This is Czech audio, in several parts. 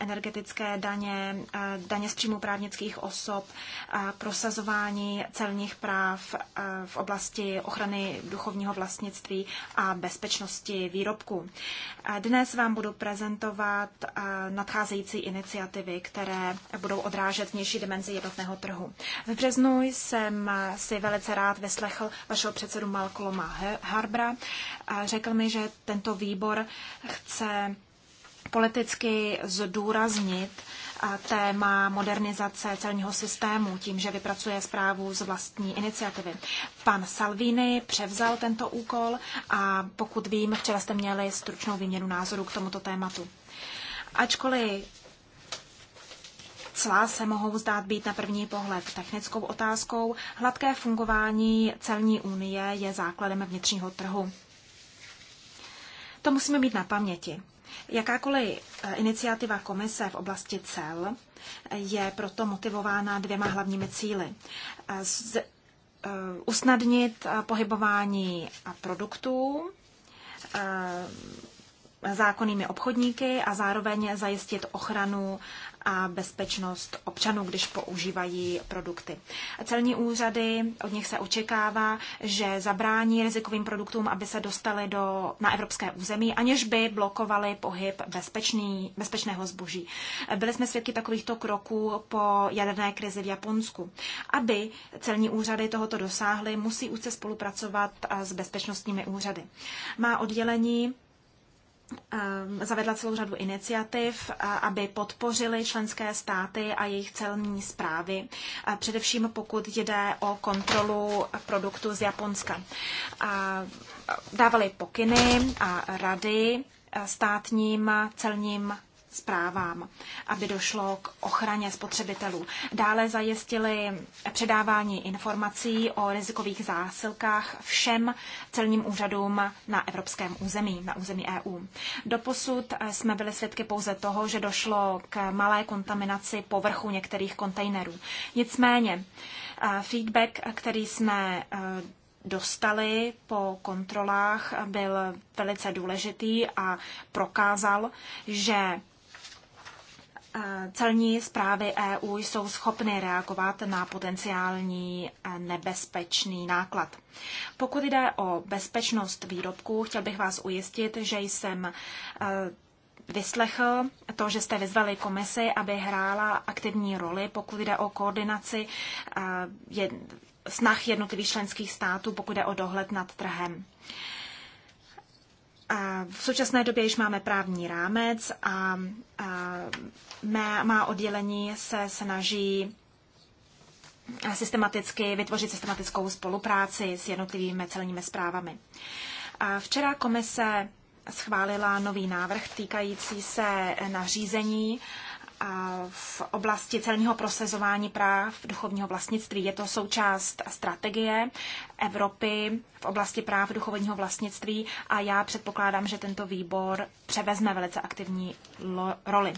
energetické daně, eh, daně z příjmu právnických osob, prosazování celních práv eh, v oblasti ochrany duchovního vlastnictví a bezpečnosti výrobku Dnes vám budu prezentovat eh, nadcházející iniciativy, které budou odrážet vnější dimenzi jednotného trhu. V březnu jsem si velice rád vyslechl vašeho předsedu Malcolma Harbra. Řekl mi, že tento výbor chce politicky zdůraznit téma modernizace celního systému tím, že vypracuje zprávu z vlastní iniciativy. Pan Salvini převzal tento úkol a pokud vím, včera jste měli stručnou výměnu názoru k tomuto tématu. Ačkoliv Cla se mohou zdát být na první pohled technickou otázkou. Hladké fungování celní unie je základem vnitřního trhu. To musíme mít na paměti. Jakákoliv eh, iniciativa komise v oblasti cel je proto motivována dvěma hlavními cíly. Eh, z, eh, usnadnit pohybování produktů zákonnými obchodníky a zároveň zajistit ochranu a bezpečnost občanů, když používají produkty. Celní úřady, od nich se očekává, že zabrání rizikovým produktům, aby se dostali do, na evropské území, aniž by blokovali pohyb bezpečný, bezpečného zboží. Byli jsme svědky takovýchto kroků po jaderné krizi v Japonsku. Aby celní úřady tohoto dosáhly, musí úce spolupracovat s bezpečnostními úřady. Má oddělení Ehm, zavedla celou řadu iniciativ, eh, aby podpořili členské státy a jejich celní zprávy, eh, především pokud jde o kontrolu produktů z Japonska. Eh, dávali pokyny a rady státním celním zprávám, aby došlo k ochraně spotřebitelů. Dále zajistili předávání informací o rizikových zásilkách všem celním úřadům na evropském území, na území EU. Doposud jsme byli svědky pouze toho, že došlo k malé kontaminaci povrchu některých kontejnerů. Nicméně eh, feedback, který jsme eh, dostali po kontrolách, byl velice důležitý a prokázal, že Eh, celní zprávy EU jsou schopny reagovat na potenciální eh, nebezpečný náklad. Pokud jde o bezpečnost výrobků, chtěl bych vás ujistit, že jsem eh, vyslechl to, že jste vyzvali komisi, aby hrála aktivní roli, pokud jde o koordinaci snah jednotlivých členských států, pokud jde o dohled nad trhem. V současné době již máme právní rámec a mé, má oddělení se snaží eh, systematicky vytvořit systematickou spolupráci s jednotlivými celními zprávami. Včera komise schválila nový návrh týkající se nařízení v oblasti celního prosazování práv duchovního vlastnictví. Je to součást strategie Evropy v oblasti práv duchovního vlastnictví a já předpokládám, že tento výbor převezme velice aktivní roli.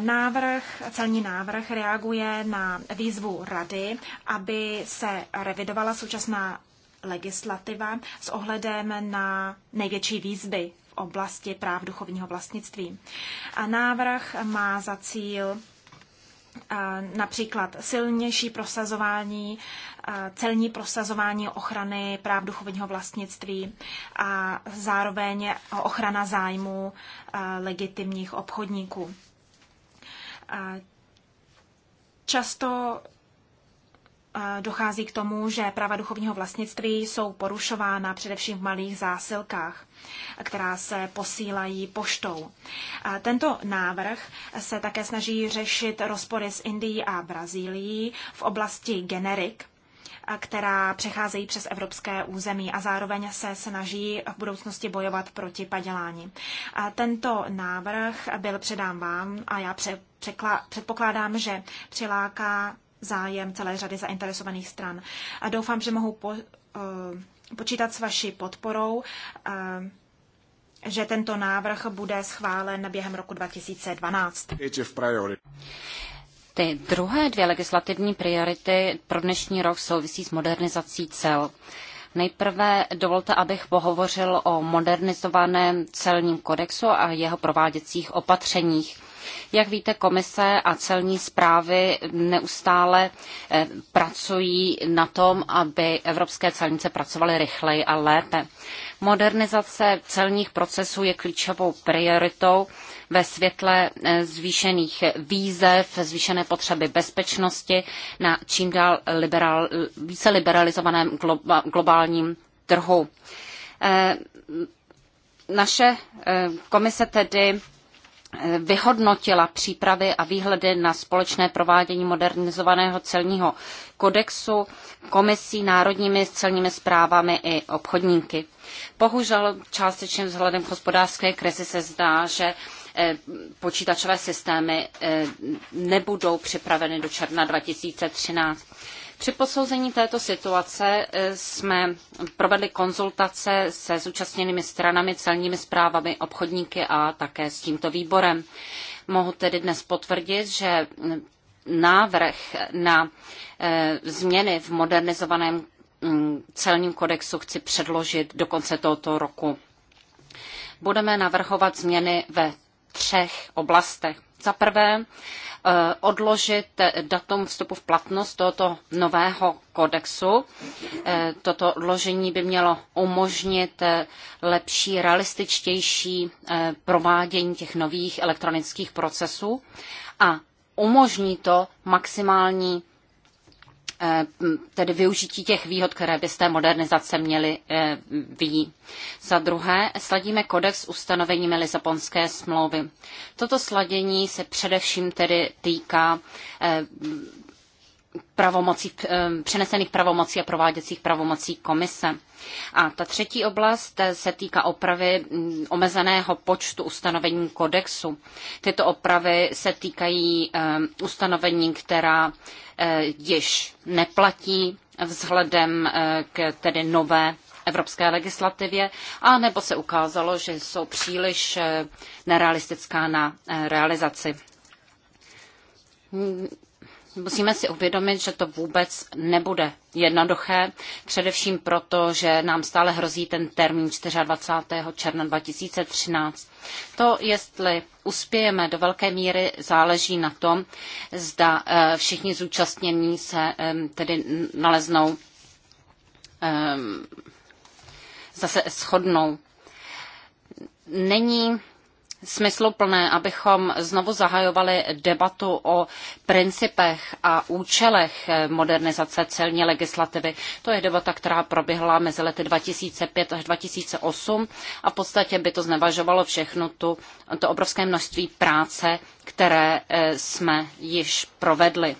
Návrh, celní návrh reaguje na výzvu Rady, aby se revidovala současná legislativa s ohledem na největší výzvy oblasti práv duchovního vlastnictví. A návrh má za cíl například silnější prosazování, celní prosazování ochrany práv duchovního vlastnictví a zároveň ochrana zájmu legitimních obchodníků. Často dochází k tomu, že práva duchovního vlastnictví jsou porušována především v malých zásilkách, která se posílají poštou. Tento návrh se také snaží řešit rozpory s Indií a Brazílií v oblasti generik, která přecházejí přes evropské území a zároveň se snaží v budoucnosti bojovat proti padělání. Tento návrh byl předán vám a já předpokládám, že přiláká zájem celé řady zainteresovaných stran. A doufám, že mohu po, eh, počítat s vaší podporou, eh, že tento návrh bude schválen během roku 2012. Ty druhé dvě legislativní priority pro dnešní rok souvisí s modernizací cel. Nejprve dovolte, abych pohovořil o modernizovaném celním kodexu a jeho prováděcích opatřeních. Jak víte, komise a celní zprávy neustále eh, pracují na tom, aby evropské celnice pracovaly rychleji a lépe. Modernizace celních procesů je klíčovou prioritou ve světle eh, zvýšených výzev, zvýšené potřeby bezpečnosti na čím dál více liberalizovaném globálním trhu. Eh, naše komise tedy vyhodnotila přípravy a výhledy na společné provádění modernizovaného celního kodexu komisí, národními celními zprávami i obchodníky. Bohužel částečně vzhledem k hospodářské krizi se zdá, že eh, počítačové systémy eh, nebudou připraveny do června 2013. Při posouzení této situace eh, jsme provedli konzultace se zúčastněnými stranami, celními zprávami, obchodníky a také s tímto výborem. Mohu tedy dnes potvrdit, že návrh na eh, změny v modernizovaném mm, celním kodexu chci předložit do konce tohoto roku. Budeme navrhovat změny ve třech oblastech. Za prvé, eh, odložit datum vstupu v platnost tohoto nového kodexu. Eh, toto odložení by mělo umožnit eh, lepší, realističtější provádění těch nových elektronických procesů a umožní to maximální Eh, tedy využití těch výhod, které by z té modernizace měly eh, vyjít. Za druhé, sladíme kodex ustanoveními Lisabonské smlouvy. Toto sladění se především tedy týká eh, pravomocí, eh, přenesených pravomocí a prováděcích pravomocí komise. A ta třetí oblast eh, se týká opravy mm, omezeného počtu ustanovení kodexu. Tyto opravy se týkají eh, ustanovení, která již neplatí vzhledem k tedy nové evropské legislativě, a nebo se ukázalo, že jsou příliš nerealistická na realizaci. Musíme si uvědomit, že to vůbec nebude jednoduché, především proto, že nám stále hrozí ten termín 24. června 2013. To, jestli uspějeme do velké míry, záleží na tom, zda eh, všichni zúčastnění se tedy naleznou, zase shodnou. Není smysluplné, abychom znovu zahajovali debatu o principech a účelech modernizace celní legislativy. To je debata, která proběhla mezi lety 2005 až 2008 a v podstatě by to znevažovalo všechno tu, to obrovské množství práce, které eh, jsme již provedli.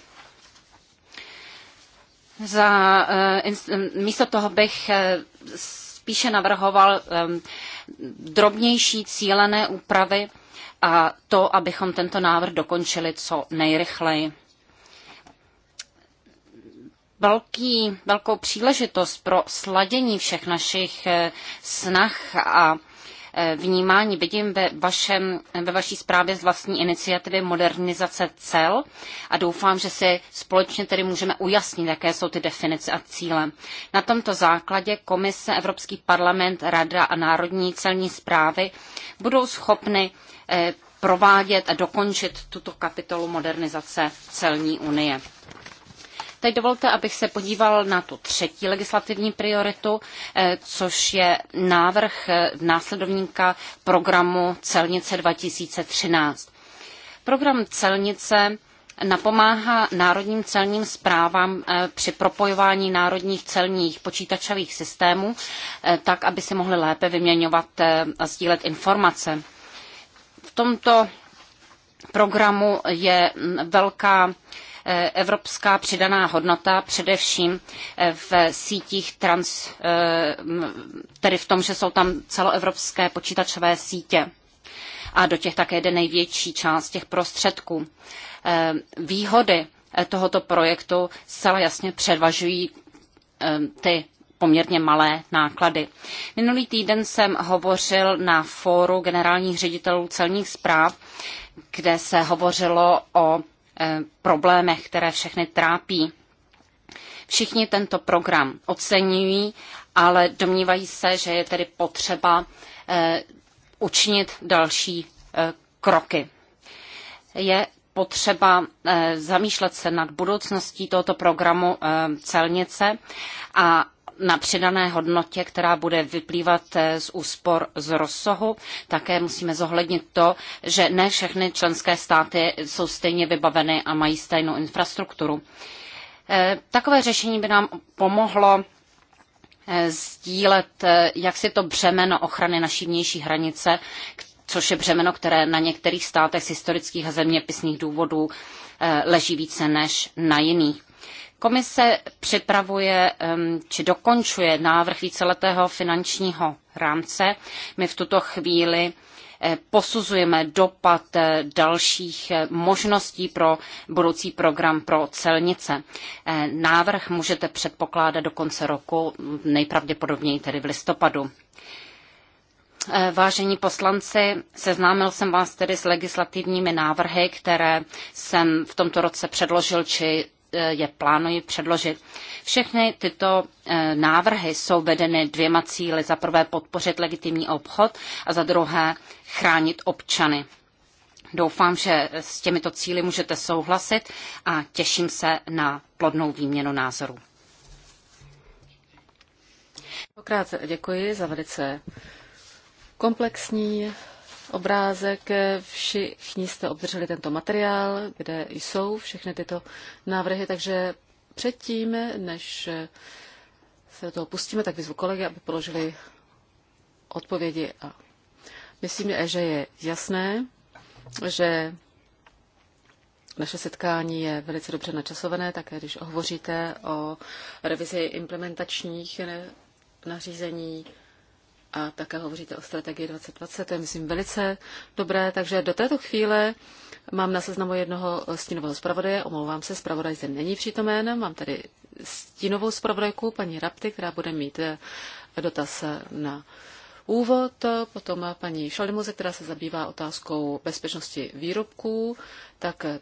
Za, eh, místo toho bych eh, spíše navrhoval drobnější cílené úpravy a to, abychom tento návrh dokončili co nejrychleji. Velký, velkou příležitost pro sladění všech našich eh, snah a Eh, vnímání. Vidím ve, vašem, ve vaší zprávě z vlastní iniciativy modernizace cel a doufám, že si společně tedy můžeme ujasnit, jaké jsou ty definice a cíle. Na tomto základě komise, Evropský parlament, Rada a Národní celní zprávy budou schopny eh, provádět a dokončit tuto kapitolu modernizace celní unie. Teď dovolte, abych se podíval na tu třetí legislativní prioritu, eh, což je návrh eh, následovníka programu Celnice 2013. Program Celnice napomáhá národním celním zprávám eh, při propojování národních celních počítačových systémů, tak aby si mohly lépe vyměňovat a sdílet informace. V tomto programu je mm, velká E, evropská přidaná hodnota především e, v sítích trans, e, tedy v tom, že jsou tam celoevropské počítačové sítě a do těch také jde největší část těch prostředků. Výhody tohoto projektu zcela jasně převažují ty poměrně malé náklady. Minulý týden jsem hovořil na fóru generálních ředitelů celních zpráv, kde se hovořilo o Eh, problémech, které všechny trápí. Všichni tento program oceňují, ale domnívají se, že je tedy potřeba eh, učinit další eh, kroky. Je potřeba zamýšlet se nad budoucností tohoto programu celnice a na přidané hodnotě, která bude vyplývat eh, z úspor z rozsahu. Také musíme zohlednit to, že ne všechny členské státy jsou stejně vybaveny a mají stejnou infrastrukturu. Eh, takové řešení by nám pomohlo eh, sdílet, jak si to břemeno ochrany naší vnější hranice, což je břemeno, které na některých státech z historických a zeměpisných důvodů leží více než na jiných. Komise připravuje či dokončuje návrh víceletého finančního rámce. My v tuto chvíli eh, posuzujeme dopad eh, dalších eh, možností pro budoucí program pro celnice. Návrh můžete předpokládat do konce roku, nejpravděpodobněji tedy v listopadu. Vážení poslanci, seznámil jsem vás tedy s legislativními návrhy, které jsem v tomto roce předložil či Eh, je plánuji předložit. Všechny tyto eh, návrhy jsou vedeny dvěma cíly. Za prvé podpořit legitimní obchod a za druhé chránit občany. Doufám, že s těmito cíly můžete souhlasit a těším se na plodnou výměnu názorů. Mnohokrát děkuji za velice komplexní obrázek. Všichni jste obdrželi tento materiál, kde jsou všechny tyto návrhy, takže předtím, než se do toho pustíme, tak vyzvu kolegy, aby položili odpovědi. A myslím, že je jasné, že naše setkání je velice dobře načasované, také když hovoříte o revizi implementačních nařízení, a také hovoříte o strategii 2020, to je, myslím, velice dobré. Takže do této chvíle mám na seznamu jednoho stínového zpravodaje, omlouvám se, zpravodaj zde není přítomen, mám tady stínovou zpravodajku, paní Rapty, která bude mít eh, dotaz na úvod, potom paní Šalimuze, která se zabývá otázkou bezpečnosti výrobků, tak eh,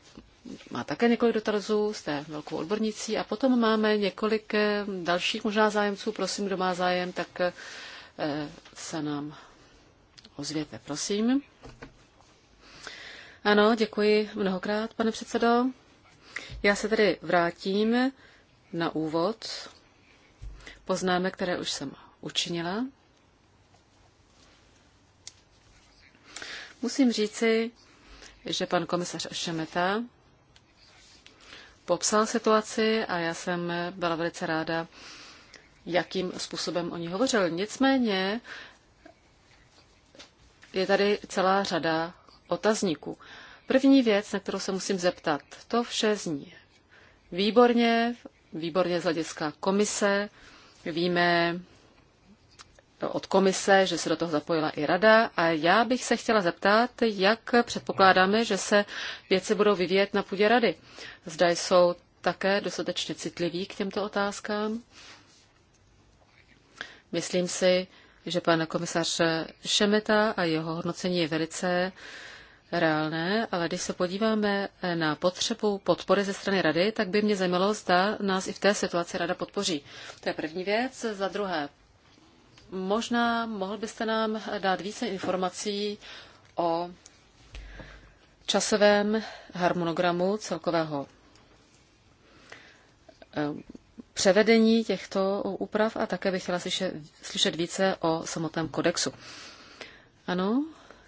má také několik dotazů, jste velkou odbornicí a potom máme několik eh, dalších možná zájemců, prosím, kdo má zájem, tak Eh, se nám ozvěte, prosím. Ano, děkuji mnohokrát, pane předsedo. Já se tedy vrátím na úvod poznámek, které už jsem učinila. Musím říci, že pan komisař Šemeta popsal situaci a já jsem byla velice ráda, jakým způsobem oni hovořil. Nicméně je tady celá řada otazníků. První věc, na kterou se musím zeptat, to vše zní výborně, výborně z hlediska komise. Víme od komise, že se do toho zapojila i rada a já bych se chtěla zeptat, jak předpokládáme, že se věci budou vyvíjet na půdě rady. Zda jsou také dostatečně citliví k těmto otázkám. Myslím si, že pan komisař Šemeta a jeho hodnocení je velice reálné, ale když se podíváme na potřebu podpory ze strany Rady, tak by mě zajímalo, zda nás i v té situaci Rada podpoří. To je první věc. Za druhé, možná mohl byste nám dát více informací o časovém harmonogramu celkového převedení těchto úprav a také bych chtěla slyšet, slyšet více o samotném kodexu. Ano,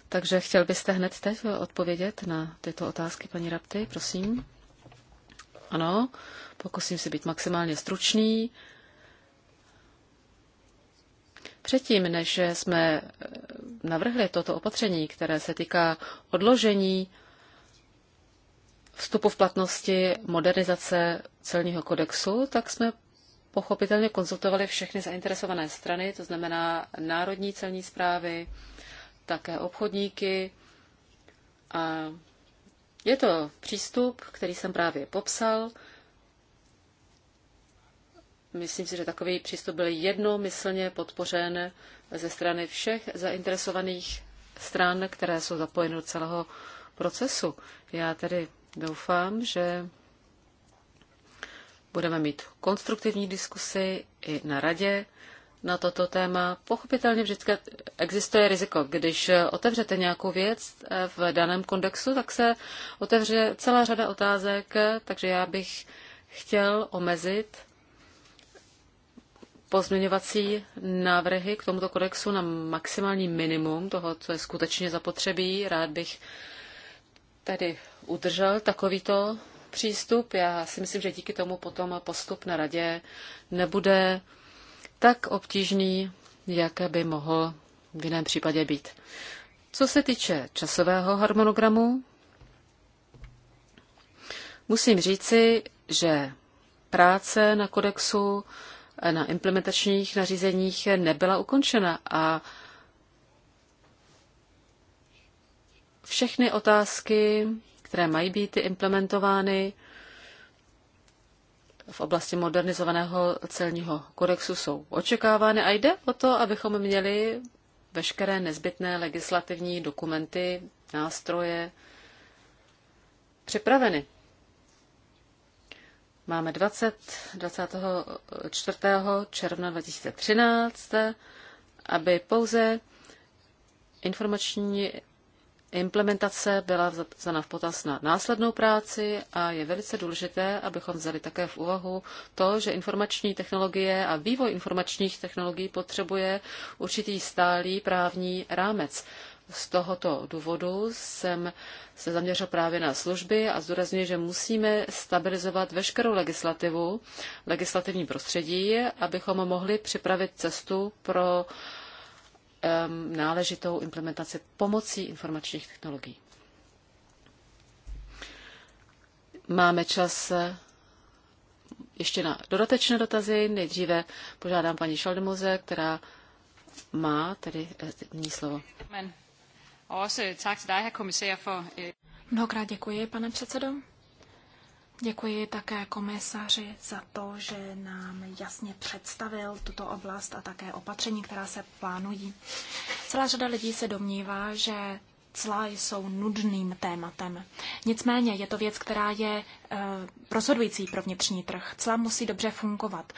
takže chtěl byste hned teď odpovědět na tyto otázky, paní Rapty, prosím. Ano, pokusím se být maximálně stručný. Předtím, než jsme navrhli toto opatření, které se týká odložení vstupu v platnosti modernizace celního kodexu, tak jsme pochopitelně konzultovali všechny zainteresované strany, to znamená národní celní zprávy, také obchodníky. A je to přístup, který jsem právě popsal. Myslím si, že takový přístup byl jednomyslně podpořen ze strany všech zainteresovaných stran, které jsou zapojeny do celého procesu. Já tedy Doufám, že budeme mít konstruktivní diskusy i na radě na toto téma. Pochopitelně vždycky existuje riziko. Když otevřete nějakou věc v daném kontextu, tak se otevře celá řada otázek, takže já bych chtěl omezit pozměňovací návrhy k tomuto kodexu na maximální minimum toho, co je skutečně zapotřebí. Rád bych tedy udržel takovýto přístup. Já si myslím, že díky tomu potom postup na radě nebude tak obtížný, jak by mohl v jiném případě být. Co se týče časového harmonogramu, musím říci, že práce na kodexu na implementačních nařízeních nebyla ukončena a všechny otázky, které mají být implementovány v oblasti modernizovaného celního kodexu, jsou očekávány a jde o to, abychom měli veškeré nezbytné legislativní dokumenty, nástroje připraveny. Máme 20, 24. června 2013, aby pouze informační Implementace byla vzana v potaz na následnou práci a je velice důležité, abychom vzali také v úvahu to, že informační technologie a vývoj informačních technologií potřebuje určitý stálý právní rámec. Z tohoto důvodu jsem se zaměřil právě na služby a zdůrazňuji, že musíme stabilizovat veškerou legislativu, legislativní prostředí, abychom mohli připravit cestu pro uh, Um, náležitou implementaci pomocí informačních technologií. Máme čas eh, ještě na dodatečné dotazy. Nejdříve požádám paní Šaldemoze, která má tedy eh, nyní slovo. Eh, Mnohokrát děkuji, pane předsedo. Děkuji také komisaři za to, že nám jasně představil tuto oblast a také opatření, která se plánují. Celá řada lidí se domnívá, že Cla jsou nudným tématem. Nicméně je to věc, která je eh, rozhodující pro vnitřní trh. Cla musí dobře fungovat.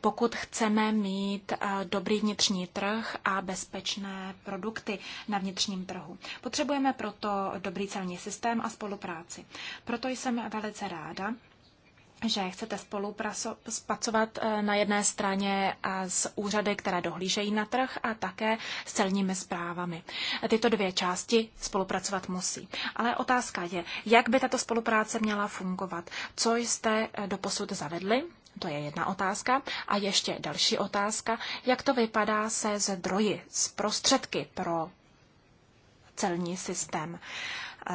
Pokud chceme mít eh, dobrý vnitřní trh a bezpečné produkty na vnitřním trhu, potřebujeme proto dobrý celní systém a spolupráci. Proto jsem velice ráda, že chcete spolupracovat eh, na jedné straně a s úřady, které dohlížejí na trh a také s celními zprávami. Tyto dvě části spolupracovat musí. Ale otázka je, jak by tato spolupráce měla fungovat? Co jste eh, doposud zavedli? To je jedna otázka. A ještě další otázka, jak to vypadá se zdroji, s prostředky pro celní systém.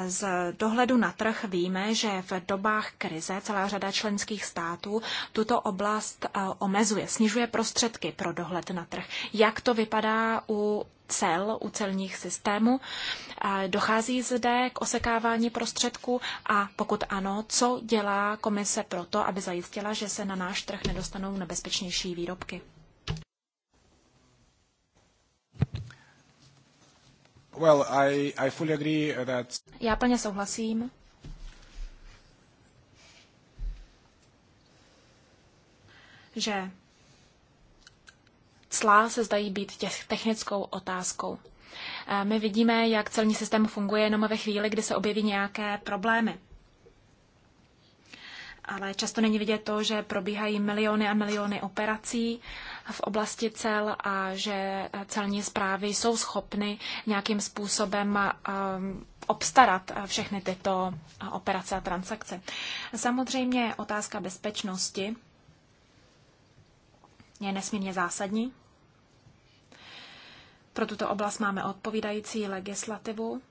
Z dohledu na trh víme, že v dobách krize celá řada členských států tuto oblast eh, omezuje, snižuje prostředky pro dohled na trh. Jak to vypadá u cel, u celních systémů? Eh, dochází zde k osekávání prostředků a pokud ano, co dělá komise proto, aby zajistila, že se na náš trh nedostanou nebezpečnější výrobky? Well, I, I fully agree uh, that... Já plně souhlasím. že clá se zdají být technickou otázkou. Eh, my vidíme, jak celní systém funguje jenom ve chvíli, kdy se objeví nějaké problémy ale často není vidět to, že probíhají miliony a miliony operací v oblasti cel a že celní zprávy jsou schopny nějakým způsobem um, obstarat všechny tyto operace a transakce. Samozřejmě otázka bezpečnosti je nesmírně zásadní. Pro tuto oblast máme odpovídající legislativu.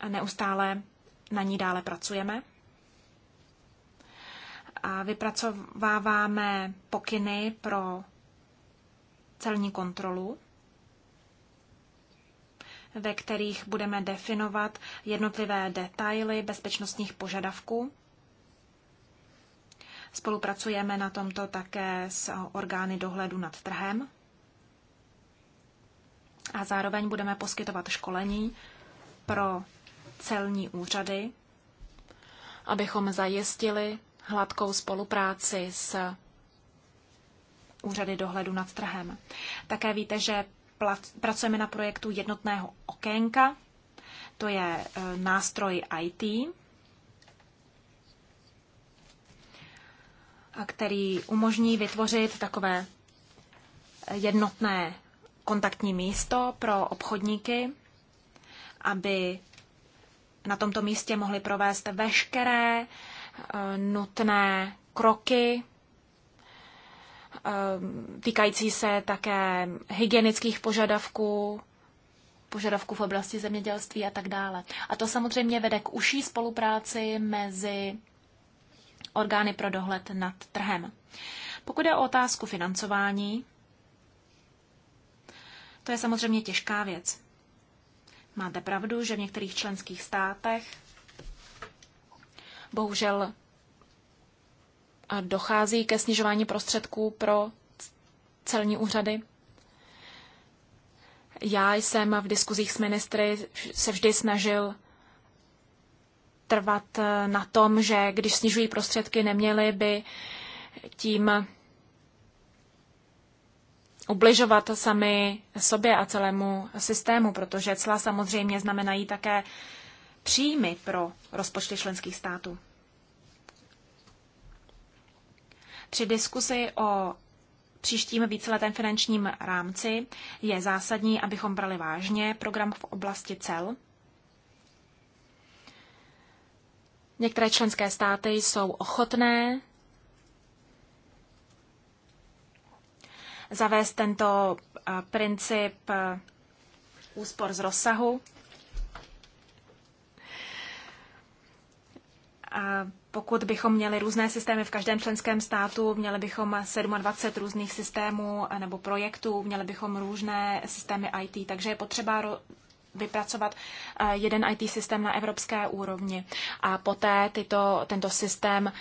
A neustále na ní dále pracujeme. A vypracováváme pokyny pro celní kontrolu, ve kterých budeme definovat jednotlivé detaily bezpečnostních požadavků. Spolupracujeme na tomto také s orgány dohledu nad trhem. A zároveň budeme poskytovat školení pro celní úřady, abychom zajistili hladkou spolupráci s úřady dohledu nad trhem. Také víte, že pracujeme na projektu jednotného okénka, to je e, nástroj IT, který umožní vytvořit takové jednotné kontaktní místo pro obchodníky, aby na tomto místě mohli provést veškeré eh, nutné kroky, eh, týkající se také hygienických požadavků, požadavků v oblasti zemědělství a tak dále. A to samozřejmě vede k užší spolupráci mezi orgány pro dohled nad trhem. Pokud je o otázku financování, to je samozřejmě těžká věc. Máte pravdu, že v některých členských státech bohužel eh, dochází ke snižování prostředků pro celní úřady. Já jsem v diskuzích s ministry se vždy snažil trvat eh, na tom, že když snižují prostředky, neměli by tím ubližovat sami sobě a celému systému, protože cla samozřejmě znamenají také příjmy pro rozpočty členských států. Při diskusi o příštím víceletém finančním rámci je zásadní, abychom brali vážně program v oblasti cel. Některé členské státy jsou ochotné zavést tento eh, princip eh, úspor z rozsahu. A pokud bychom měli různé systémy v každém členském státu, měli bychom 27 různých systémů nebo projektů, měli bychom různé systémy IT, takže je potřeba vypracovat eh, jeden IT systém na evropské úrovni a poté tyto, tento systém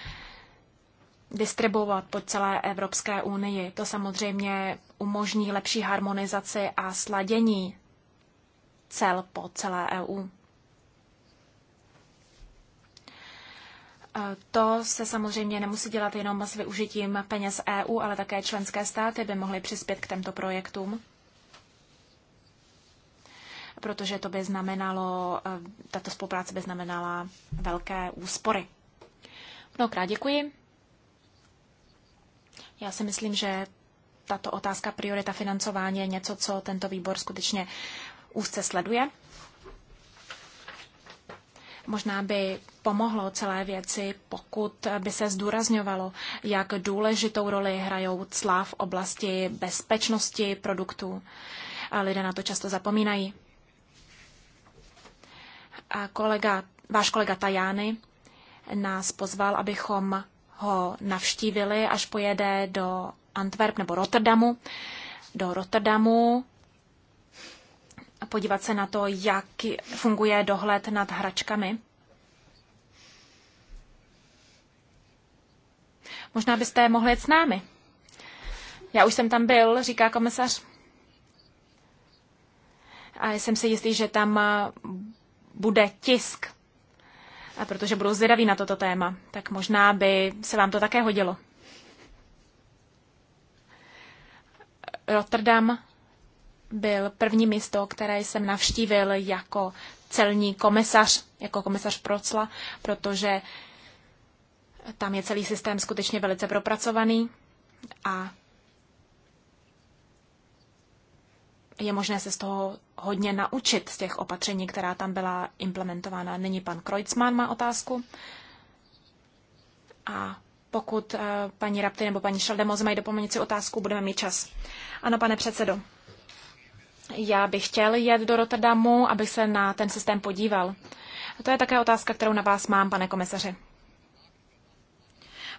distribuovat po celé Evropské unii. To samozřejmě umožní lepší harmonizaci a sladění cel po celé EU. E, to se samozřejmě nemusí dělat jenom s využitím peněz EU, ale také členské státy by mohly přispět k těmto projektům, protože to by znamenalo, e, tato spolupráce by znamenala velké úspory. Mnohokrát děkuji. Já si myslím, že tato otázka priorita financování je něco, co tento výbor skutečně úzce sleduje. Možná by pomohlo celé věci, pokud by se zdůrazňovalo, jak důležitou roli hrajou cla v oblasti bezpečnosti produktů. A lidé na to často zapomínají. A kolega, váš kolega Tajány nás pozval, abychom ho navštívili, až pojede do Antwerp nebo Rotterdamu, do Rotterdamu a podívat se na to, jak funguje dohled nad hračkami. Možná byste mohli jít s námi. Já už jsem tam byl, říká komisař. A jsem si jistý, že tam eh, bude tisk protože budou zvědaví na toto téma, tak možná by se vám to také hodilo. Rotterdam byl první místo, které jsem navštívil jako celní komisař, jako komisař Procla, protože tam je celý systém skutečně velice propracovaný a je možné se z toho hodně naučit z těch opatření, která tam byla implementována. Nyní pan Kreutzmann má otázku. A pokud eh, paní Rapty nebo paní Šaldemoz mají doplňující otázku, budeme mít čas. Ano, pane předsedo. Já bych chtěl jet do Rotterdamu, abych se na ten systém podíval. to je také otázka, kterou na vás mám, pane komisaři.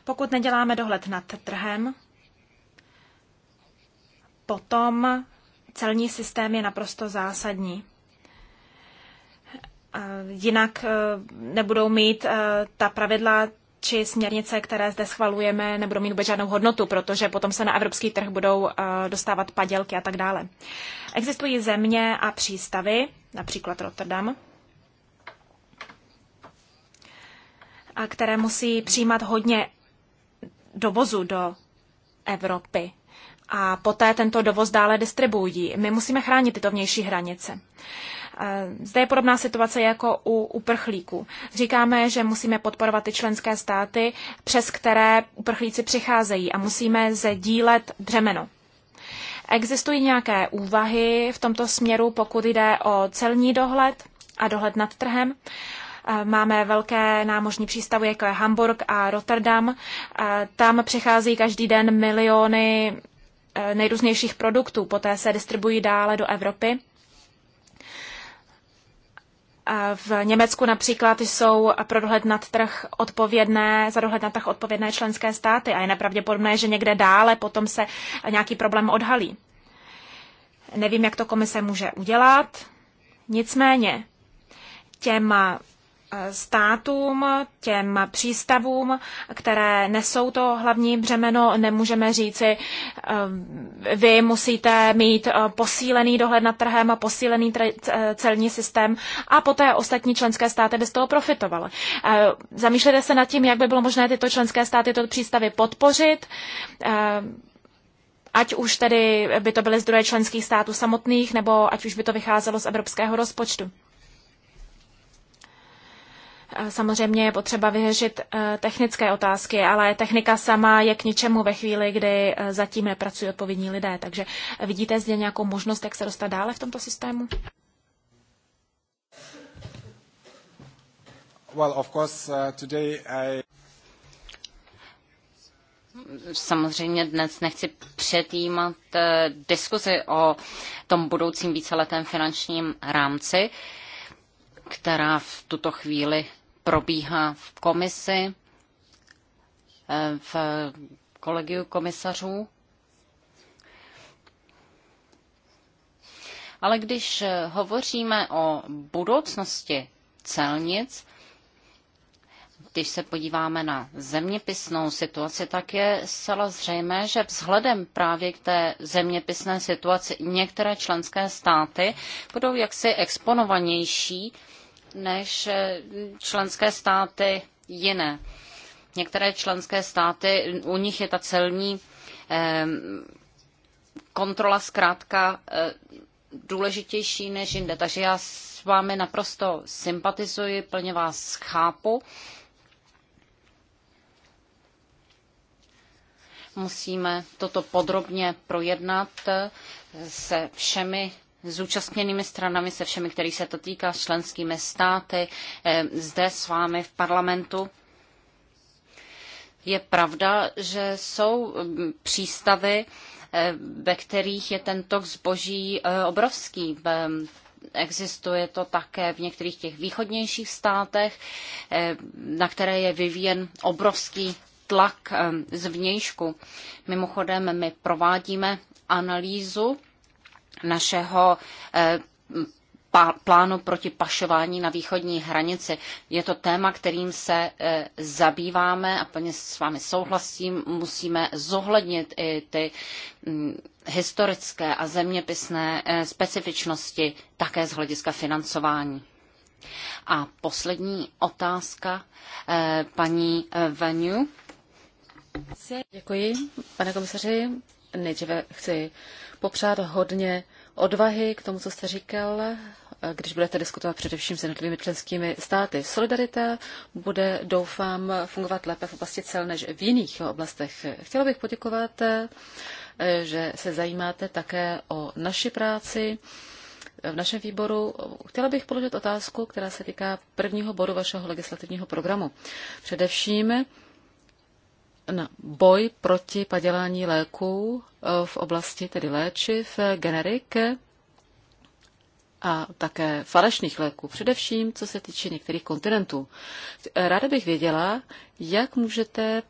Pokud neděláme dohled nad trhem, potom celní systém je naprosto zásadní. Jinak e, nebudou mít e, ta pravidla či směrnice, které zde schvalujeme, nebudou mít vůbec žádnou hodnotu, protože potom se na evropský trh budou e, dostávat padělky a tak dále. Existují země a přístavy, například Rotterdam, a které musí přijímat hodně dovozu do Evropy a poté tento dovoz dále distribuují. My musíme chránit tyto vnější hranice. E, zde je podobná situace jako u uprchlíků. Říkáme, že musíme podporovat ty členské státy, přes které uprchlíci přicházejí a musíme sdílet břemeno. Existují nějaké úvahy v tomto směru, pokud jde o celní dohled a dohled nad trhem. E, máme velké námořní přístavy, jako je Hamburg a Rotterdam. E, tam přichází každý den miliony Eh, nejrůznějších produktů, poté se distribuují dále do Evropy. V Německu například jsou pro dohled nad trh odpovědné, za dohled nad trh odpovědné členské státy a je nepravděpodobné, že někde dále potom se nějaký problém odhalí. Nevím, jak to komise může udělat, nicméně těm státům, těm přístavům, které nesou to hlavní břemeno, nemůžeme říci, eh, vy musíte mít eh, posílený dohled nad trhem, posílený celní systém a poté ostatní členské státy by z toho profitovaly. Eh, zamýšlejte se nad tím, jak by bylo možné tyto členské státy, tyto přístavy podpořit, ať už tedy by to byly zdroje členských států samotných, nebo ať už by to vycházelo z evropského rozpočtu. Samozřejmě je potřeba vyřešit eh, technické otázky, ale technika sama je k ničemu ve chvíli, kdy eh, zatím nepracují odpovědní lidé. Takže vidíte zde nějakou možnost, jak se dostat dále v tomto systému? Well, of course, uh, today I... Samozřejmě dnes nechci předjímat eh, diskuzi o tom budoucím víceletém finančním rámci, která v tuto chvíli probíhá v komisi, eh, v kolegiu komisařů. Ale když eh, hovoříme o budoucnosti celnic, když se podíváme na zeměpisnou situaci, tak je zcela zřejmé, že vzhledem právě k té zeměpisné situaci některé členské státy budou jaksi exponovanější než eh, členské státy jiné. Některé členské státy, u nich je ta celní eh, kontrola zkrátka eh, důležitější než jinde. Takže já s vámi naprosto sympatizuji, plně vás chápu. Musíme toto podrobně projednat se všemi zúčastněnými stranami, se všemi, který se to týká, s členskými státy, eh, zde s vámi v parlamentu. Je pravda, že jsou mm, přístavy, eh, ve kterých je ten tok zboží eh, obrovský. Mm, existuje to také v některých těch východnějších státech, na které je vyvíjen obrovský tlak zvnějšku. Mimochodem, my provádíme analýzu našeho eh, plánu proti pašování na východní hranici. Je to téma, kterým se eh, zabýváme a plně s vámi souhlasím. Musíme zohlednit i ty mm, historické a zeměpisné eh, specifičnosti také z hlediska financování. A poslední otázka paní Venu. Děkuji, pane komisaři. Nejdříve chci popřát hodně odvahy k tomu, co jste říkal, když budete diskutovat především s jednotlivými členskými státy. Solidarita bude, doufám, fungovat lépe v oblasti cel než v jiných oblastech. Chtěla bych poděkovat, že se zajímáte také o naši práci v našem výboru. Chtěla bych položit otázku, která se týká prvního bodu vašeho legislativního programu. Především na boj proti padělání léků eh, v oblasti tedy léčiv, eh, generik eh, a také falešných léků, především co se týče některých kontinentů. Ráda bych věděla, jak můžete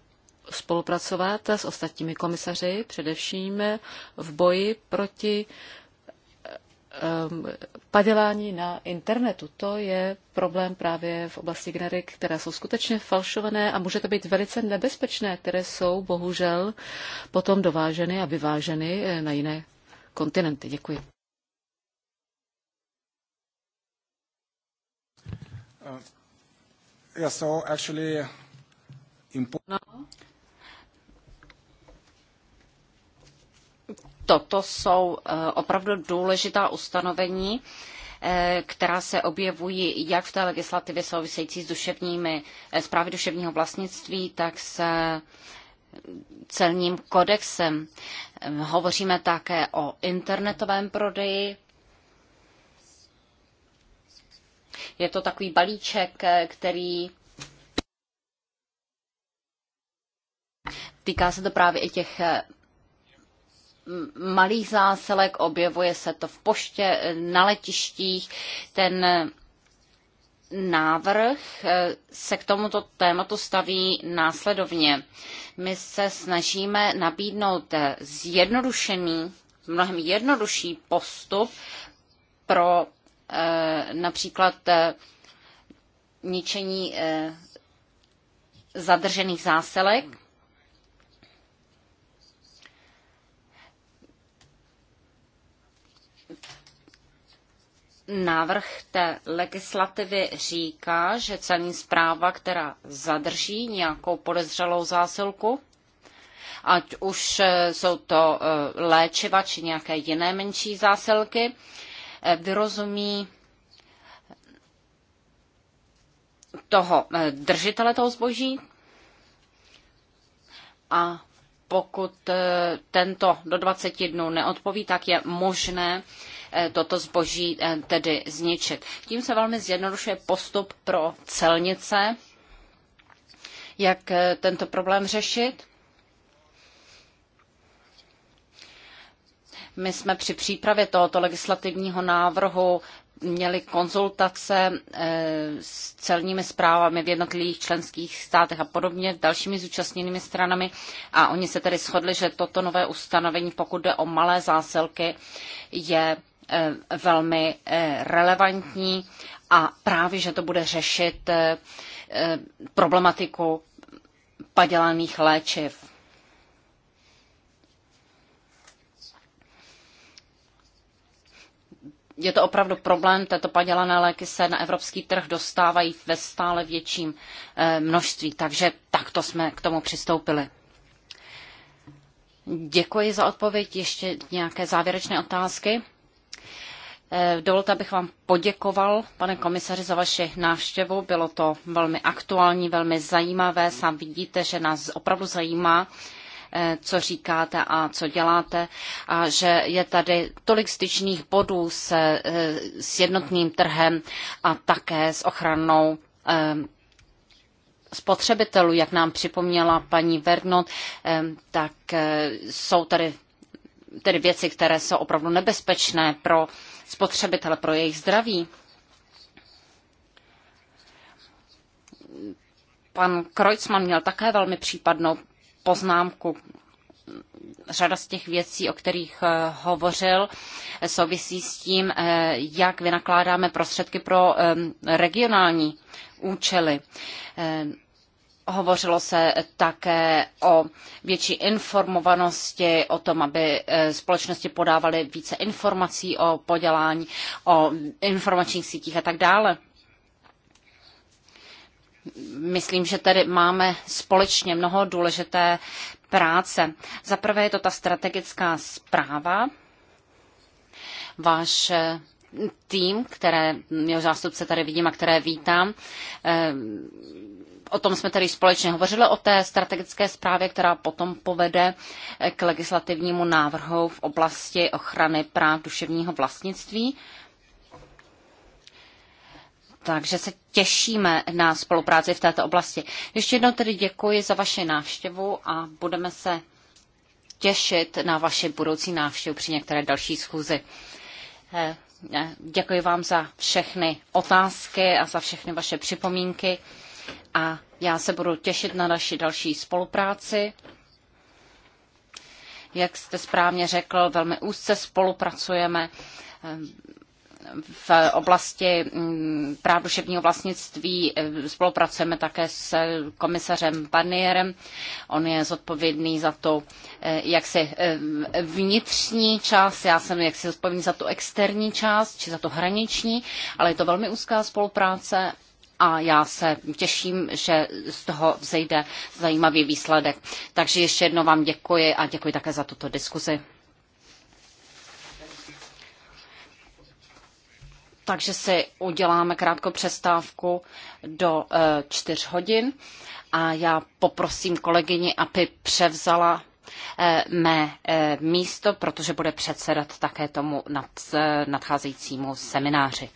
spolupracovat s ostatními komisaři, především v boji proti Um, padělání na internetu. To je problém právě v oblasti generik, které jsou skutečně falšované a může to být velice nebezpečné, které jsou bohužel potom dováženy a vyváženy eh, na jiné kontinenty. Děkuji. Uh, yeah, so actually, uh, no. toto jsou eh, opravdu důležitá ustanovení, eh, která se objevují jak v té legislativě související s duševními eh, zprávy duševního vlastnictví, tak se celním kodexem. Hovoříme také o internetovém prodeji. Je to takový balíček, který týká se to právě i těch malých zásilek, objevuje se to v poště, na letištích. Ten návrh eh, se k tomuto tématu staví následovně. My se snažíme nabídnout eh, zjednodušený, mnohem jednodušší postup pro eh, například ničení zadržených zásilek. návrh té legislativy říká, že celní zpráva, která zadrží nějakou podezřelou zásilku, ať už eh, jsou to eh, léčiva či nějaké jiné menší zásilky, eh, vyrozumí toho držitele toho zboží a pokud tento do 20 dnů neodpoví, tak je možné Eh, toto zboží eh, tedy zničit. Tím se velmi zjednodušuje postup pro celnice, jak eh, tento problém řešit. My jsme při přípravě tohoto legislativního návrhu měli konzultace s celními zprávami v jednotlivých členských státech a podobně, dalšími zúčastněnými stranami a oni se tedy shodli, že toto nové ustanovení, pokud jde o malé zásilky, je Eh, velmi eh, relevantní a právě, že to bude řešit eh, problematiku padělaných léčiv. je to opravdu problém. Tato padělané léky se na evropský trh dostávají ve stále větším množství, takže takto jsme k tomu přistoupili. Děkuji za odpověď. Ještě nějaké závěrečné otázky? Eh, dovolte, abych vám poděkoval, pane komisaři, za vaši návštěvu. Bylo to velmi aktuální, velmi zajímavé. Sám vidíte, že nás opravdu zajímá, eh, co říkáte a co děláte a že je tady tolik styčných bodů se, eh, s jednotným trhem a také s ochranou spotřebitelů, jak nám připomněla paní Vernot, tak jsou tady tedy věci, které jsou opravdu nebezpečné pro spotřebitele, pro jejich zdraví. Pan Kreutzmann měl také velmi případnou poznámku. Řada z těch věcí, o kterých eh, hovořil, souvisí s tím, eh, jak vynakládáme prostředky pro eh, regionální účely. Hovořilo se také o větší informovanosti, o tom, aby e, společnosti podávaly více informací o podělání, o informačních sítích a tak dále. Myslím, že tedy máme společně mnoho důležité práce. Za prvé je to ta strategická zpráva. Váš e, tým, které, jeho zástupce tady vidím a které vítám, e, O tom jsme tady společně hovořili, o té strategické zprávě, která potom povede eh, k legislativnímu návrhu v oblasti ochrany práv duševního vlastnictví. Takže se těšíme na spolupráci v této oblasti. Ještě jednou tedy děkuji za vaši návštěvu a budeme se těšit na vaši budoucí návštěvu při některé další schůzi. Eh, eh, děkuji vám za všechny otázky a za všechny vaše připomínky a já se budu těšit na naši další spolupráci. Jak jste správně řekl, velmi úzce spolupracujeme eh, v oblasti mm, práv duševního vlastnictví eh, spolupracujeme také s komisařem Barnierem. On je zodpovědný za to, eh, jak se vnitřní část, já jsem jak si zodpovědný za tu externí část, či za to hraniční, ale je to velmi úzká spolupráce a já se těším, že z toho vzejde zajímavý výsledek. Takže ještě jednou vám děkuji a děkuji také za tuto diskuzi. Takže si uděláme krátkou přestávku do eh, čtyř hodin a já poprosím kolegyni, aby převzala eh, mé eh, místo, protože bude předsedat také tomu nad, nadcházejícímu semináři.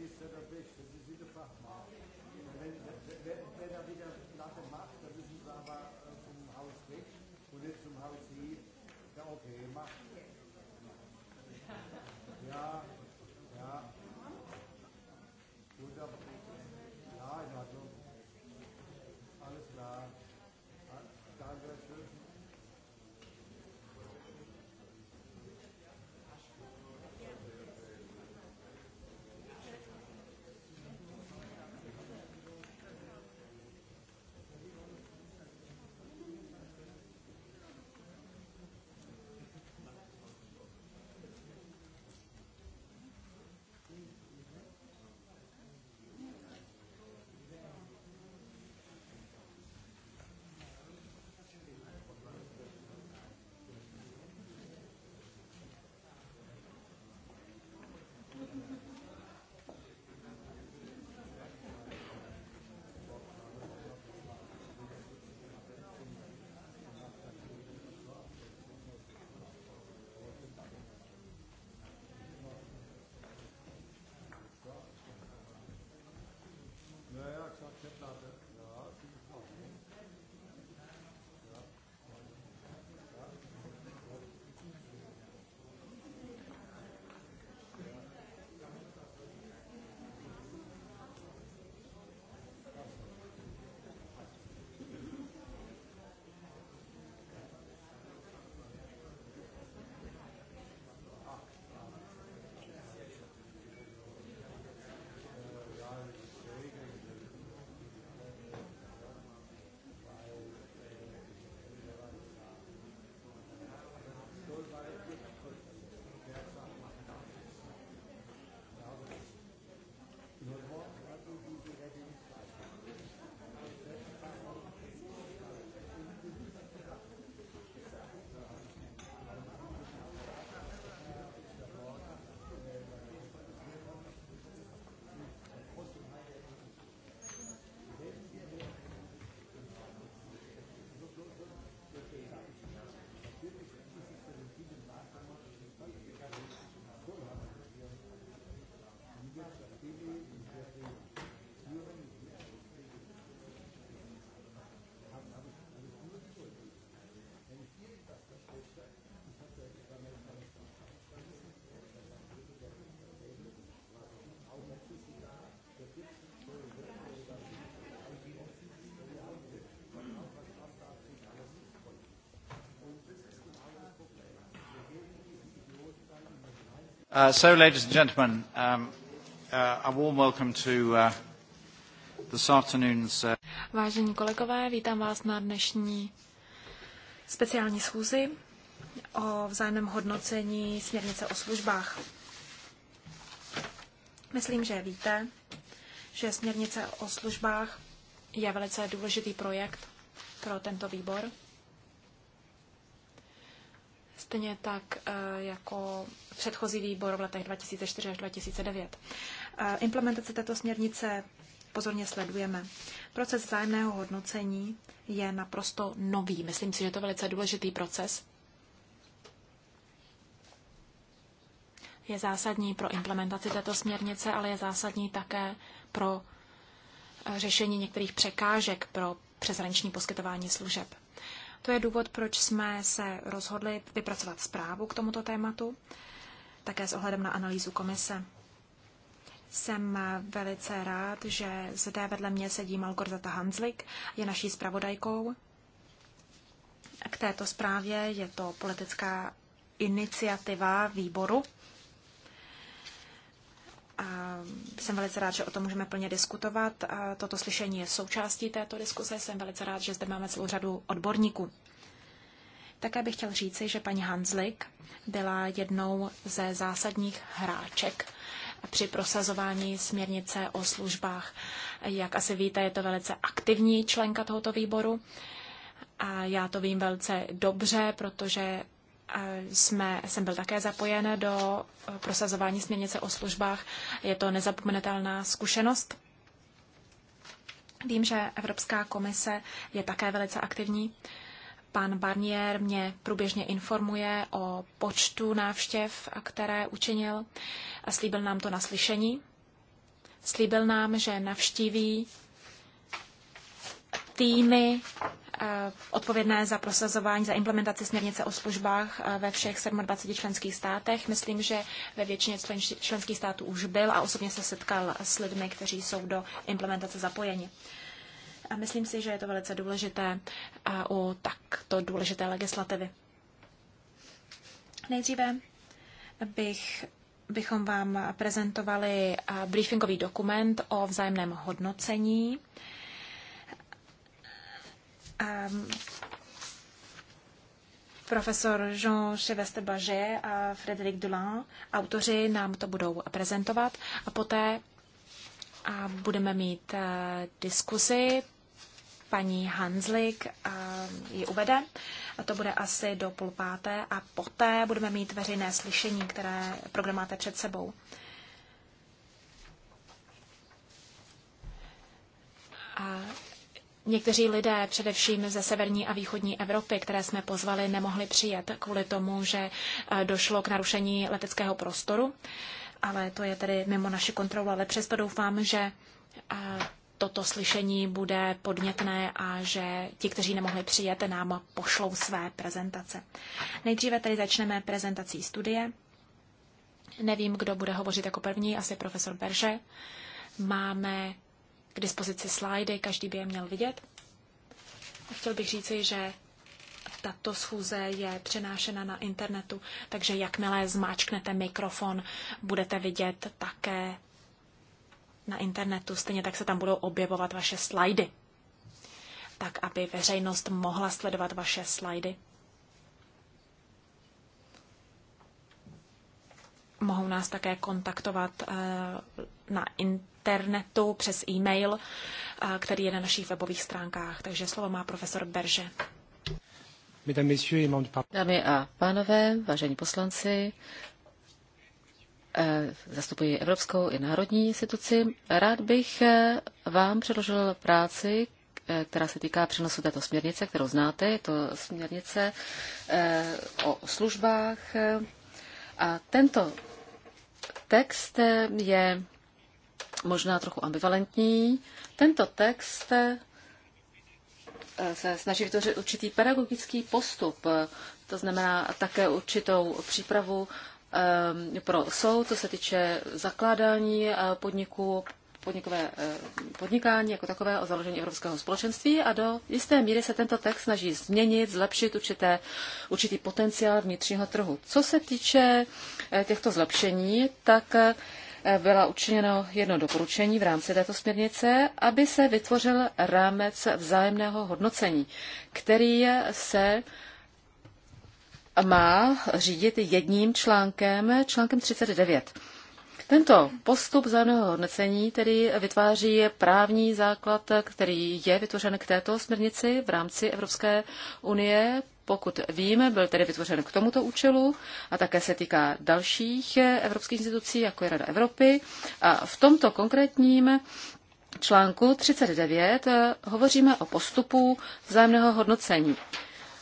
ist ja natürlich, das ist wieder Fachmann. Wenn, wenn, wenn er wieder Platte macht, dann müssen sie aber vom Haus weg und nicht zum Haus hin. Ja, okay, macht. Ja. Uh, so, ladies and gentlemen, um, uh, a warm welcome to uh, this afternoon's. Uh... Vážení kolegové, vítám vás na dnešní speciální schůzi o vzájemném hodnocení směrnice o službách. Myslím, že víte, že směrnice o službách je velice důležitý projekt pro tento výbor stejně tak eh, jako předchozí výbor v letech 2004 až 2009. Eh, implementaci této směrnice pozorně sledujeme. Proces vzájemného hodnocení je naprosto nový. Myslím si, že to je to velice důležitý proces. Je zásadní pro implementaci této směrnice, ale je zásadní také pro eh, řešení některých překážek pro přeshraniční poskytování služeb. To je důvod, proč jsme se rozhodli vypracovat zprávu k tomuto tématu, také s ohledem na analýzu komise. Jsem velice rád, že zde vedle mě sedí Malgorzata Hanslik, je naší zpravodajkou. K této zprávě je to politická iniciativa výboru jsem velice rád, že o tom můžeme plně diskutovat. Toto slyšení je součástí této diskuse. Jsem velice rád, že zde máme celou řadu odborníků. Také bych chtěl říci, že paní Hanslik byla jednou ze zásadních hráček při prosazování směrnice o službách. Jak asi víte, je to velice aktivní členka tohoto výboru. A já to vím velice dobře, protože jsme, jsem byl také zapojen do eh, prosazování směrnice o službách. Je to nezapomenutelná zkušenost. Vím, že Evropská komise je také velice aktivní. Pan Barnier mě průběžně informuje o počtu návštěv, které učinil a slíbil nám to na slyšení. Slíbil nám, že navštíví týmy eh, odpovědné za prosazování, za implementaci směrnice o službách eh, ve všech 27 členských státech. Myslím, že ve většině členských států už byl a osobně se setkal s lidmi, kteří jsou do implementace zapojeni. A myslím si, že je to velice důležité eh, u takto důležité legislativy. Nejdříve bych bychom vám prezentovali briefingový dokument o vzájemném hodnocení Ehm, profesor Jean Cheveste Baže a Frédéric Dulin, autoři, nám to budou prezentovat a poté a budeme mít eh, diskuzi. Paní Hanslik ehm, ji uvede. A to bude asi do půl páté a poté budeme mít veřejné slyšení, které program máte před sebou. Někteří lidé, především ze severní a východní Evropy, které jsme pozvali, nemohli přijet kvůli tomu, že eh, došlo k narušení leteckého prostoru, ale to je tedy mimo naši kontrolu, ale přesto doufám, že eh, toto slyšení bude podnětné a že ti, kteří nemohli přijet, nám pošlou své prezentace. Nejdříve tedy začneme prezentací studie. Nevím, kdo bude hovořit jako první, asi profesor Berže. Máme k dispozici slajdy, každý by je měl vidět. A chtěl bych říci, že tato schůze je přenášena na internetu, takže jakmile zmáčknete mikrofon, budete vidět také na internetu. Stejně tak se tam budou objevovat vaše slajdy, tak aby veřejnost mohla sledovat vaše slajdy. Mohou nás také kontaktovat eh, na internetu internetu, přes e-mail, který je na našich webových stránkách. Takže slovo má profesor Berže. Dámy a pánové, vážení poslanci, eh, zastupuji Evropskou i národní instituci. Rád bych eh, vám předložil práci, eh, která se týká přenosu této směrnice, kterou znáte. Je to směrnice o službách. A tento text je možná trochu ambivalentní. Tento text eh, se snaží vytvořit určitý pedagogický postup, to znamená také určitou přípravu eh, pro soud, co se týče zakládání eh, podniků, podnikové, podnikání jako takové o založení Evropského společenství a do jisté míry se tento text snaží změnit, zlepšit určité, určitý potenciál vnitřního trhu. Co se týče těchto zlepšení, tak Eh, byla učiněno jedno doporučení v rámci této směrnice, aby se vytvořil rámec vzájemného hodnocení, který se má řídit jedním článkem, článkem 39. Tento postup vzájemného hodnocení tedy vytváří právní základ, který je vytvořen k této směrnici v rámci Evropské unie pokud vím, byl tedy vytvořen k tomuto účelu a také se týká dalších evropských institucí, jako je Rada Evropy. A v tomto konkrétním článku 39 eh, hovoříme o postupu vzájemného hodnocení.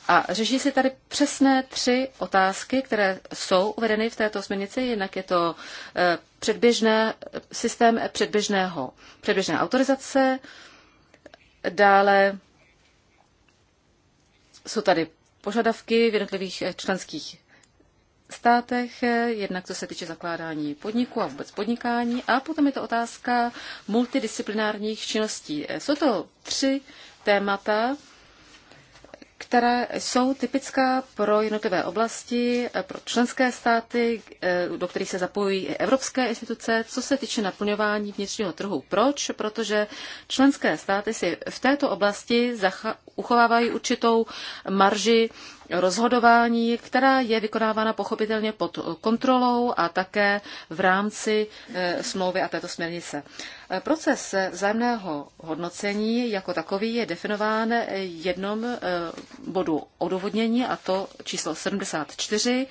A řeší se tady přesné tři otázky, které jsou uvedeny v této směrnici. Jednak je to eh, předběžné, systém předběžného, předběžné autorizace, dále jsou tady požadavky v jednotlivých eh, členských státech, eh, jednak co se týče zakládání podniku a vůbec podnikání. A potom je to otázka multidisciplinárních činností. Eh, jsou to tři témata, které jsou typická pro jednotlivé oblasti, eh, pro členské státy, eh, do kterých se zapojují i evropské instituce, co se týče naplňování vnitřního trhu. Proč? Protože členské státy si v této oblasti uchovávají určitou marži rozhodování, která je vykonávána pochopitelně pod kontrolou a také v rámci eh, smlouvy a této směrnice. Eh, proces vzájemného hodnocení jako takový je definován jednom eh, bodu odůvodnění, a to číslo 74,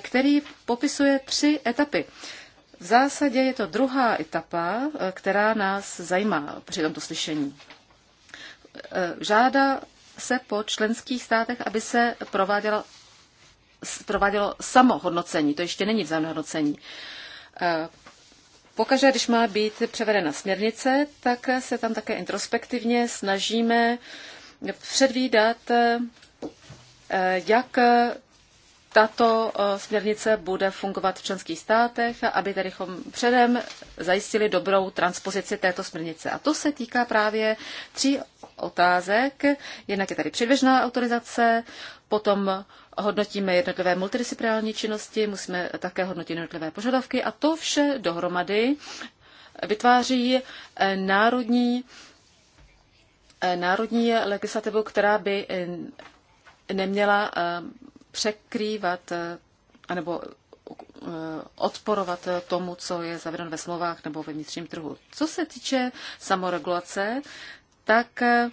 který popisuje tři etapy. V zásadě je to druhá etapa, která nás zajímá při tomto slyšení. Žáda se po členských státech, aby se provádělo, provádělo samohodnocení. To ještě není vzájemné hodnocení. Eh, pokaždé, když má být převedena směrnice, tak se tam také introspektivně snažíme předvídat, eh, jak tato eh, směrnice bude fungovat v členských státech, aby tedy předem zajistili dobrou transpozici této směrnice. A to se týká právě tří otázek. Jednak je tady předběžná autorizace, potom hodnotíme jednotlivé multidisciplinární činnosti, musíme také hodnotit jednotlivé požadavky a to vše dohromady vytváří eh, národní, eh, národní legislativu, která by eh, neměla překrývat anebo odporovat tomu, co je zavedeno ve smlouvách nebo ve vnitřním trhu. Co se týče samoregulace, tak eh,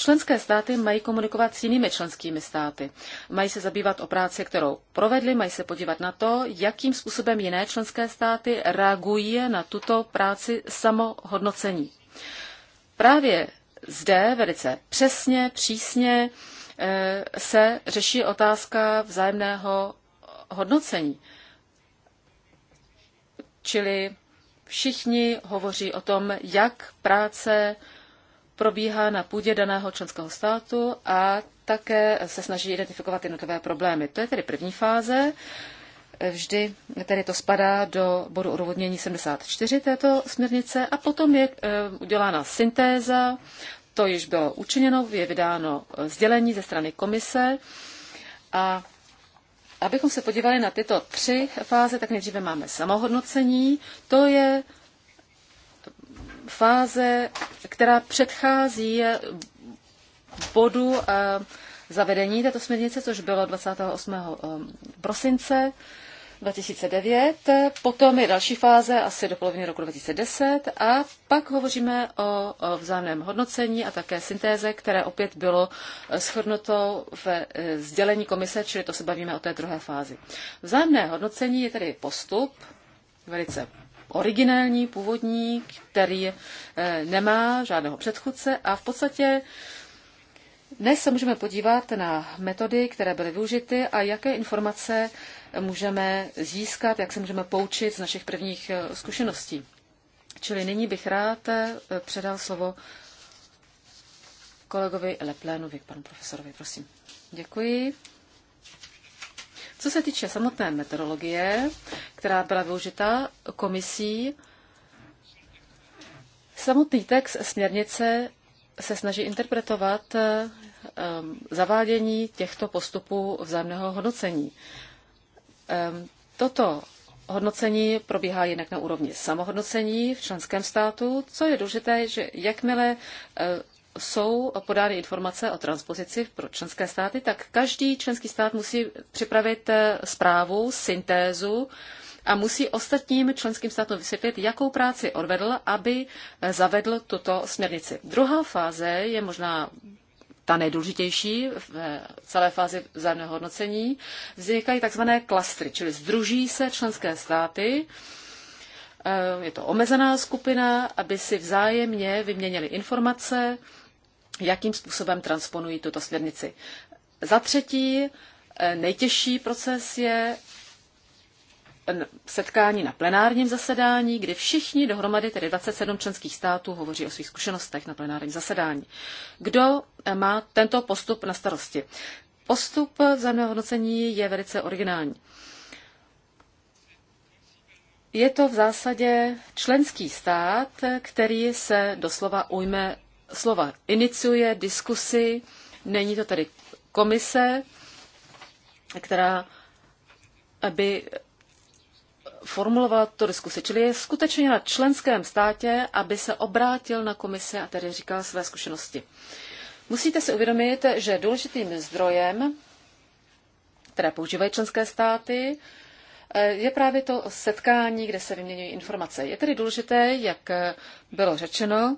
Členské státy mají komunikovat s jinými členskými státy. Mají se zabývat o práci, kterou provedli, mají se podívat na to, jakým způsobem jiné členské státy reagují na tuto práci samohodnocení. Právě zde velice přesně, přísně eh, se řeší otázka vzájemného hodnocení. Čili všichni hovoří o tom, jak práce probíhá na půdě daného členského státu a také se snaží identifikovat jednotlivé problémy. To je tedy první fáze. Vždy tedy to spadá do bodu odůvodnění 74 této směrnice a potom je eh, udělána syntéza, to již bylo učiněno, je vydáno eh, sdělení ze strany komise a Abychom se podívali na tyto tři fáze, tak nejdříve máme samohodnocení. To je fáze, která předchází bodu eh, zavedení této směrnice, což bylo 28. Eh, prosince 2009. Potom je další fáze asi do poloviny roku 2010 a pak hovoříme o, vzájemném hodnocení a také syntéze, které opět bylo eh, shodnoto ve sdělení komise, čili to se bavíme o té druhé fázi. Vzájemné hodnocení je tedy postup, velice originální, původní, který eh, nemá žádného předchůdce a v podstatě dnes se můžeme podívat na metody, které byly využity a jaké informace můžeme získat, jak se můžeme poučit z našich prvních eh, zkušeností. Čili nyní bych rád eh, předal slovo kolegovi Leplénovi, panu profesorovi, prosím. Děkuji. Co se týče samotné meteorologie, která byla využita komisí, samotný text směrnice se snaží interpretovat ehm, zavádění těchto postupů vzájemného hodnocení. Ehm, toto hodnocení probíhá jinak na úrovni samohodnocení v členském státu, co je důležité, že jakmile eh, jsou podány informace o transpozici pro členské státy, tak každý členský stát musí připravit eh, zprávu, syntézu a musí ostatním členským státům vysvětlit, jakou práci odvedl, aby eh, zavedl tuto směrnici. Druhá fáze je možná ta nejdůležitější v eh, celé fázi vzájemného hodnocení. Vznikají takzvané klastry, čili združí se členské státy, je to omezená skupina, aby si vzájemně vyměnili informace, jakým způsobem transponují tuto směrnici. Za třetí, eh, nejtěžší proces je eh, setkání na plenárním zasedání, kdy všichni dohromady, tedy 27 členských států, hovoří o svých zkušenostech na plenárním zasedání. Kdo eh, má tento postup na starosti? Postup vzájemného hodnocení je velice originální. Je to v zásadě členský stát, který se doslova ujme slova iniciuje diskusy, není to tedy komise, která by formulovala to diskusi. Čili je skutečně na členském státě, aby se obrátil na komise a tedy říkal své zkušenosti. Musíte si uvědomit, že důležitým zdrojem, které používají členské státy, je právě to setkání, kde se vyměňují informace. Je tedy důležité, jak bylo řečeno,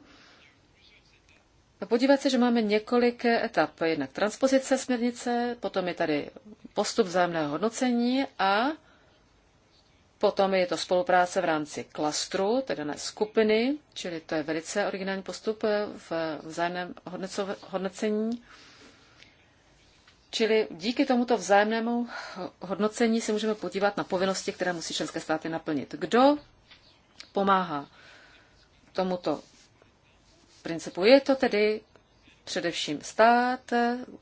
No, podívat se, že máme několik etap. Jednak transpozice směrnice, potom je tady postup vzájemného hodnocení a potom je to spolupráce v rámci klastru, tedy na skupiny, čili to je velice originální postup v vzájemném hodnocení. Čili díky tomuto vzájemnému hodnocení se můžeme podívat na povinnosti, které musí členské státy naplnit. Kdo pomáhá tomuto principu. Je to tedy především stát,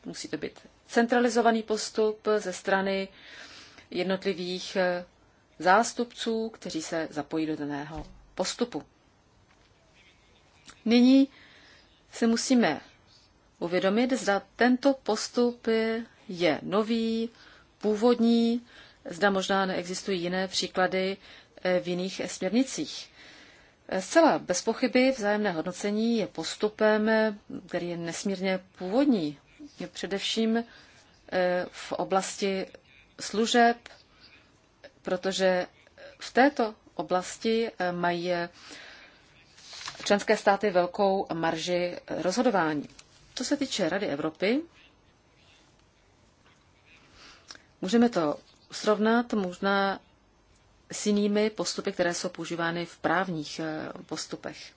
musí to být centralizovaný postup ze strany jednotlivých zástupců, kteří se zapojí do daného postupu. Nyní si musíme uvědomit, zda tento postup je nový, původní, zda možná neexistují jiné příklady v jiných směrnicích. Zcela bez pochyby vzájemné hodnocení je postupem, který je nesmírně původní, především eh, v oblasti služeb, protože v této oblasti eh, mají eh, členské státy velkou marži rozhodování. Co se týče Rady Evropy, můžeme to srovnat možná s jinými postupy, které jsou používány v právních eh, postupech.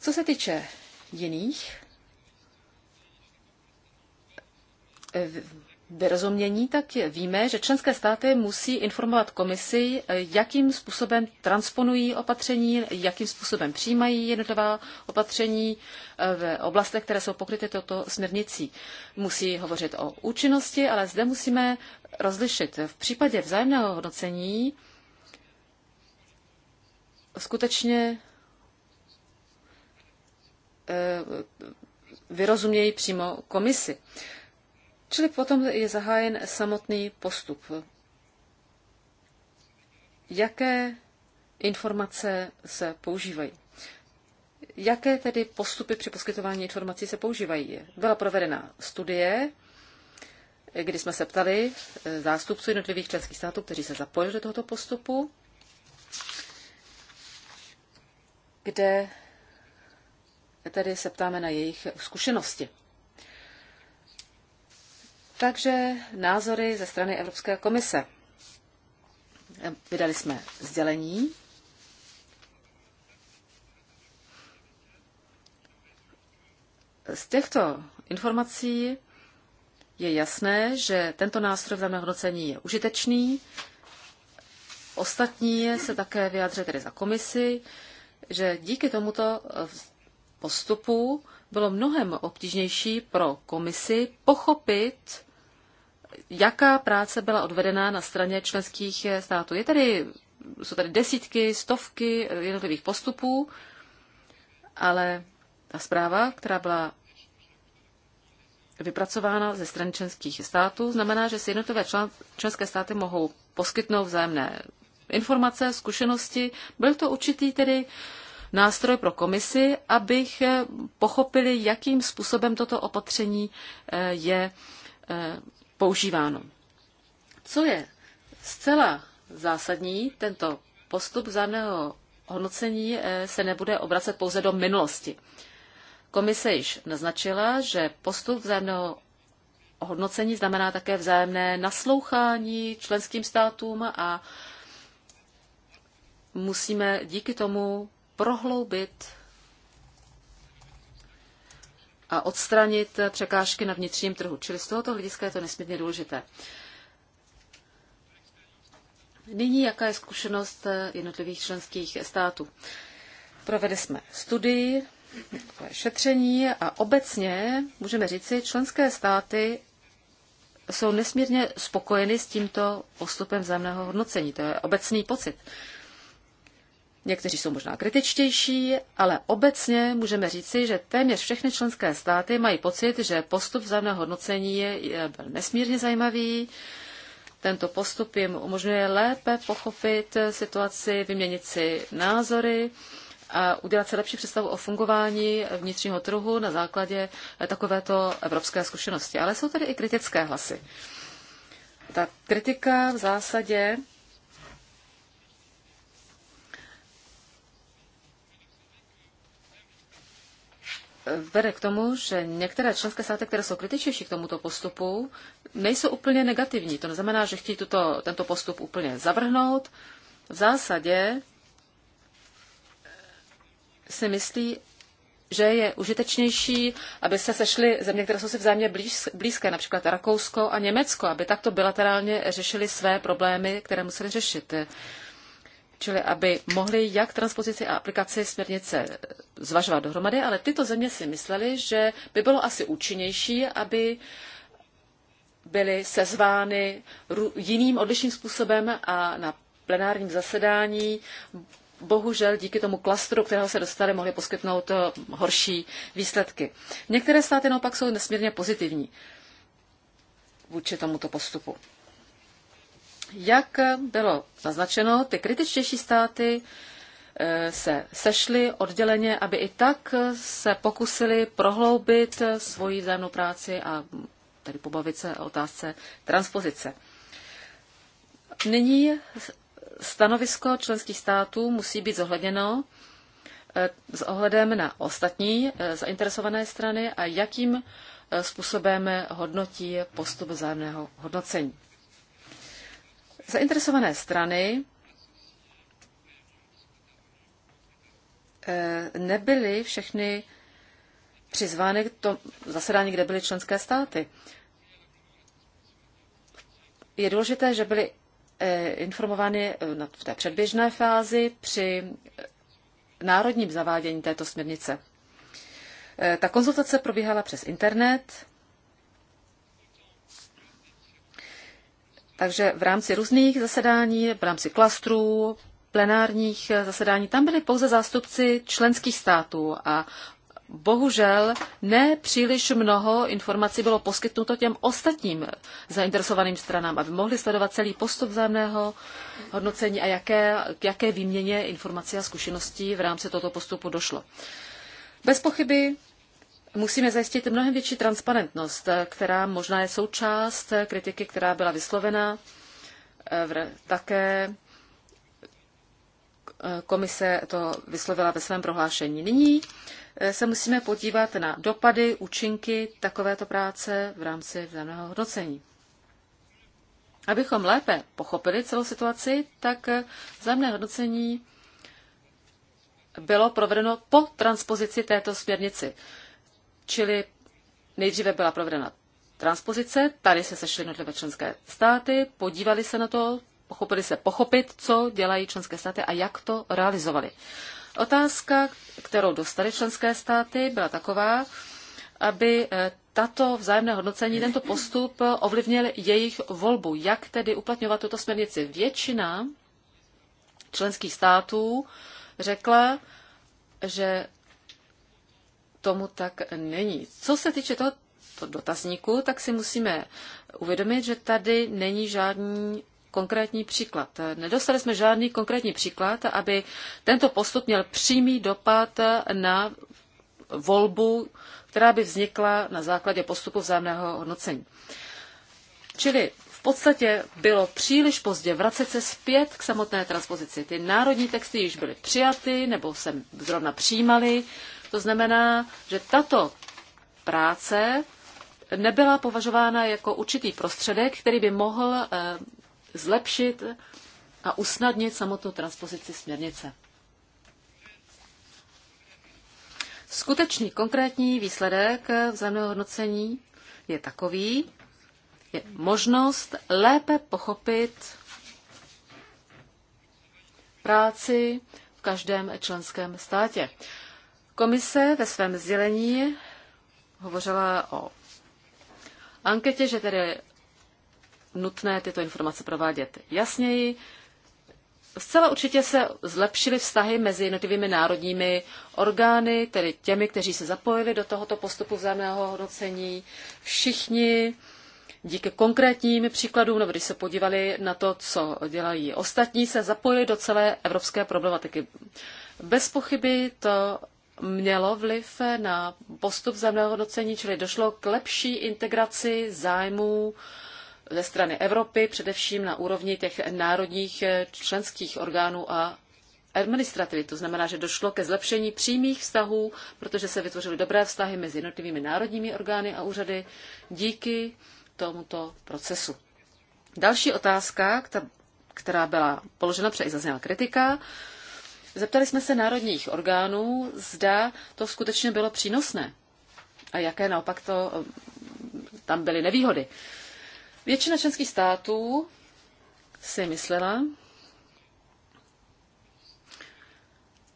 Co se týče jiných eh, vyrozumění, tak víme, že členské státy musí informovat komisi, jakým způsobem transponují opatření, jakým způsobem přijímají jednotlivá opatření eh, v oblastech, které jsou pokryty toto směrnicí. Musí hovořit o účinnosti, ale zde musíme rozlišit. V případě vzájemného hodnocení skutečně eh, vyrozumějí přímo komisi. Čili potom je zahájen samotný postup. Jaké informace se používají? Jaké tedy postupy při poskytování informací se používají? Byla provedena studie, kdy jsme se ptali eh, zástupců jednotlivých členských států, kteří se zapojili do tohoto postupu, kde tedy se ptáme na jejich zkušenosti takže názory ze strany Evropské komise. Vydali jsme sdělení. Z těchto informací je jasné, že tento nástroj v hodnocení je užitečný. Ostatní se také vyjádřili tedy za komisi, že díky tomuto postupu bylo mnohem obtížnější pro komisi pochopit jaká práce byla odvedena na straně členských států. Je tady, jsou tady desítky, stovky jednotlivých postupů, ale ta zpráva, která byla vypracována ze strany členských států, znamená, že si jednotlivé člen, členské státy mohou poskytnout vzájemné informace, zkušenosti. Byl to určitý tedy nástroj pro komisi, abych pochopili, jakým způsobem toto opatření eh, je eh, používáno. Co je zcela zásadní, tento postup vzájemného hodnocení eh, se nebude obracet pouze do minulosti. Komise již naznačila, že postup vzájemného hodnocení znamená také vzájemné naslouchání členským státům a musíme díky tomu prohloubit a odstranit překážky na vnitřním trhu. Čili z tohoto hlediska je to nesmírně důležité. Nyní, jaká je zkušenost jednotlivých členských států? Provedli jsme studii, šetření a obecně můžeme říci, členské státy jsou nesmírně spokojeny s tímto postupem vzájemného hodnocení. To je obecný pocit. Někteří jsou možná kritičtější, ale obecně můžeme říci, že téměř všechny členské státy mají pocit, že postup vzájemného hodnocení je, byl nesmírně zajímavý. Tento postup jim umožňuje lépe pochopit situaci, vyměnit si názory a udělat se lepší představu o fungování vnitřního trhu na základě takovéto evropské zkušenosti. Ale jsou tady i kritické hlasy. Ta kritika v zásadě vede k tomu, že některé členské státy, které jsou kritičtější k tomuto postupu, nejsou úplně negativní. To neznamená, že chtějí tuto, tento postup úplně zavrhnout. V zásadě si myslí, že je užitečnější, aby se sešly země, které jsou si vzájemně blízké, například Rakousko a Německo, aby takto bilaterálně řešili své problémy, které museli řešit čili aby mohli jak transpozici a aplikaci směrnice zvažovat dohromady, ale tyto země si mysleli, že by bylo asi účinnější, aby byly sezvány jiným odlišným způsobem a na plenárním zasedání bohužel díky tomu klastru, kterého se dostali, mohli poskytnout eh, horší výsledky. Některé státy naopak jsou nesmírně pozitivní vůči tomuto postupu. Jak bylo naznačeno, ty kritičtější státy eh, se sešly odděleně, aby i tak se pokusili prohloubit svoji vzájemnou práci a tedy pobavit se o otázce transpozice. Nyní stanovisko členských států musí být zohledněno eh, s ohledem na ostatní eh, zainteresované strany a jakým způsobem hodnotí postup vzájemného hodnocení. Zainteresované strany eh, nebyly všechny přizvány k tomu zasedání, kde byly členské státy. Je důležité, že byly eh, informovány eh, v té předběžné fázi při národním zavádění této směrnice. Ta konzultace probíhala přes internet Takže v rámci různých zasedání, v rámci klastrů, plenárních eh, zasedání, tam byli pouze zástupci členských států a bohužel ne příliš mnoho informací bylo poskytnuto těm ostatním zainteresovaným stranám, aby mohli sledovat celý postup vzájemného hodnocení a jaké, k jaké výměně informací a zkušeností v rámci tohoto postupu došlo. Bez pochyby musíme zajistit mnohem větší transparentnost, která možná je součást kritiky, která byla vyslovena eh, také eh, komise to vyslovila ve svém prohlášení. Nyní eh, se musíme podívat na dopady, účinky takovéto práce v rámci vzájemného hodnocení. Abychom lépe pochopili celou situaci, tak vzájemné hodnocení bylo provedeno po transpozici této směrnici. Čili nejdříve byla provedena transpozice, tady se sešly jednotlivé členské státy, podívali se na to, pochopili se pochopit, co dělají členské státy a jak to realizovali. Otázka, kterou dostali členské státy, byla taková, aby eh, tato vzájemné hodnocení, tento postup eh, ovlivnil jejich volbu. Jak tedy uplatňovat tuto směrnici? Většina členských států řekla, že tomu tak není. Co se týče toho to dotazníku, tak si musíme uvědomit, že tady není žádný konkrétní příklad. Nedostali jsme žádný konkrétní příklad, aby tento postup měl přímý dopad na volbu, která by vznikla na základě postupu vzájemného hodnocení. Čili v podstatě bylo příliš pozdě vracet se zpět k samotné transpozici. Ty národní texty již byly přijaty nebo se zrovna přijímaly. To znamená, že tato práce nebyla považována jako určitý prostředek, který by mohl eh, zlepšit a usnadnit samotnou transpozici směrnice. Skutečný konkrétní výsledek vzájemného hodnocení je takový, je možnost lépe pochopit práci v každém členském státě. Komise ve svém sdělení hovořila o anketě, že tedy nutné tyto informace provádět jasněji. Zcela určitě se zlepšily vztahy mezi jednotlivými národními orgány, tedy těmi, kteří se zapojili do tohoto postupu vzájemného hodnocení. Všichni díky konkrétním příkladům, nebo když se podívali na to, co dělají ostatní, se zapojili do celé evropské problematiky. Bez pochyby to mělo vliv na postup hodnocení, čili došlo k lepší integraci zájmů ze strany Evropy, především na úrovni těch národních eh, členských orgánů a administrativy. To znamená, že došlo ke zlepšení přímých vztahů, protože se vytvořily dobré vztahy mezi jednotlivými národními orgány a úřady díky tomuto procesu. Další otázka, která byla položena, protože i zazněla kritika, Zeptali jsme se národních orgánů, zda to skutečně bylo přínosné a jaké naopak to eh, tam byly nevýhody. Většina členských států si myslela,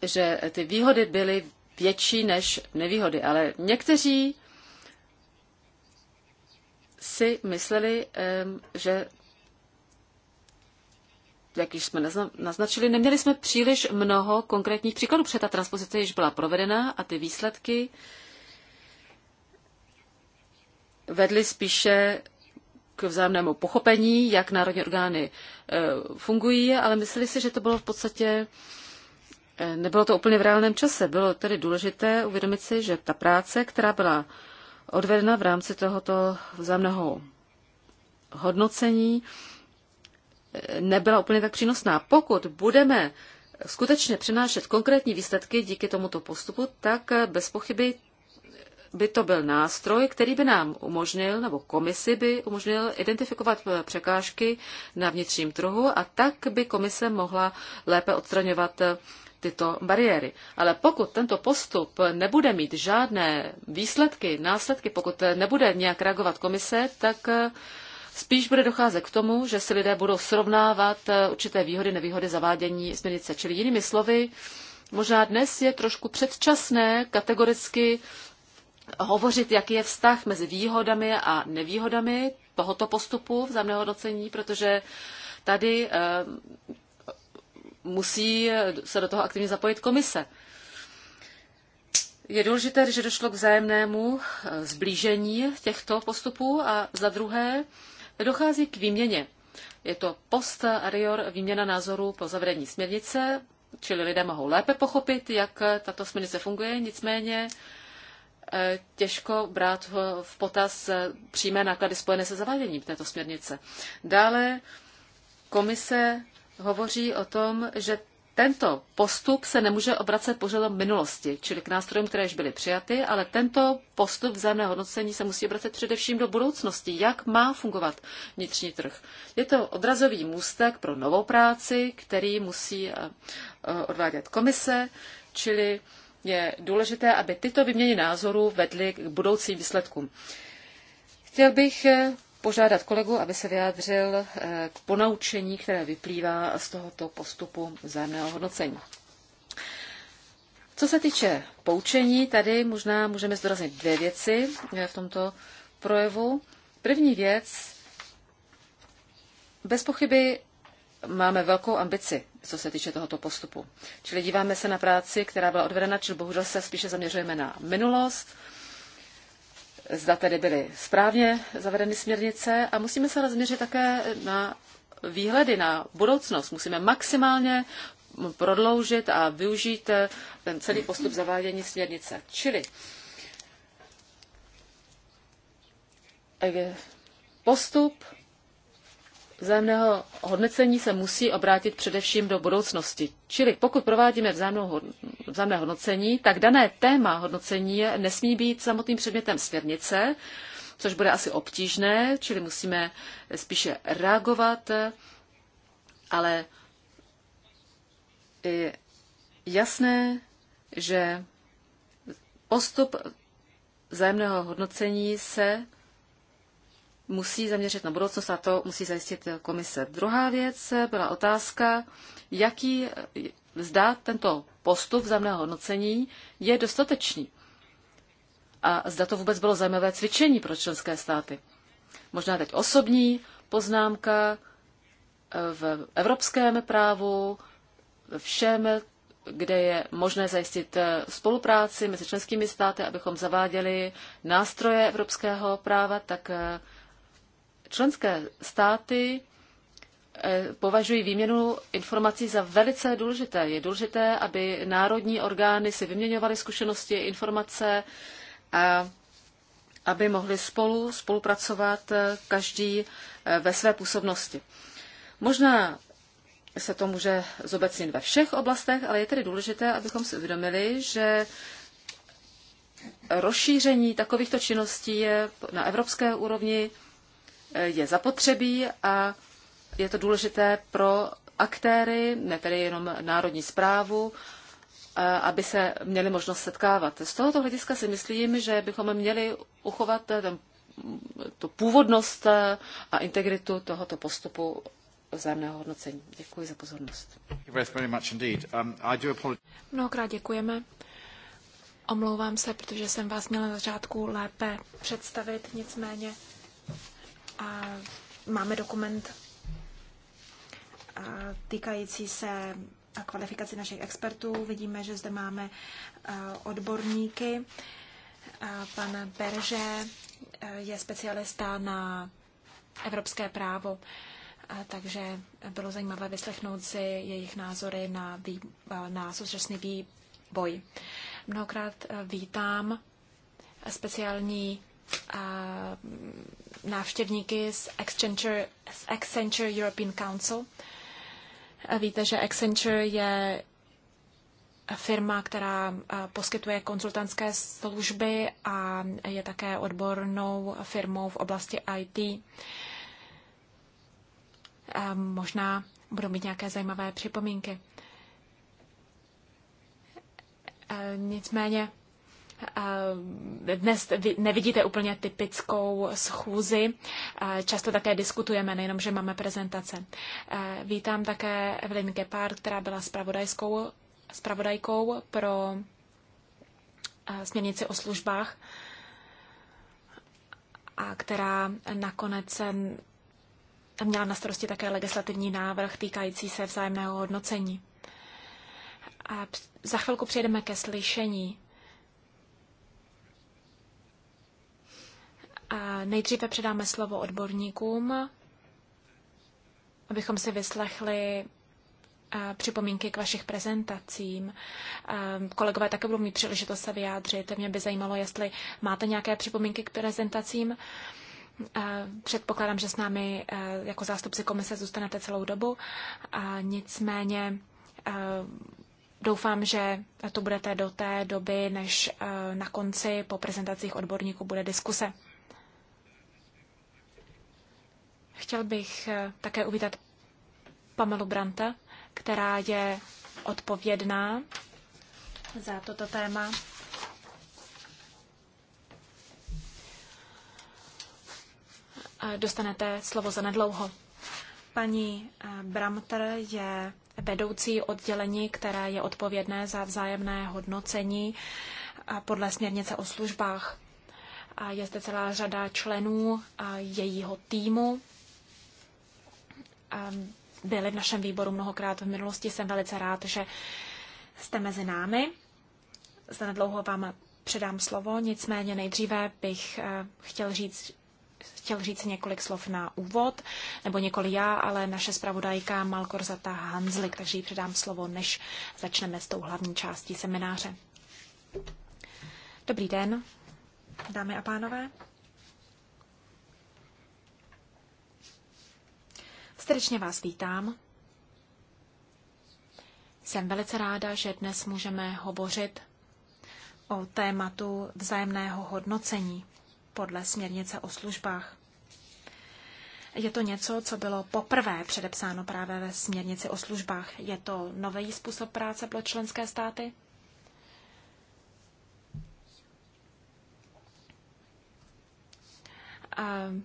že ty výhody byly větší než nevýhody, ale někteří si mysleli, eh, že jak již jsme naznačili, neměli jsme příliš mnoho konkrétních příkladů, protože ta transpozice již byla provedena a ty výsledky vedly spíše k vzájemnému pochopení, jak národní orgány e, fungují, ale mysleli si, že to bylo v podstatě, e, nebylo to úplně v reálném čase. Bylo tedy důležité uvědomit si, že ta práce, která byla odvedena v rámci tohoto vzájemného hodnocení, nebyla úplně tak přínosná. Pokud budeme skutečně přinášet konkrétní výsledky díky tomuto postupu, tak bez pochyby by to byl nástroj, který by nám umožnil, nebo komisi by umožnil identifikovat překážky na vnitřním trhu a tak by komise mohla lépe odstraňovat tyto bariéry. Ale pokud tento postup nebude mít žádné výsledky, následky, pokud nebude nějak reagovat komise, tak spíš bude docházet k tomu, že si lidé budou srovnávat eh, určité výhody, nevýhody zavádění směrnice. Čili jinými slovy, možná dnes je trošku předčasné kategoricky hovořit, jaký je vztah mezi výhodami a nevýhodami tohoto postupu vzájemného hodnocení, protože tady eh, musí se do toho aktivně zapojit komise. Je důležité, že došlo k vzájemnému eh, zblížení těchto postupů a za druhé dochází k výměně. Je to post arior výměna názorů po zavedení směrnice, čili lidé mohou lépe pochopit, jak tato směrnice funguje, nicméně eh, těžko brát v potaz eh, přímé náklady spojené se zaváděním této směrnice. Dále komise hovoří o tom, že tento postup se nemůže obracet pořadem minulosti, čili k nástrojům, které již byly přijaty, ale tento postup vzájemného hodnocení se musí obracet především do budoucnosti, jak má fungovat vnitřní trh. Je to odrazový můstek pro novou práci, který musí eh, eh, odvádět komise, čili je důležité, aby tyto vyměny názorů vedly k budoucím výsledkům. Chtěl bych eh, požádat kolegu, aby se vyjádřil eh, k ponaučení, které vyplývá z tohoto postupu vzájemného hodnocení. Co se týče poučení, tady možná můžeme zdoraznit dvě věci eh, v tomto projevu. První věc, bez pochyby máme velkou ambici, co se týče tohoto postupu. Čili díváme se na práci, která byla odvedena, čili bohužel se spíše zaměřujeme na minulost, zda tedy byly správně zavedeny směrnice a musíme se rozměřit také na výhledy na budoucnost. Musíme maximálně prodloužit a využít eh, ten celý postup zavádění směrnice. Čili eh, postup vzájemného hodnocení se musí obrátit především do budoucnosti. Čili pokud provádíme vzájemné hodnocení, tak dané téma hodnocení nesmí být samotným předmětem směrnice, což bude asi obtížné, čili musíme spíše reagovat, ale je jasné, že postup vzájemného hodnocení se musí zaměřit na budoucnost a to musí zajistit komise. Druhá věc byla otázka, jaký zdá tento postup vzájemného hodnocení je dostatečný. A zda to vůbec bylo zajímavé cvičení pro členské státy. Možná teď osobní poznámka eh, v evropském právu, všem, kde je možné zajistit eh, spolupráci mezi členskými státy, abychom zaváděli nástroje evropského práva, tak eh, Členské státy eh, považují výměnu informací za velice důležité. Je důležité, aby národní orgány si vyměňovaly zkušenosti, informace a aby mohli spolu spolupracovat eh, každý eh, ve své působnosti. Možná se to může zobecnit ve všech oblastech, ale je tedy důležité, abychom si uvědomili, že rozšíření takovýchto činností je na evropské úrovni je zapotřebí a je to důležité pro aktéry, ne tedy jenom národní zprávu, aby se měli možnost setkávat. Z tohoto hlediska si myslím, že bychom měli uchovat ten, tu původnost a integritu tohoto postupu vzájemného hodnocení. Děkuji za pozornost. Um, Mnohokrát děkujeme. Omlouvám se, protože jsem vás měla na začátku lépe představit, nicméně máme dokument týkající se kvalifikaci našich expertů. Vidíme, že zde máme odborníky. Pan Berže je specialista na evropské právo, takže bylo zajímavé vyslechnout si jejich názory na, vý, na současný výboj. Mnohokrát vítám speciální návštěvníky z Accenture, z Accenture European Council. A víte, že Accenture je firma, která poskytuje konzultantské služby a je také odbornou firmou v oblasti IT. A možná budou mít nějaké zajímavé připomínky. A nicméně Eh, dnes nevidíte úplně typickou schůzi. Eh, často také diskutujeme, nejenom, že máme prezentace. Eh, vítám také Evelyn Gepard, která byla spravodajskou, spravodajkou pro směrnici o službách a která nakonec měla na starosti také legislativní návrh týkající se vzájemného hodnocení. A za chvilku přejdeme ke slyšení Nejdříve předáme slovo odborníkům, abychom si vyslechli eh, připomínky k vašich prezentacím. Eh, kolegové také budou mít příležitost se vyjádřit. Mě by zajímalo, jestli máte nějaké připomínky k prezentacím. Eh, předpokládám, že s námi jako zástupci komise zůstanete celou dobu. Nicméně doufám, že to budete do té doby, než na konci po prezentacích odborníků bude diskuse. Chtěl bych eh, také uvítat Pamelu Branta, která je odpovědná za toto téma. Eh, dostanete slovo za nedlouho. Paní eh, Bramter je vedoucí oddělení, které je odpovědné za vzájemné hodnocení podle směrnice o službách. Je zde celá řada členů jejího týmu Ehm, byli v našem výboru mnohokrát v minulosti. Jsem velice rád, že jste mezi námi. Za nedlouho vám předám slovo, nicméně nejdříve bych eh, chtěl říct, chtěl říct několik slov na úvod, nebo několik já, ale naše zpravodajka Malkorzata Hanzlik, takže jí předám slovo, než začneme s tou hlavní částí semináře. Dobrý den, dámy a pánové. Srdečně vás vítám. Jsem velice ráda, že dnes můžeme hovořit o tématu vzájemného hodnocení podle směrnice o službách. Je to něco, co bylo poprvé předepsáno právě ve směrnici o službách. Je to nový způsob práce pro členské státy?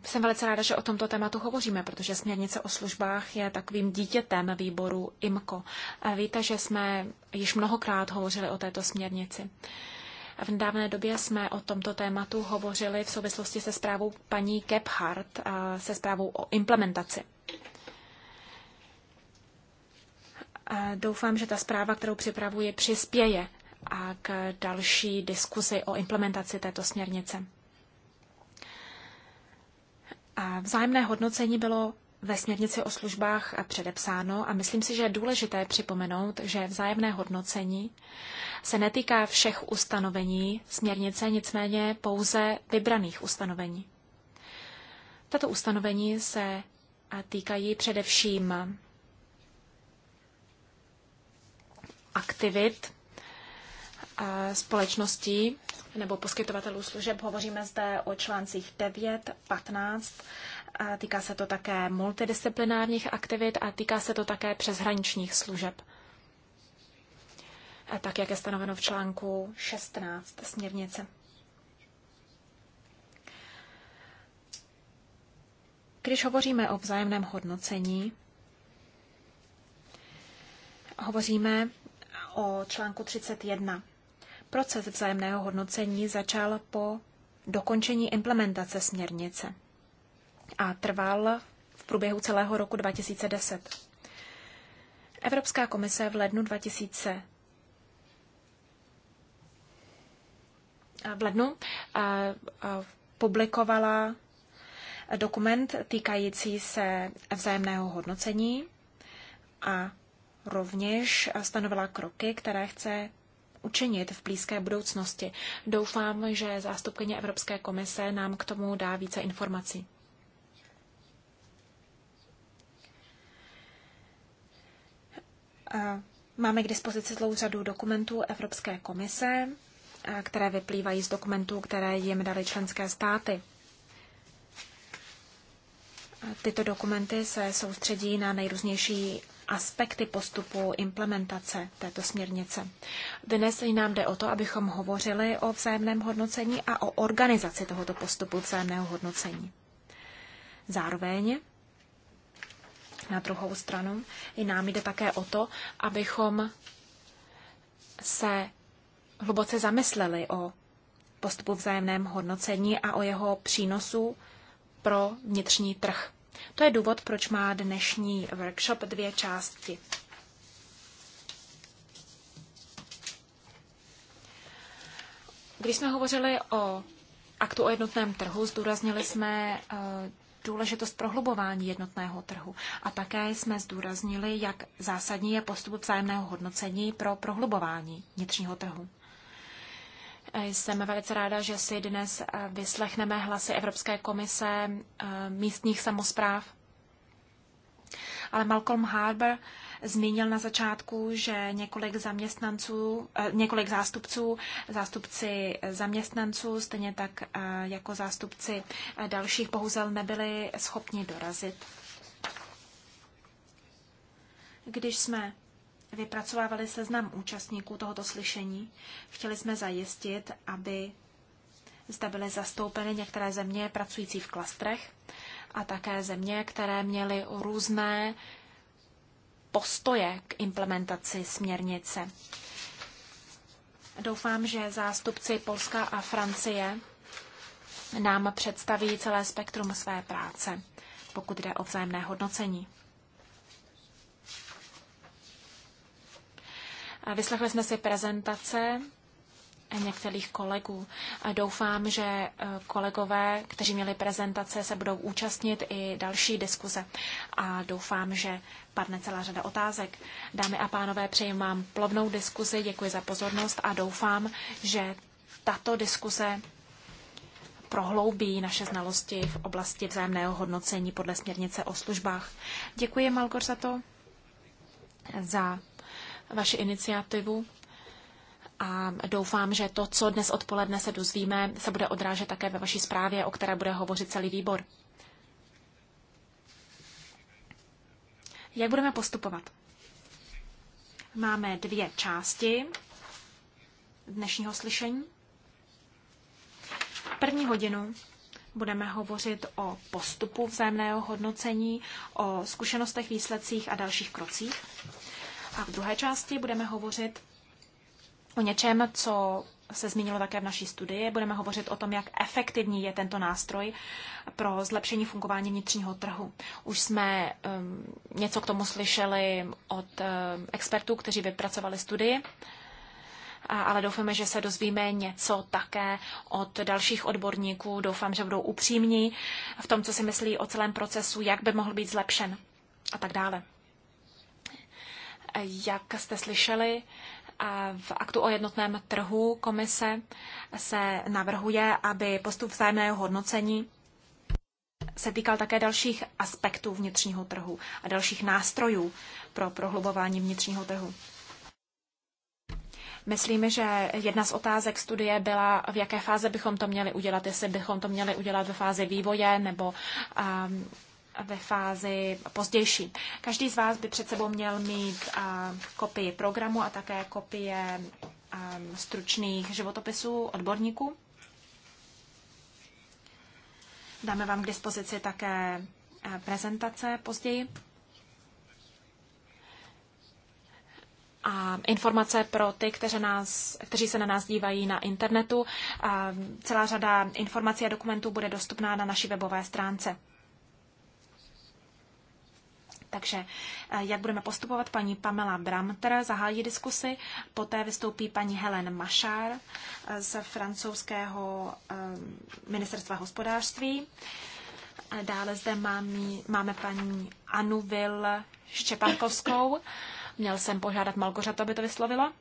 Jsem velice ráda, že o tomto tématu hovoříme, protože směrnice o službách je takovým dítětem výboru IMCO. Víte, že jsme již mnohokrát hovořili o této směrnici. V nedávné době jsme o tomto tématu hovořili v souvislosti se zprávou paní a se zprávou o implementaci. Doufám, že ta zpráva, kterou připravuje, přispěje a k další diskuzi o implementaci této směrnice. Vzájemné hodnocení bylo ve směrnici o službách předepsáno a myslím si, že je důležité připomenout, že vzájemné hodnocení se netýká všech ustanovení směrnice, nicméně pouze vybraných ustanovení. Tato ustanovení se týkají především aktivit společností nebo poskytovatelů služeb. Hovoříme zde o článcích 9, 15. Týká se to také multidisciplinárních aktivit a týká se to také přeshraničních služeb. A tak, jak je stanoveno v článku 16 směrnice. Když hovoříme o vzájemném hodnocení, hovoříme o článku 31. Proces vzájemného hodnocení začal po dokončení implementace směrnice a trval v průběhu celého roku 2010. Evropská komise v lednu 2000 v lednu publikovala dokument týkající se vzájemného hodnocení a rovněž stanovila kroky, které chce učinit v blízké budoucnosti. Doufám, že zástupkyně Evropské komise nám k tomu dá více informací. Eh, máme k dispozici celou řadu dokumentů Evropské komise, eh, které vyplývají z dokumentů, které jim dali členské státy. Eh, tyto dokumenty se soustředí na nejrůznější aspekty postupu implementace této směrnice. Dnes nám jde o to, abychom hovořili o vzájemném hodnocení a o organizaci tohoto postupu vzájemného hodnocení. Zároveň na druhou stranu i nám jde také o to, abychom se hluboce zamysleli o postupu vzájemném hodnocení a o jeho přínosu pro vnitřní trh. To je důvod, proč má dnešní workshop dvě části. Když jsme hovořili o aktu o jednotném trhu, zdůraznili jsme eh, důležitost prohlubování jednotného trhu a také jsme zdůraznili, jak zásadní je postup vzájemného hodnocení pro prohlubování vnitřního trhu. Jsem velice ráda, že si dnes eh, vyslechneme hlasy Evropské komise eh, místních samozpráv. Ale Malcolm Harbour zmínil na začátku, že několik zaměstnanců, eh, několik zástupců, zástupci zaměstnanců, stejně tak jako zástupci dalších, bohužel nebyli schopni dorazit. Když jsme vypracovávali seznam účastníků tohoto slyšení. Chtěli jsme zajistit, aby zde byly zastoupeny některé země pracující v klastrech a také země, které měly různé postoje k implementaci směrnice. Doufám, že zástupci Polska a Francie nám představí celé spektrum své práce, pokud jde o vzájemné hodnocení. Vyslechli jsme si prezentace některých kolegů. Doufám, že eh, kolegové, kteří měli prezentace, se budou účastnit i další diskuze. A doufám, že padne celá řada otázek. Dámy a pánové, přeji vám plovnou diskuzi, děkuji za pozornost a doufám, že tato diskuze prohloubí naše znalosti v oblasti vzájemného hodnocení podle směrnice o službách. Děkuji, za to. za vaši iniciativu a doufám, že to, co dnes odpoledne se dozvíme, se bude odrážet také ve vaší zprávě, o které bude hovořit celý výbor. Jak budeme postupovat? Máme dvě části dnešního slyšení. První hodinu budeme hovořit o postupu vzájemného hodnocení, o zkušenostech, výsledcích a dalších krocích. A v druhé části budeme hovořit o něčem, co se zmínilo také v naší studii. Budeme hovořit o tom, jak efektivní je tento nástroj pro zlepšení fungování vnitřního trhu. Už jsme um, něco k tomu slyšeli od um, expertů, kteří vypracovali studii, a, ale doufáme, že se dozvíme něco také od dalších odborníků. Doufám, že budou upřímní v tom, co si myslí o celém procesu, jak by mohl být zlepšen a tak dále. Jak jste slyšeli, v aktu o jednotném trhu komise se navrhuje, aby postup vzájemného hodnocení se týkal také dalších aspektů vnitřního trhu a dalších nástrojů pro prohlubování vnitřního trhu. Myslíme, že jedna z otázek studie byla, v jaké fáze bychom to měli udělat, jestli bychom to měli udělat ve fázi vývoje nebo um, ve fázi pozdější. Každý z vás by před sebou měl mít kopii programu a také kopie stručných životopisů odborníků. Dáme vám k dispozici také prezentace později. a informace pro ty, kteří, nás, kteří se na nás dívají na internetu. A celá řada informací a dokumentů bude dostupná na naší webové stránce. Takže eh, jak budeme postupovat? Paní Pamela Bramter zahájí diskusi, poté vystoupí paní Helen Mašár eh, z francouzského eh, ministerstva hospodářství. Dále zde mám, máme paní Anu Vil Štěpánkovskou. Měl jsem požádat Malgořatu, aby to vyslovila.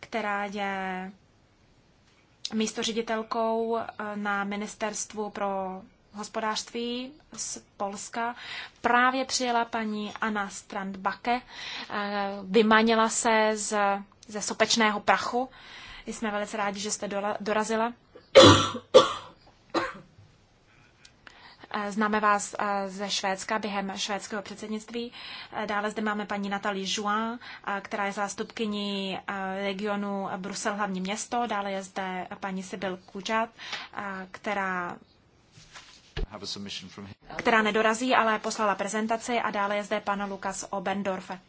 Která je místo ředitelkou na Ministerstvu pro hospodářství z Polska právě přijela paní Anna Strandbake, eh, vymanila se z, ze sopečného prachu. Jsme velice rádi, že jste dorazila. Eh, známe vás eh, ze Švédska během švédského předsednictví. Dále zde máme paní Natalie Juan, která je zástupkyní regionu Brusel hlavní město. Dále je zde paní Sibyl Kudžat, která která nedorazí, ale poslala prezentaci a dále je zde pan Lukas Obendorfe.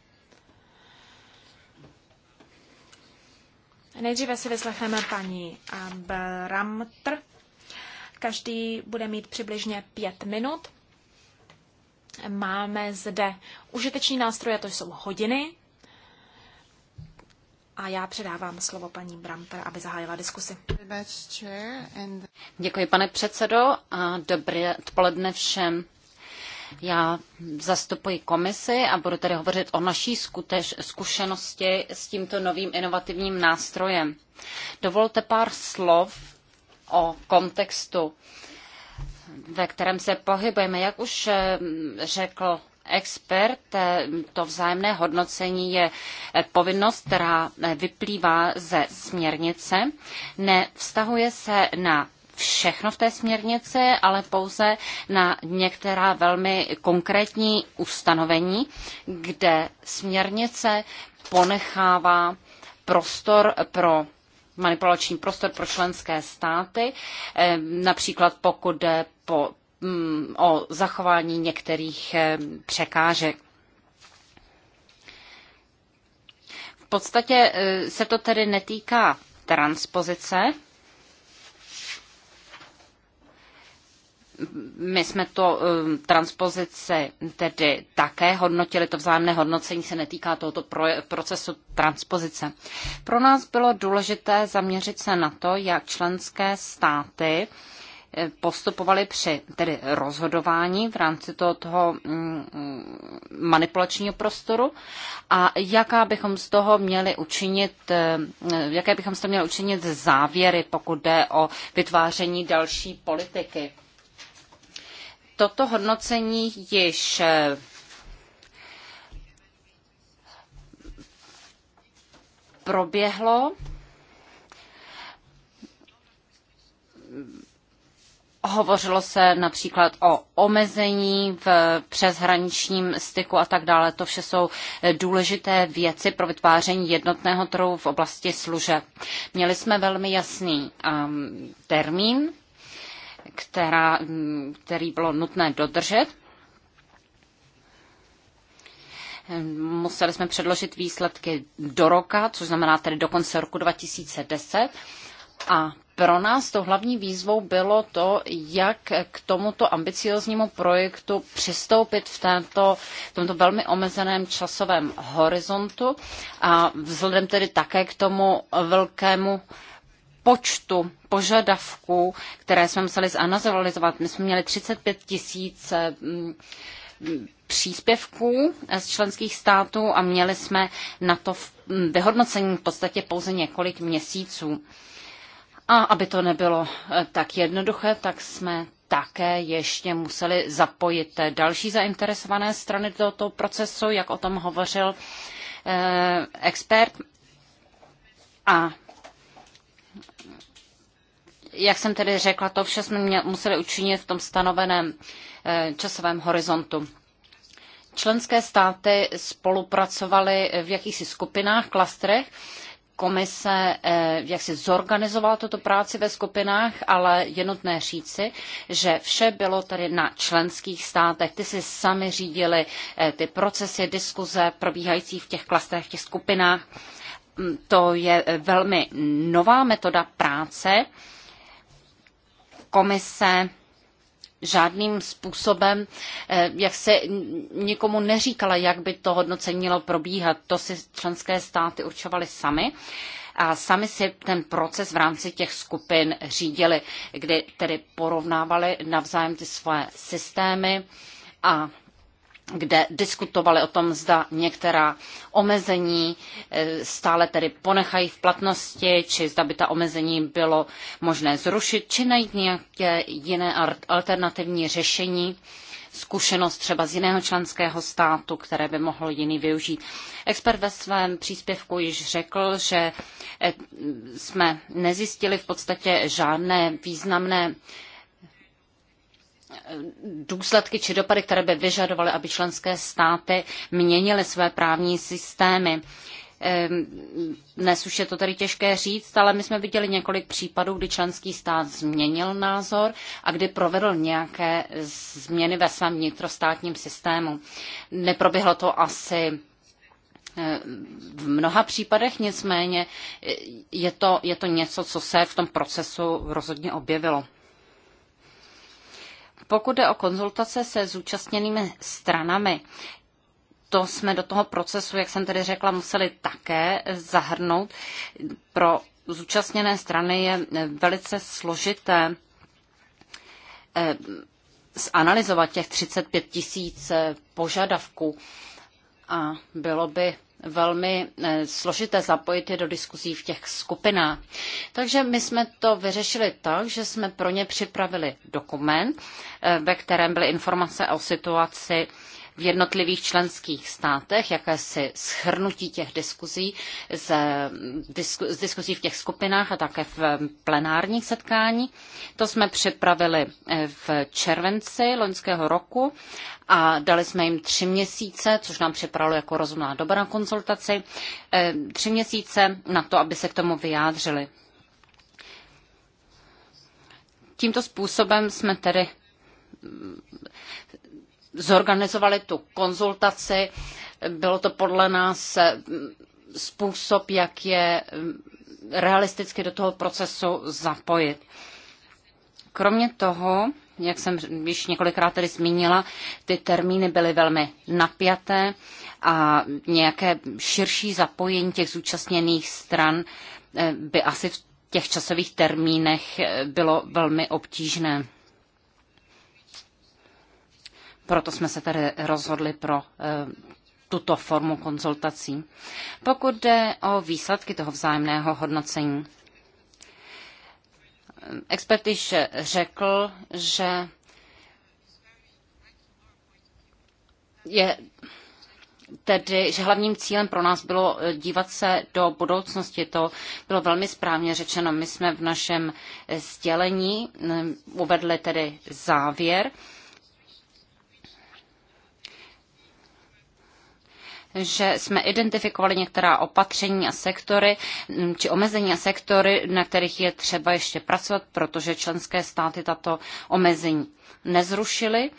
Nejdříve si vyslechneme paní Bramtr. Každý bude mít přibližně pět minut. Máme zde užitečný nástroj, a to jsou hodiny. A já předávám slovo paní Bramper, aby zahájila diskusi. Děkuji, pane předsedo, a dobré odpoledne všem. Já zastupuji komisi a budu tedy hovořit o naší skuteč, zkušenosti s tímto novým inovativním nástrojem. Dovolte pár slov o kontextu, ve kterém se pohybujeme. Jak už eh, řekl expert. Eh, to vzájemné hodnocení je eh, povinnost, která eh, vyplývá ze směrnice. Nevztahuje se na všechno v té směrnici, ale pouze na některá velmi konkrétní ustanovení, kde směrnice ponechává prostor pro manipulační prostor pro členské státy, například pokud jde po Mm, o zachování některých eh, překážek. V podstatě eh, se to tedy netýká transpozice. My jsme to eh, transpozice tedy také hodnotili, to vzájemné hodnocení se netýká tohoto procesu transpozice. Pro nás bylo důležité zaměřit se na to, jak členské státy postupovali při tedy rozhodování v rámci toho, toho mm, manipulačního prostoru a jaká bychom z toho měli učinit, eh, jaké bychom z toho měli učinit závěry, pokud jde o vytváření další politiky. Toto hodnocení již eh, proběhlo Hovořilo se například o omezení v přeshraničním styku a tak dále. To vše jsou důležité věci pro vytváření jednotného trhu v oblasti služeb. Měli jsme velmi jasný um, termín, která, který bylo nutné dodržet. Museli jsme předložit výsledky do roka, což znamená tedy do konce roku 2010. A pro nás to hlavní výzvou bylo to, jak k tomuto ambicioznímu projektu přistoupit v, této, v tomto velmi omezeném časovém horizontu a vzhledem tedy také k tomu velkému počtu požadavků, které jsme museli zanalizovat. My jsme měli 35 tisíc mm, příspěvků z členských států a měli jsme na to mm, vyhodnocení v podstatě pouze několik měsíců. A aby to nebylo eh, tak jednoduché, tak jsme také ještě museli zapojit další zainteresované strany do toho procesu, jak o tom hovořil eh, expert. A jak jsem tedy řekla, to vše jsme museli učinit v tom stanoveném eh, časovém horizontu. Členské státy spolupracovaly v jakýchsi skupinách, klastrech, eh, komise eh, jak si zorganizovala tuto práci ve skupinách, ale je nutné říci, že vše bylo tady na členských státech. Ty si sami řídili eh, ty procesy, diskuze probíhající v těch klastrech, v těch skupinách. Mm, to je eh, velmi nová metoda práce. Komise žádným způsobem, eh, jak se nikomu neříkala, jak by to hodnocení mělo probíhat. To si členské státy určovaly sami a sami si ten proces v rámci těch skupin řídili, kdy tedy porovnávali navzájem ty své systémy a kde diskutovali o tom, zda některá omezení eh, stále tedy ponechají v platnosti, či zda by ta omezení bylo možné zrušit, či najít nějaké jiné alternativní řešení, zkušenost třeba z jiného členského státu, které by mohl jiný využít. Expert ve svém příspěvku již řekl, že eh, jsme nezjistili v podstatě žádné významné důsledky či dopady, které by vyžadovaly, aby členské státy měnily své právní systémy. Ehm, dnes už je to tady těžké říct, ale my jsme viděli několik případů, kdy členský stát změnil názor a kdy provedl nějaké změny ve svém vnitrostátním systému. Neproběhlo to asi ehm, v mnoha případech, nicméně e, je to, je to něco, co se v tom procesu rozhodně objevilo. Pokud jde o konzultace se zúčastněnými stranami, to jsme do toho procesu, jak jsem tedy řekla, museli také zahrnout. Pro zúčastněné strany je velice složité eh, zanalizovat těch 35 tisíc eh, požadavků a bylo by velmi eh, složité zapojit je do diskuzí v těch skupinách. Takže my jsme to vyřešili tak, že jsme pro ně připravili dokument, eh, ve kterém byly informace o situaci v jednotlivých členských státech, jakési schrnutí těch diskuzí z, z diskuzí v těch skupinách a také v plenárních setkání. To jsme připravili eh, v červenci loňského roku a dali jsme jim tři měsíce, což nám připravilo jako rozumná doba na konzultaci, eh, tři měsíce na to, aby se k tomu vyjádřili. Tímto způsobem jsme tedy zorganizovali tu konzultaci. Bylo to podle nás eh, způsob, jak je mm, realisticky do toho procesu zapojit. Kromě toho, jak jsem již několikrát tady zmínila, ty termíny byly velmi napjaté a nějaké širší zapojení těch zúčastněných stran eh, by asi v těch časových termínech eh, bylo velmi obtížné. Proto jsme se tady rozhodli pro eh, tuto formu konzultací. Pokud jde o výsledky toho vzájemného hodnocení, expert již řekl, že je tedy, že hlavním cílem pro nás bylo eh, dívat se do budoucnosti. To bylo velmi správně řečeno. My jsme v našem eh, sdělení uvedli tedy závěr, že jsme identifikovali některá opatření a sektory mm, či omezení a sektory, na kterých je třeba ještě pracovat, protože členské státy tato omezení nezrušily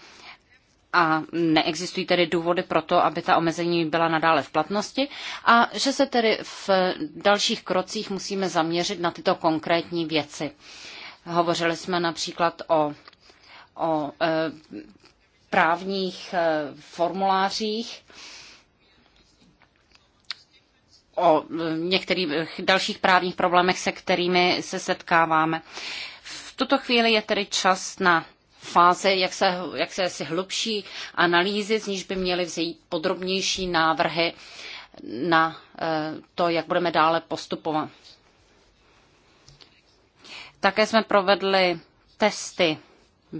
a neexistují tedy důvody pro to, aby ta omezení byla nadále v platnosti a že se tedy v dalších krocích musíme zaměřit na tyto konkrétní věci. Hovořili jsme například o, o e, právních e, formulářích, o některých dalších právních problémech, se kterými se setkáváme. V tuto chvíli je tedy čas na fáze jak se, jak se asi hlubší analýzy, z níž by měly vzít podrobnější návrhy na e, to, jak budeme dále postupovat. Také jsme provedli testy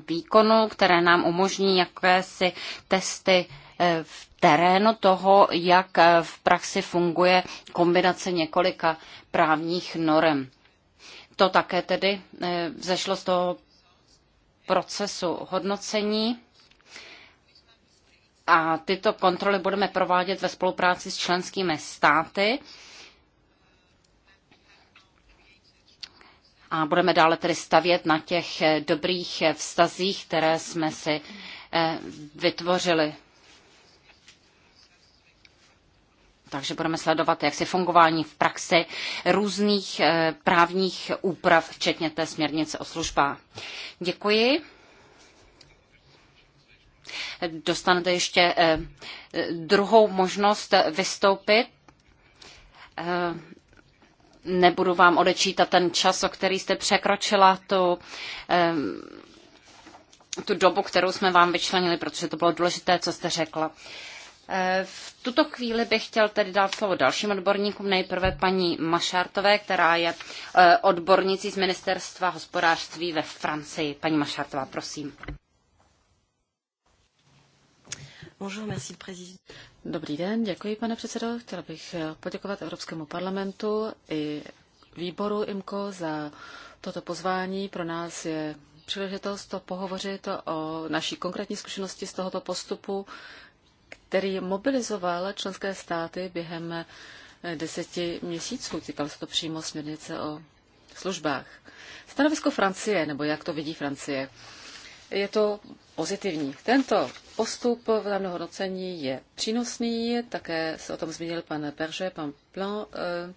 výkonu, které nám umožní jakési testy e, v terénu toho, jak v praxi funguje kombinace několika právních norem. To také tedy eh, zešlo z toho procesu hodnocení a tyto kontroly budeme provádět ve spolupráci s členskými státy. A budeme dále tedy stavět na těch eh, dobrých eh, vztazích, které jsme si vytvořili. takže budeme sledovat jaksi fungování v praxi různých eh, právních úprav, včetně té směrnice o službách. Děkuji. Dostanete ještě eh, druhou možnost vystoupit. Eh, nebudu vám odečítat ten čas, o který jste překročila tu, tu dobu, kterou jsme vám vyčlenili, protože to bylo důležité, co jste řekla. V tuto chvíli bych chtěl tedy dát slovo dalším odborníkům, nejprve paní Mašartové, která je e, odbornicí z Ministerstva hospodářství ve Francii. Paní Mašartová, prosím. Dobrý den, děkuji pane předsedo. Chtěla bych e, poděkovat Evropskému parlamentu i výboru IMCO za toto pozvání. Pro nás je příležitost to pohovořit o naší konkrétní zkušenosti z tohoto postupu, který mobilizoval členské státy během eh, deseti měsíců. Týkal se to přímo směrnice o službách. Stanovisko Francie, nebo jak to vidí Francie, je to pozitivní. Tento postup v hodnocení je přínosný, také se o tom zmínil pan Perže, pan Plan, eh,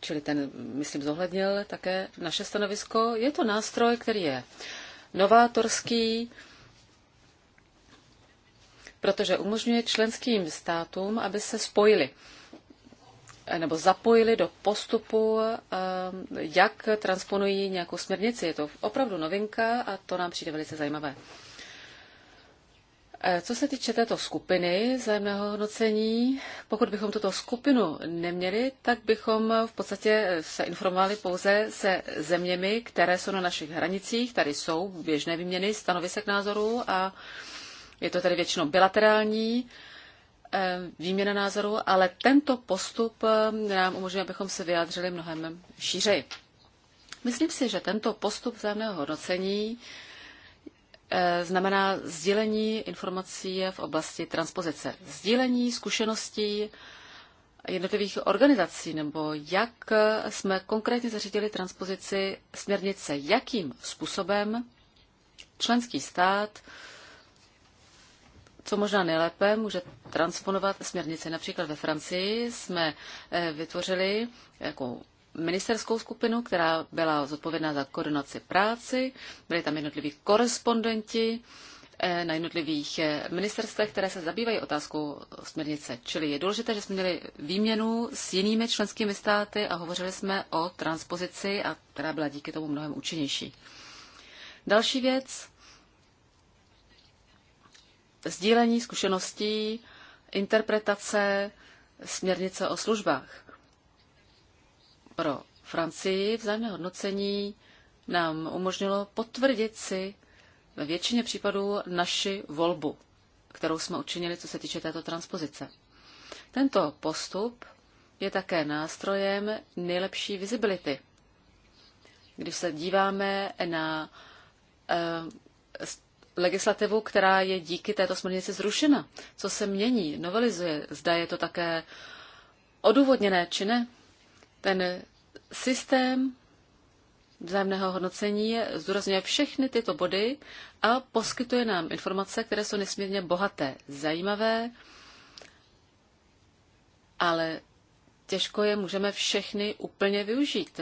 čili ten, myslím, zohlednil také naše stanovisko. Je to nástroj, který je novátorský, protože umožňuje členským státům, aby se spojili eh, nebo zapojili do postupu, eh, jak transponují nějakou směrnici. Je to opravdu novinka a to nám přijde velice zajímavé. Eh, co se týče této skupiny zájemného hodnocení, pokud bychom tuto skupinu neměli, tak bychom v podstatě se informovali pouze se zeměmi, které jsou na našich hranicích. Tady jsou běžné výměny stanovisek názorů a uh, je to tedy většinou bilaterální eh, výměna názorů, ale tento postup eh, nám umožňuje, abychom se vyjádřili mnohem šířeji. Myslím si, že tento postup vzájemného hodnocení eh, znamená sdílení informací v oblasti transpozice. Sdílení zkušeností jednotlivých organizací, nebo jak jsme konkrétně zařídili transpozici směrnice, jakým způsobem členský stát co možná nejlépe může transponovat směrnici. Například ve Francii jsme eh, vytvořili jako ministerskou skupinu, která byla zodpovědná za koordinaci práci. Byli tam jednotliví korespondenti eh, na jednotlivých eh, ministerstvech, které se zabývají otázkou směrnice. Čili je důležité, že jsme měli výměnu s jinými členskými státy a hovořili jsme o transpozici, a která byla díky tomu mnohem účinnější. Další věc, sdílení zkušeností, interpretace směrnice o službách. Pro Francii vzájemné hodnocení nám umožnilo potvrdit si ve většině případů naši volbu, kterou jsme učinili, co se týče této transpozice. Tento postup je také nástrojem nejlepší visibility. Když se díváme na eh, legislativu, která je díky této směrnici zrušena. Co se mění, novelizuje, zda je to také odůvodněné, či ne. Ten systém vzájemného hodnocení zdůrazňuje všechny tyto body a poskytuje nám informace, které jsou nesmírně bohaté, zajímavé, ale těžko je můžeme všechny úplně využít.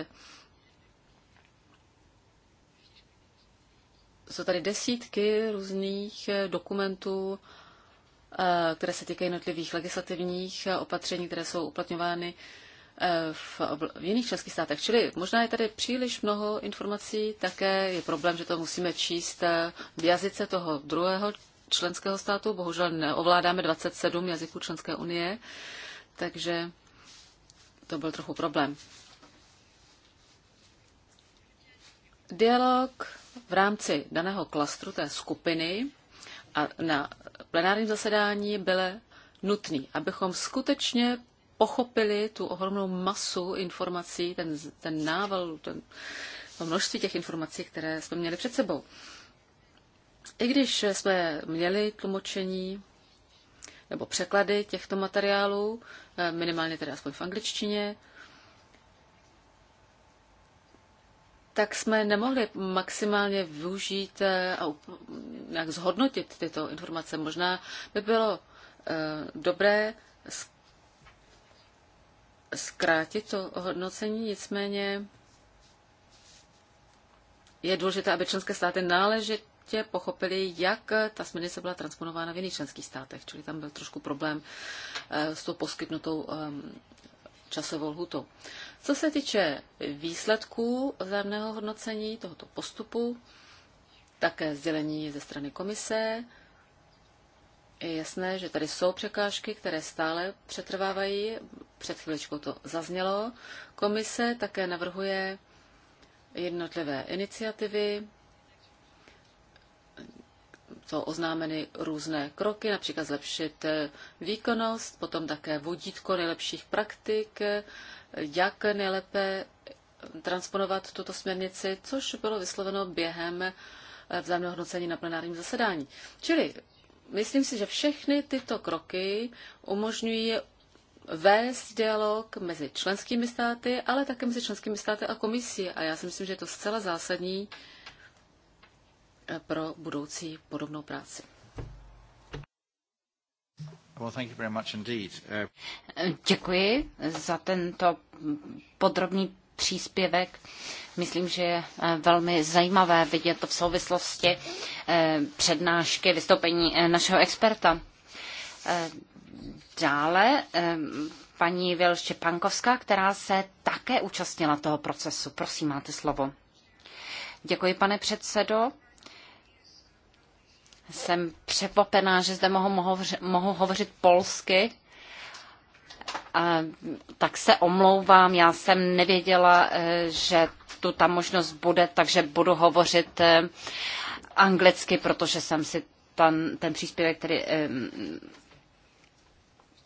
jsou tady desítky různých eh, dokumentů, eh, které se týkají jednotlivých legislativních eh, opatření, které jsou uplatňovány v, v jiných členských státech. Čili možná je tady příliš mnoho informací, také je problém, že to musíme číst v jazyce toho druhého členského státu. Bohužel neovládáme 27 jazyků členské unie, takže to byl trochu problém. Dialog v rámci daného klastru, té skupiny a na plenárním zasedání byl nutný, abychom skutečně pochopili tu ohromnou masu informací, ten, ten nával, ten, to množství těch informací, které jsme měli před sebou. I když jsme měli tlumočení nebo překlady těchto materiálů, eh, minimálně tedy aspoň v angličtině, tak jsme nemohli maximálně využít eh, a nějak zhodnotit tyto informace. Možná by bylo eh, dobré zkrátit to hodnocení, nicméně je důležité, aby členské státy náležitě pochopili, jak eh, ta směrnice byla transponována v jiných členských státech, čili tam byl trošku problém s tou poskytnutou ehm, časovou lhutou. Co se týče výsledků vzájemného hodnocení tohoto postupu, také sdělení ze strany komise, je jasné, že tady jsou překážky, které stále přetrvávají. Před chvíličkou to zaznělo. Komise také navrhuje jednotlivé iniciativy, jsou oznámeny různé kroky, například zlepšit eh, výkonnost, potom také vodítko nejlepších praktik, eh, jak nejlépe eh, transponovat tuto směrnici, což bylo vysloveno během vzájemného hodnocení na plenárním zasedání. Čili myslím si, že všechny tyto kroky umožňují vést dialog mezi členskými státy, ale také mezi členskými státy a komisí. A já si myslím, že je to zcela zásadní pro budoucí podobnou práci. Uh, Děkuji za tento podrobný příspěvek. Myslím, že je eh, velmi zajímavé vidět to v souvislosti eh, přednášky, vystoupení eh, našeho experta. Dále paní Vil Štěpankovská, která se také účastnila toho procesu. Prosím, máte slovo. Děkuji, pane předsedo. Jsem překvapená, že zde mohu, mohu mohu hovořit polsky. A, tak se omlouvám, já jsem nevěděla, eh, že tu ta možnost bude, takže budu hovořit eh, anglicky, protože jsem si ten, ten příspěvek tedy eh,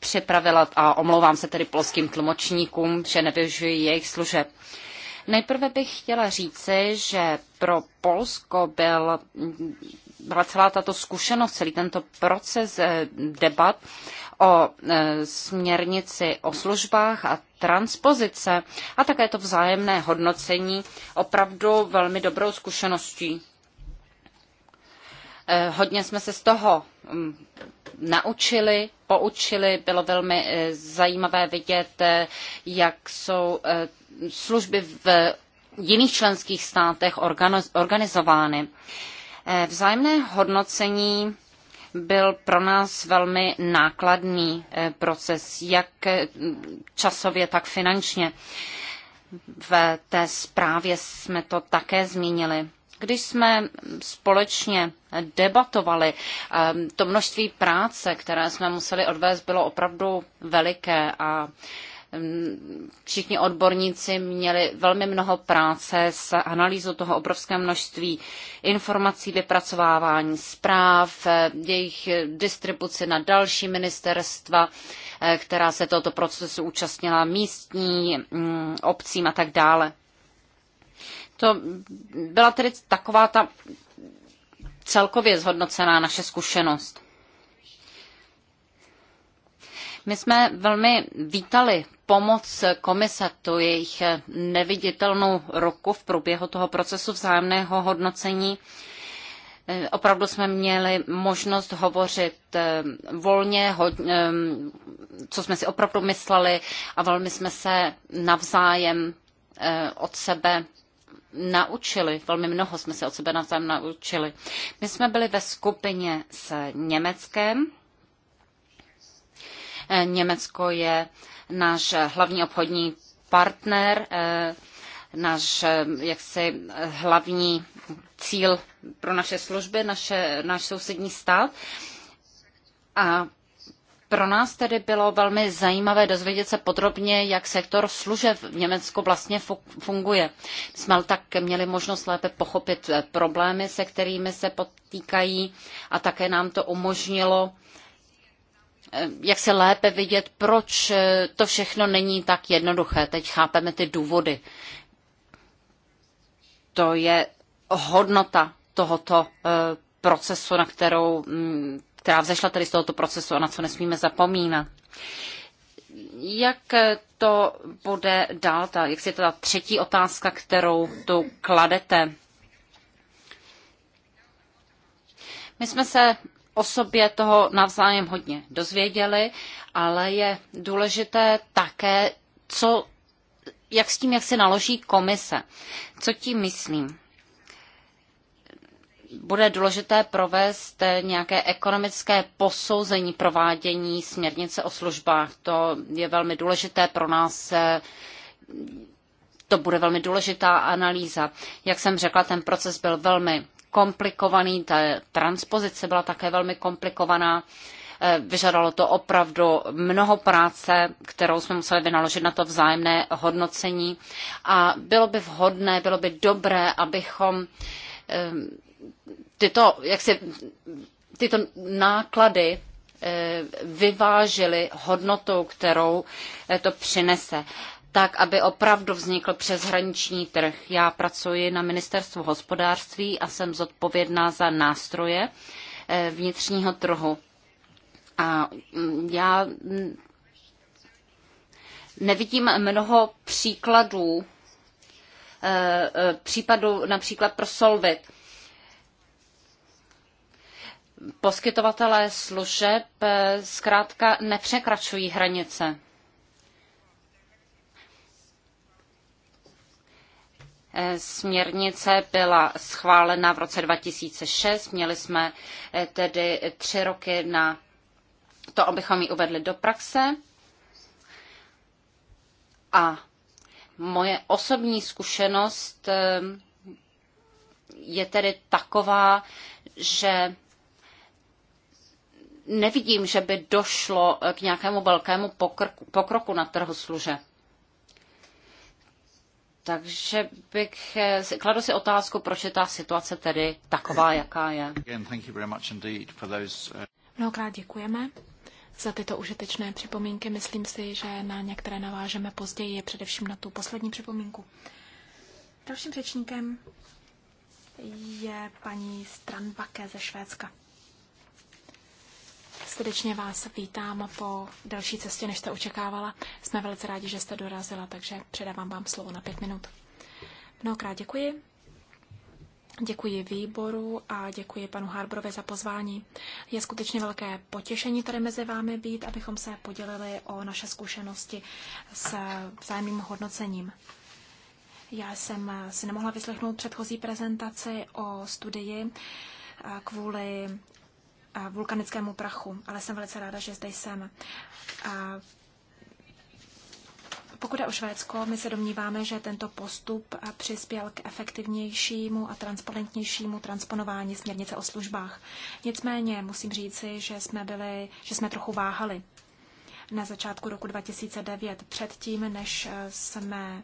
připravila a omlouvám se tedy polským tlumočníkům, že nevyužiji jejich služeb. Nejprve bych chtěla říci, že pro Polsko byl byla celá tato zkušenost, celý tento proces eh, debat o eh, směrnici o službách a transpozice a také to vzájemné hodnocení opravdu velmi dobrou zkušeností. Eh, hodně jsme se z toho mm, naučili, poučili. Bylo velmi zajímavé vidět, jak jsou služby v jiných členských státech organizovány. Eh, vzájemné hodnocení byl pro nás velmi nákladný eh, proces, jak eh, časově, tak finančně. V té zprávě jsme to také zmínili. Když jsme společně debatovali, to množství práce, které jsme museli odvést, bylo opravdu veliké a všichni odborníci měli velmi mnoho práce s analýzou toho obrovského množství informací, vypracovávání zpráv, eh, jejich distribuci na další ministerstva, eh, která se tohoto procesu účastnila místní, mm, obcím a tak dále. To byla tedy taková ta celkově zhodnocená naše zkušenost. My jsme velmi vítali pomoc komise, tu jejich neviditelnou roku v průběhu toho procesu vzájemného hodnocení. Eh, opravdu jsme měli možnost hovořit eh, volně, eh, co jsme si opravdu mysleli a velmi jsme se navzájem od sebe naučili, velmi mnoho jsme se od sebe navzájem naučili. My jsme byli ve skupině s Německem, Německo je náš hlavní obchodní partner, náš jaksi hlavní cíl pro naše služby, naše, náš sousední stát. A pro nás tedy bylo velmi zajímavé dozvědět se podrobně, jak sektor služeb v Německu vlastně funguje. Jsme tak měli možnost lépe pochopit eh, problémy, se kterými se potýkají a také nám to umožnilo Eh, jak se lépe vidět, proč eh, to všechno není tak jednoduché. Teď chápeme ty důvody. To je hodnota tohoto eh, procesu, na kterou, mm, která vzešla tedy z tohoto procesu a na co nesmíme zapomínat. Jak to bude dál, ta, jak si to ta třetí otázka, kterou tu kladete? My jsme se o sobě toho navzájem hodně dozvěděli, ale je důležité také, co, jak s tím, jak se naloží komise. Co tím myslím? Bude důležité provést nějaké ekonomické posouzení provádění směrnice o službách. To je velmi důležité pro nás to bude velmi důležitá analýza. Jak jsem řekla, ten proces byl velmi komplikovaný, ta transpozice byla také velmi komplikovaná. Eh, vyžadalo to opravdu mnoho práce, kterou jsme museli vynaložit na to vzájemné hodnocení. A bylo by vhodné, bylo by dobré, abychom eh, tyto, jak si, tyto náklady eh, vyvážili hodnotou, kterou to přinese tak, aby opravdu vznikl přeshraniční trh. Já pracuji na ministerstvu hospodářství a jsem zodpovědná za nástroje eh, vnitřního trhu. A mm, já mm, nevidím mnoho příkladů, eh, eh, případů například pro Solvit. Poskytovatelé služeb zkrátka nepřekračují hranice. Eh, směrnice byla schválena v roce 2006, měli jsme eh, tedy tři roky na to, abychom ji uvedli do praxe. A moje osobní zkušenost eh, je tedy taková, že nevidím, že by došlo k nějakému velkému pokroku na trhu služeb. Takže bych, eh, kladu si otázku, proč je ta situace tedy taková, jaká je. Eh, Mnohokrát děkujeme za tyto užitečné připomínky. Myslím si, že na některé navážeme později, především na tu poslední připomínku. Dalším řečníkem je paní Strandbake ze Švédska. Srdečně vás vítám po další cestě, než jste očekávala. Jsme velice rádi, že jste dorazila, takže předávám vám slovo na pět minut. Mnohokrát děkuji. Děkuji výboru a děkuji panu Harbrovi za pozvání. Je skutečně velké potěšení tady mezi vámi být, abychom se podělili o naše zkušenosti s vzájemným hodnocením. Já jsem si nemohla vyslechnout předchozí prezentaci o studii kvůli vulkanickému prachu, ale jsem velice ráda, že zde jsem. Pokud je o Švédsko, my se domníváme, že tento postup přispěl k efektivnějšímu a transparentnějšímu transponování směrnice o službách. Nicméně musím říci, že jsme, byli, že jsme trochu váhali na začátku roku 2009, předtím, než eh, jsme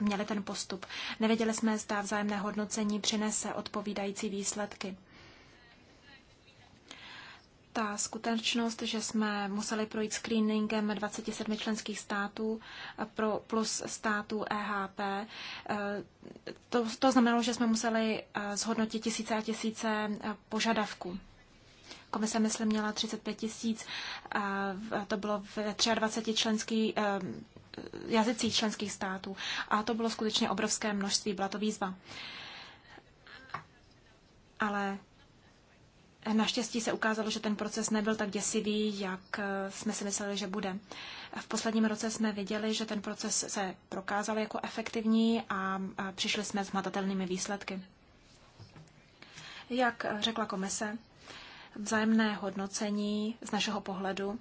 měli ten postup. Nevěděli jsme, zda vzájemné hodnocení přinese odpovídající výsledky ta skutečnost, že jsme museli projít screeningem 27 členských států pro plus států e EHP, to, to znamenalo, že jsme museli eh, zhodnotit tisíce a tisíce eh, požadavků. Komise, myslím, měla 35 tisíc, eh, to bylo ve 23 členských jazycích členských států. A to bylo skutečně obrovské množství, byla to výzva. Ale Naštěstí se ukázalo, že ten proces nebyl tak děsivý, jak eh, jsme si mysleli, že bude. V posledním roce jsme viděli, že ten proces se prokázal jako efektivní a přišli jsme s matatelnými výsledky. Jak řekla komise, vzájemné hodnocení z našeho pohledu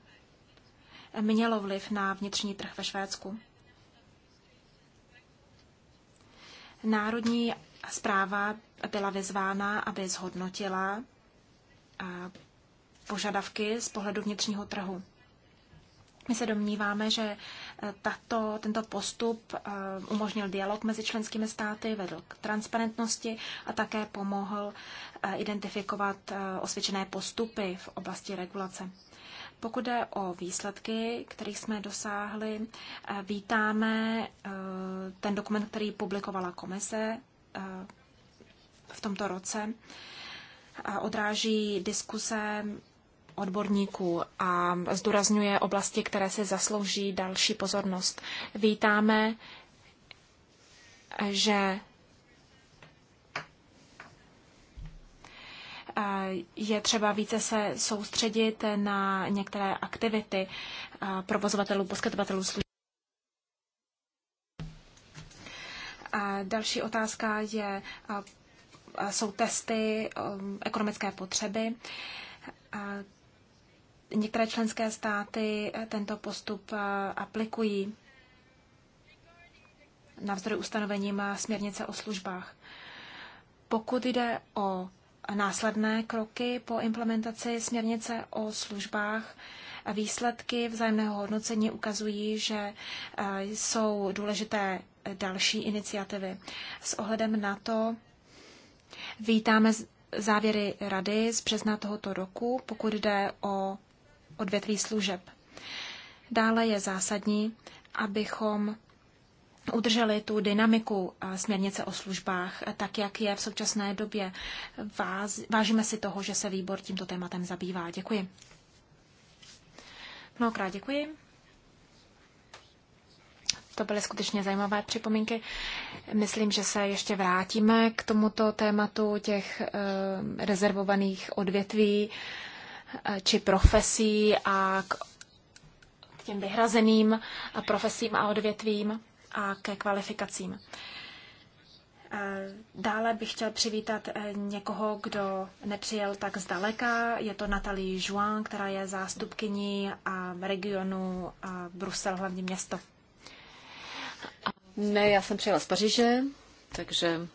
mělo vliv na vnitřní trh ve Švédsku. Národní zpráva byla vyzvána, aby zhodnotila požadavky z pohledu vnitřního trhu. My se domníváme, že eh, tato, tento postup eh, umožnil dialog mezi členskými státy, vedl k transparentnosti a také pomohl eh, identifikovat osvědčené postupy v oblasti regulace. Pokud jde o výsledky, kterých jsme dosáhli, vítáme ten dokument, který publikovala komise v tomto roce odráží diskuse odborníků a zdůrazňuje oblasti, které se zaslouží další pozornost. Vítáme, že je třeba více se soustředit na některé aktivity provozovatelů, poskytovatelů služeb. A další otázka je jsou testy um, ekonomické potřeby. Některé členské státy tento postup uh, aplikují navzdory ustanovením směrnice o službách. Pokud jde o následné kroky po implementaci směrnice o službách, výsledky vzájemného hodnocení ukazují, že uh, jsou důležité další iniciativy. S ohledem na to, Vítáme závěry rady z března tohoto roku, pokud jde o odvětví služeb. Dále je zásadní, abychom udrželi tu dynamiku eh, směrnice o službách, eh, tak jak je v současné době. Váz, vážíme si toho, že se výbor tímto tématem zabývá. Děkuji. Mnohokrát děkuji. To byly skutečně zajímavé připomínky. Myslím, že se ještě vrátíme k tomuto tématu těch eh, rezervovaných odvětví eh, či profesí a k těm vyhrazeným profesím a odvětvím a ke kvalifikacím. Eh, dále bych chtěl přivítat někoho, kdo nepřijel tak zdaleka. Je to Natalie Juan, která je zástupkyní regionu Brusel, hlavní město. Ne, já jsem přijela z Paříže, takže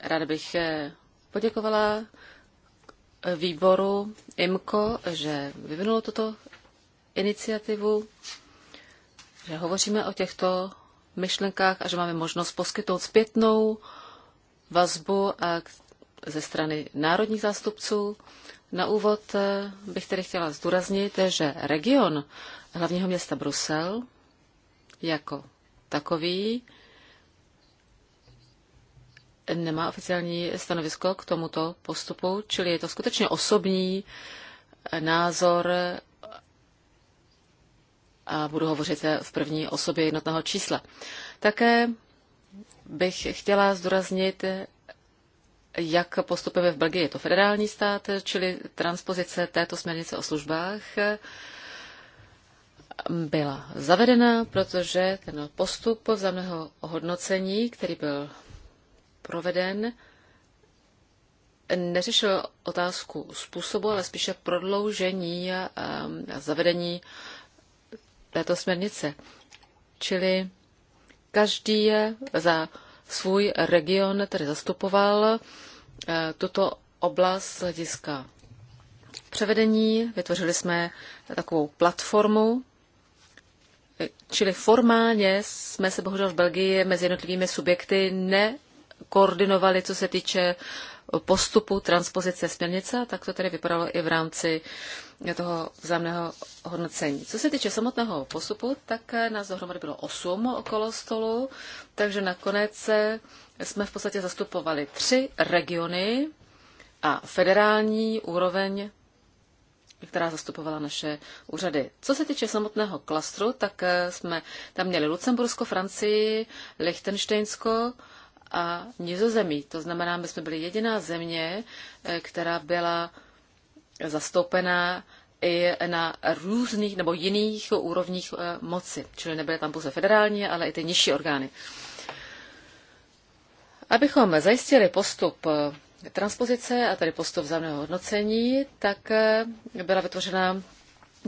ráda bych eh, poděkovala výboru IMCO, že vyvinulo tuto iniciativu, že hovoříme o těchto myšlenkách a že máme možnost poskytnout zpětnou vazbu a ze strany národních zástupců. Na úvod eh, bych tedy chtěla zdůraznit, že region hlavního města Brusel jako takový nemá oficiální stanovisko k tomuto postupu, čili je to skutečně osobní názor a budu hovořit v první osobě jednotného čísla. Také bych chtěla zdůraznit, jak postupujeme v Belgii. Je to federální stát, čili transpozice této směrnice o službách byla zavedena, protože ten postup vzájemného hodnocení, který byl proveden, neřešil otázku způsobu, ale spíše prodloužení a ehm, zavedení této směrnice. Čili každý je za svůj region tedy zastupoval eh, tuto oblast z hlediska převedení. Vytvořili jsme takovou platformu Čili formálně jsme se bohužel v Belgii mezi jednotlivými subjekty nekoordinovali, co se týče postupu transpozice směrnice, tak to tedy vypadalo i v rámci toho vzájemného hodnocení. Co se týče samotného postupu, tak nás dohromady bylo osm okolo stolu, takže nakonec jsme v podstatě zastupovali tři regiony a federální úroveň která zastupovala naše úřady. Co se týče samotného klastru, tak eh, jsme tam měli Lucembursko, Francii, Liechtensteinsko a Nizozemí. To znamená, my jsme byli jediná země, eh, která byla zastoupená i na různých nebo jiných úrovních eh, moci. Čili nebyly tam pouze federální, ale i ty nižší orgány. Abychom zajistili postup transpozice a tedy postup vzájemného hodnocení, tak eh, byla vytvořena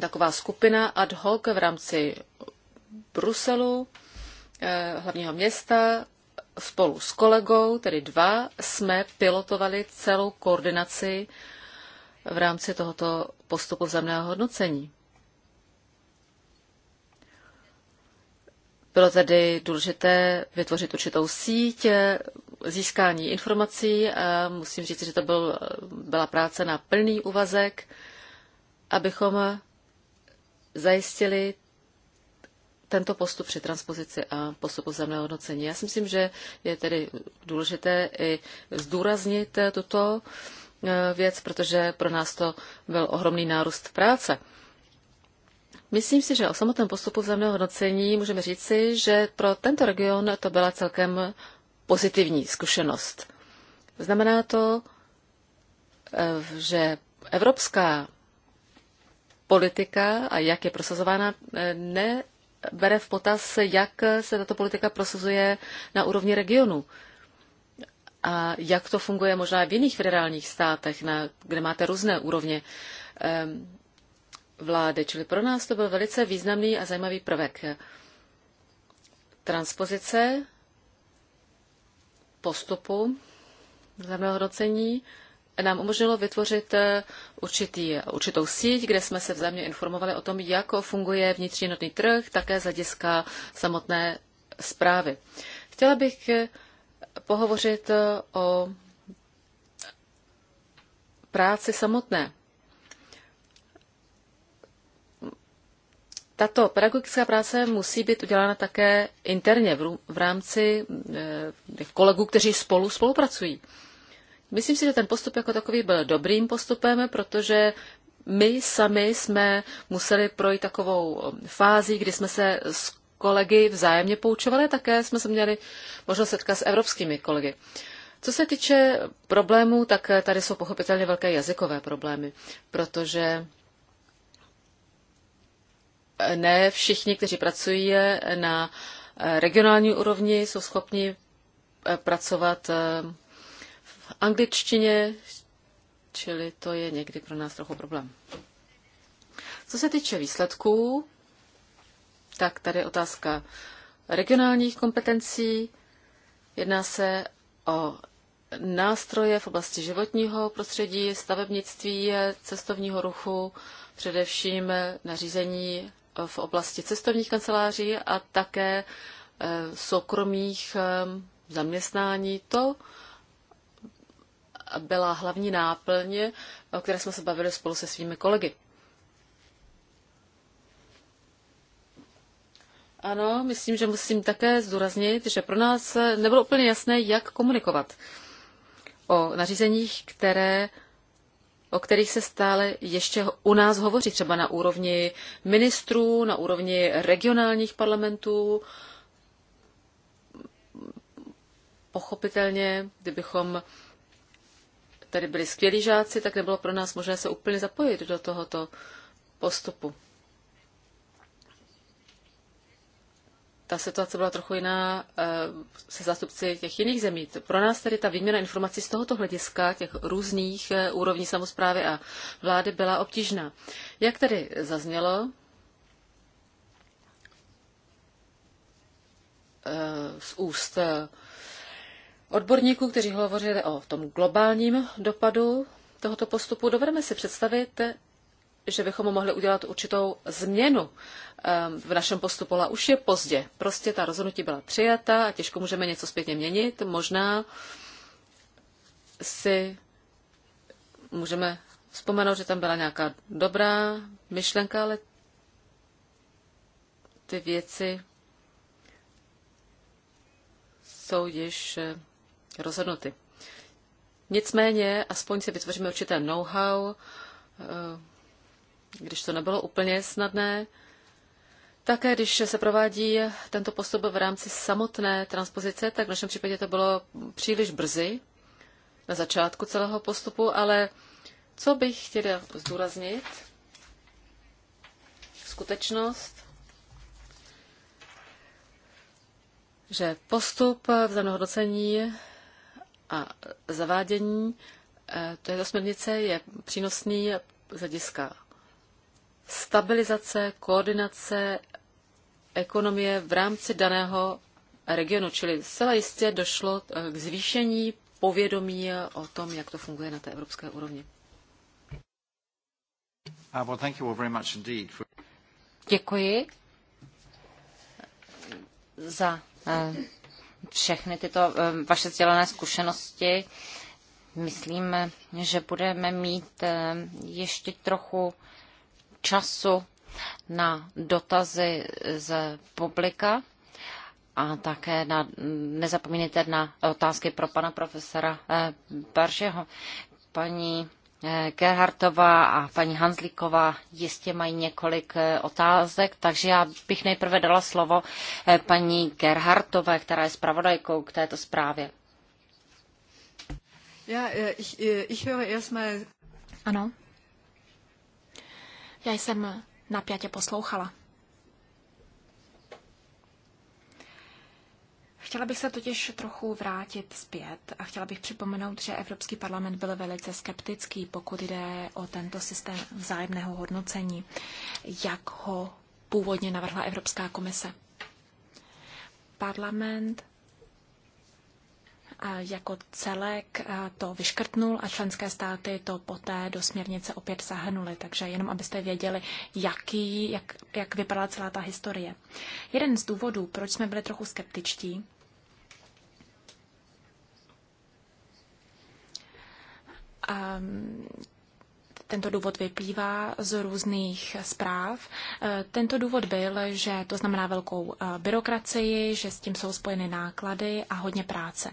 taková skupina ad hoc v rámci Bruselu, eh, hlavního města, spolu s kolegou, tedy dva, jsme pilotovali celou koordinaci v rámci tohoto postupu vzájemného hodnocení. Bylo tedy důležité vytvořit určitou síť eh, získání informací. Eh, musím říct, že to byl, byla práce na plný úvazek, abychom zajistili tento postup při transpozici a postupu zemného hodnocení. Já si myslím, že je tedy důležité i zdůraznit tuto eh, věc, protože pro nás to byl ohromný nárůst práce. Myslím si, že o samotném postupu vzájemného hodnocení můžeme říci, že pro tento region to byla celkem pozitivní zkušenost. Znamená to, eh, že evropská politika a jak je prosazována, eh, ne bere v potaz, jak se tato politika prosazuje na úrovni regionu. A jak to funguje možná v jiných federálních státech, na, kde máte různé úrovně um, vlády. Čili pro nás to byl velice významný a zajímavý prvek. Transpozice postupu vzájemného hodnocení nám umožnilo vytvořit eh, určitý, určitou síť, kde jsme se vzájemně informovali o tom, jak funguje vnitřní jednotný trh, také z hlediska samotné zprávy. Chtěla bych eh, pohovořit eh, o práci samotné. Tato pedagogická práce musí být udělána také interně v rámci eh, kolegů, kteří spolu spolupracují. Myslím si, že ten postup jako takový byl dobrým postupem, protože my sami jsme museli projít takovou eh, fázi, kdy jsme se s kolegy vzájemně poučovali, také jsme se měli možnost setkat s evropskými kolegy. Co se týče problémů, tak tady jsou pochopitelně velké jazykové problémy, protože ne všichni, kteří pracují na eh, regionální úrovni, jsou schopni eh, pracovat eh, v angličtině, čili to je někdy pro nás trochu problém. Co se týče výsledků, tak tady je otázka regionálních kompetencí. Jedná se o nástroje v oblasti životního prostředí, stavebnictví, cestovního ruchu, především nařízení v oblasti cestovních kanceláří a také eh, soukromých eh, zaměstnání. To byla hlavní náplň, o které jsme se bavili spolu se svými kolegy. Ano, myslím, že musím také zdůraznit, že pro nás nebylo úplně jasné, jak komunikovat o nařízeních, které o kterých se stále ještě u nás hovoří, třeba na úrovni ministrů, na úrovni regionálních parlamentů. Pochopitelně, kdybychom tady byli skvělí žáci, tak nebylo pro nás možné se úplně zapojit do tohoto postupu. ta situace byla trochu jiná eh, se zástupci těch jiných zemí. Pro nás tedy ta výměna informací z tohoto hlediska, těch různých eh, úrovní samozprávy a vlády, byla obtížná. Jak tedy zaznělo, eh, z úst odborníků, kteří hovořili o tom globálním dopadu tohoto postupu, dovedeme si představit, že bychom mohli udělat určitou změnu ehm, v našem postupu, ale už je pozdě. Prostě ta rozhodnutí byla přijata a těžko můžeme něco zpětně měnit. Možná si můžeme vzpomenout, že tam byla nějaká dobrá myšlenka, ale ty věci jsou již eh, rozhodnuty. Nicméně, aspoň si vytvoříme určité know-how, eh, když to nebylo úplně snadné. Také když se provádí tento postup v rámci samotné transpozice, tak v našem případě to bylo příliš brzy na začátku celého postupu, ale co bych chtěla zdůraznit, skutečnost, že postup v hodnocení a zavádění eh, této směrnice je přínosný z hlediska stabilizace, koordinace ekonomie v rámci daného regionu. Čili zcela jistě došlo eh, k zvýšení povědomí o tom, jak to funguje na té evropské úrovni. Ah, Děkuji za eh, všechny tyto eh, vaše sdělené zkušenosti. Myslím, že budeme mít ještě trochu času na dotazy z publika a také na, nezapomínejte na otázky pro pana profesora eh, Baršeho. Paní eh, Gerhartová a paní Hanzlíková jistě mají několik eh, otázek, takže já bych nejprve dala slovo paní Gerhartové, která je zpravodajkou k této zprávě. Já, ich, ich höre erstmal... Ano, já jsem napjatě poslouchala. Chtěla bych se totiž trochu vrátit zpět a chtěla bych připomenout, že Evropský parlament byl velice skeptický, pokud jde o tento systém vzájemného hodnocení, jak ho původně navrhla Evropská komise. Parlament jako celek to vyškrtnul a členské státy to poté do směrnice opět zahrnuly. Takže jenom abyste věděli, jaký, jak, jak vypadala celá ta historie. Jeden z důvodů, proč jsme byli trochu skeptičtí, um, tento důvod vyplývá z různých zpráv. Ehm, tento důvod byl, že to znamená velkou ehm, byrokracii, že s tím jsou spojeny náklady a hodně práce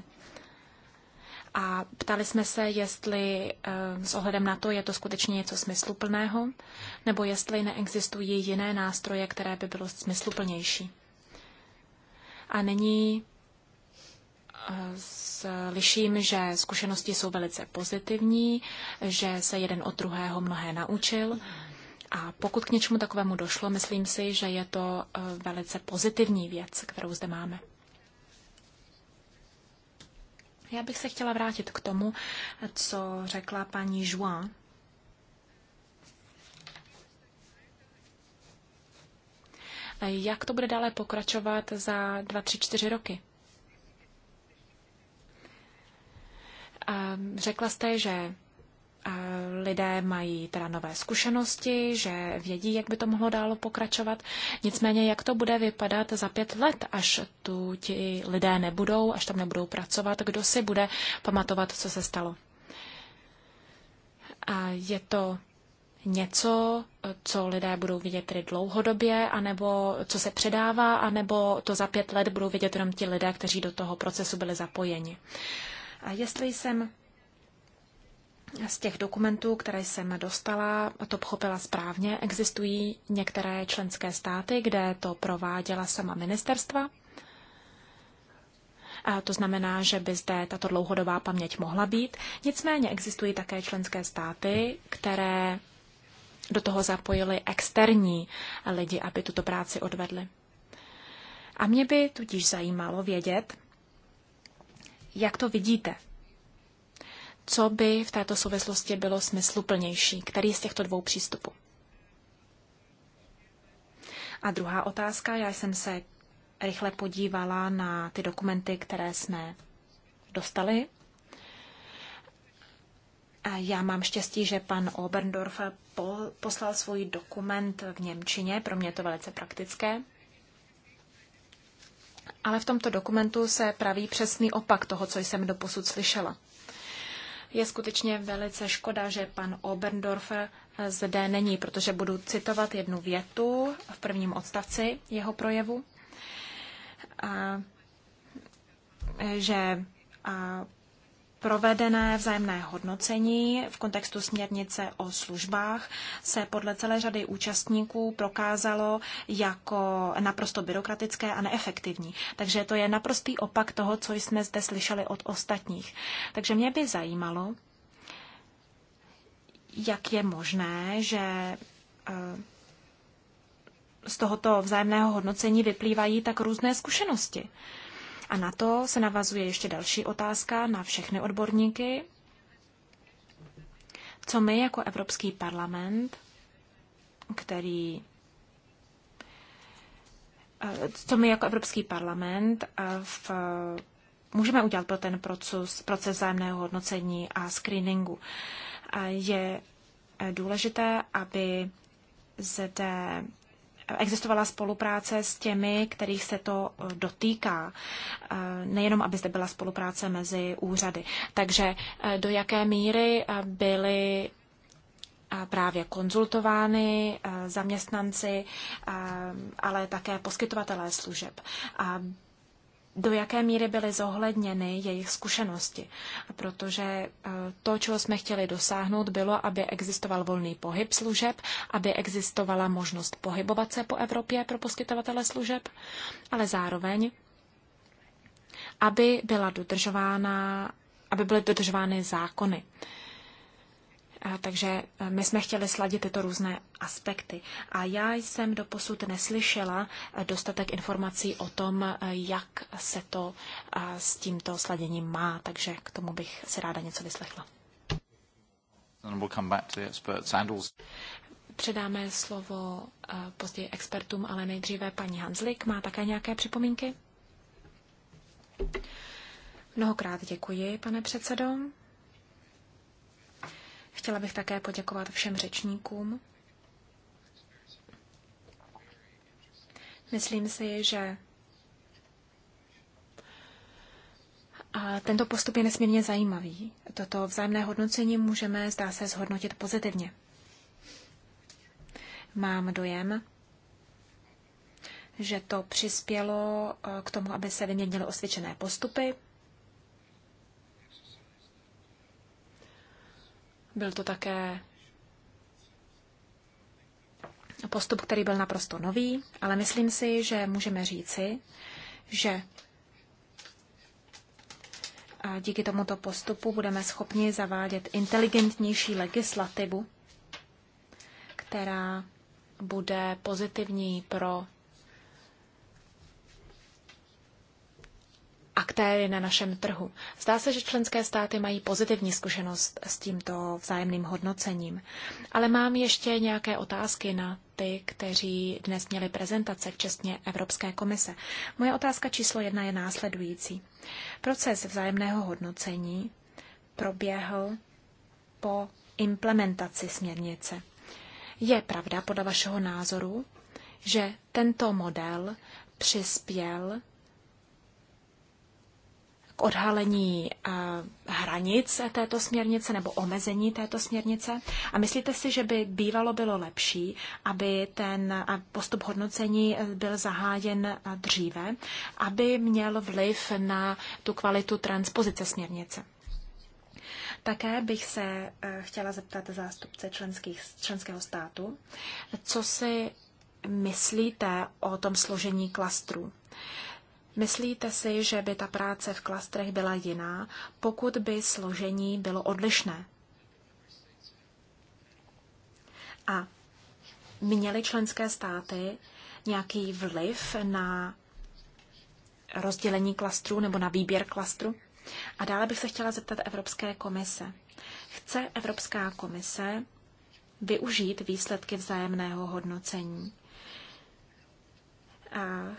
a ptali jsme se, jestli eh, s ohledem na to je to skutečně něco smysluplného, nebo jestli neexistují jiné nástroje, které by bylo smysluplnější. A nyní eh, slyším, že zkušenosti jsou velice pozitivní, že se jeden od druhého mnohé naučil. A pokud k něčemu takovému došlo, myslím si, že je to eh, velice pozitivní věc, kterou zde máme. Já bych se chtěla vrátit k tomu, co řekla paní Joan. Jak to bude dále pokračovat za 2, 3, 4 roky? Řekla jste, že lidé mají teda nové zkušenosti, že vědí, jak by to mohlo dál pokračovat. Nicméně, jak to bude vypadat za pět let, až tu ti lidé nebudou, až tam nebudou pracovat, kdo si bude pamatovat, co se stalo. A je to něco, co lidé budou vidět tedy dlouhodobě, anebo co se předává, anebo to za pět let budou vidět jenom ti lidé, kteří do toho procesu byli zapojeni. A jestli jsem z těch dokumentů, které jsem dostala, to pochopila správně. Existují některé členské státy, kde to prováděla sama ministerstva. A to znamená, že by zde tato dlouhodobá paměť mohla být. Nicméně existují také členské státy, které do toho zapojili externí lidi, aby tuto práci odvedli. A mě by tudíž zajímalo vědět, jak to vidíte co by v této souvislosti bylo smysluplnější, který z těchto dvou přístupů. A druhá otázka, já jsem se rychle podívala na ty dokumenty, které jsme dostali. A já mám štěstí, že pan Oberndorf poslal svůj dokument v Němčině, pro mě je to velice praktické. Ale v tomto dokumentu se praví přesný opak toho, co jsem doposud slyšela. Je skutečně velice škoda, že pan Oberndorfer zde není, protože budu citovat jednu větu v prvním odstavci jeho projevu, a, že a, Provedené vzájemné hodnocení v kontextu směrnice o službách se podle celé řady účastníků prokázalo jako naprosto byrokratické a neefektivní. Takže to je naprostý opak toho, co jsme zde slyšeli od ostatních. Takže mě by zajímalo, jak je možné, že eh, z tohoto vzájemného hodnocení vyplývají tak různé zkušenosti. A na to se navazuje ještě další otázka na všechny odborníky. Co my jako Evropský parlament, který eh, co my jako Evropský parlament eh, v, můžeme udělat pro ten proces, proces zájemného hodnocení a screeningu. Eh, je důležité, aby zde existovala spolupráce s těmi, kterých se to eh, dotýká. Eh, nejenom, aby zde byla spolupráce mezi úřady. Takže eh, do jaké míry byly právě konzultovány zaměstnanci, ale také poskytovatelé služeb do jaké míry byly zohledněny jejich zkušenosti. Protože e, to, čeho jsme chtěli dosáhnout, bylo, aby existoval volný pohyb služeb, aby existovala možnost pohybovat se po Evropě pro poskytovatele služeb, ale zároveň, aby byla dodržována aby byly dodržovány zákony. Takže e, my jsme chtěli sladit tyto různé aspekty. A já jsem doposud neslyšela e, dostatek informací o tom, e, jak se to s tímto sladěním má, takže k tomu bych si ráda něco vyslechla. Předáme slovo později expertům, ale nejdříve paní Hanzlik má také nějaké připomínky. Mnohokrát děkuji, pane předsedo. Chtěla bych také poděkovat všem řečníkům. Myslím si, že A tento postup je nesmírně zajímavý. Toto vzájemné hodnocení můžeme, zdá se, zhodnotit pozitivně. Mám dojem, že to přispělo k tomu, aby se vyměnily osvědčené postupy, Byl to také postup, který byl naprosto nový, ale myslím si, že můžeme říci, že díky tomuto postupu budeme schopni zavádět inteligentnější legislativu, která bude pozitivní pro aktéry na našem trhu. Zdá se, že členské státy mají pozitivní zkušenost s tímto vzájemným hodnocením. Ale mám ještě nějaké otázky na ty, kteří dnes měli prezentace, čestně Evropské komise. Moje otázka číslo jedna je následující. Proces vzájemného hodnocení proběhl po implementaci směrnice. Je pravda podle vašeho názoru, že tento model přispěl k odhalení eh, hranic této směrnice nebo omezení této směrnice? A myslíte si, že by bývalo bylo lepší, aby ten eh, postup hodnocení eh, byl zahájen dříve, aby měl vliv na tu kvalitu transpozice směrnice? Také bych se chtěla zeptat zástupce členských, členského státu, co si myslíte o tom složení klastrů. Myslíte si, že by ta práce v klastrech byla jiná, pokud by složení bylo odlišné? A měly členské státy nějaký vliv na rozdělení klastrů nebo na výběr klastru? A dále bych se chtěla zeptat Evropské komise. Chce Evropská komise využít výsledky vzájemného hodnocení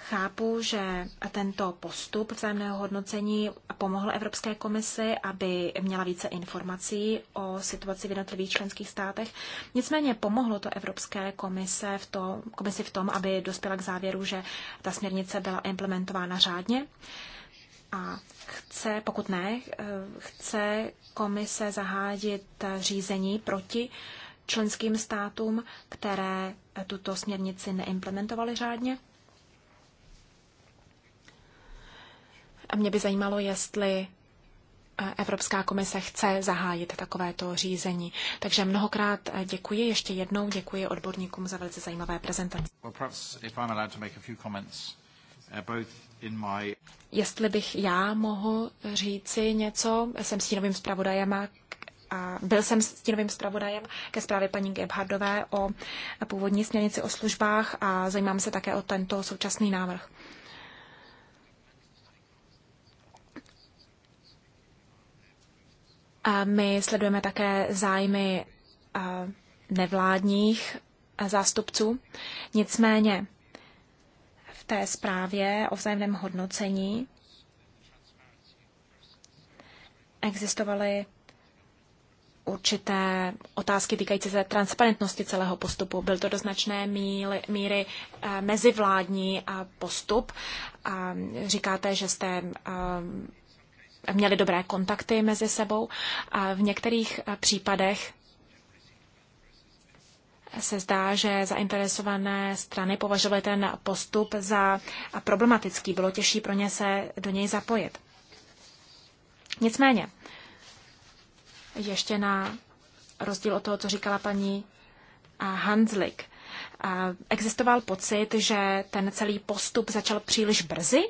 Chápu, že tento postup vzájemného hodnocení pomohl Evropské komisi, aby měla více informací o situaci v jednotlivých členských státech. Nicméně pomohlo to Evropské komise v tom, komisi v tom, aby dospěla k závěru, že ta směrnice byla implementována řádně. A chce, pokud ne, chce komise zahájit řízení proti členským státům, které tuto směrnici neimplementovaly řádně? mě by zajímalo, jestli eh, Evropská komise chce zahájit takovéto řízení. Takže mnohokrát eh, děkuji, ještě jednou děkuji odborníkům za velice zajímavé prezentace. Uh, jestli bych já mohl říci něco, jsem stínovým zpravodajem a a byl jsem stínovým zpravodajem ke zprávě paní Gebhardové o původní směrnici o službách a zajímám se také o tento současný návrh. My sledujeme také zájmy nevládních zástupců. Nicméně v té zprávě o vzájemném hodnocení existovaly určité otázky týkající se transparentnosti celého postupu. Byl to do značné míry, míry mezivládní postup. Říkáte, že jste měli dobré kontakty mezi sebou a v některých eh, případech se zdá, že zainteresované strany považovaly ten postup za problematický. Bylo těžší pro ně se do něj zapojit. Nicméně, ještě na rozdíl od toho, co říkala paní eh, Hanslik, eh, existoval pocit, že ten celý postup začal příliš brzy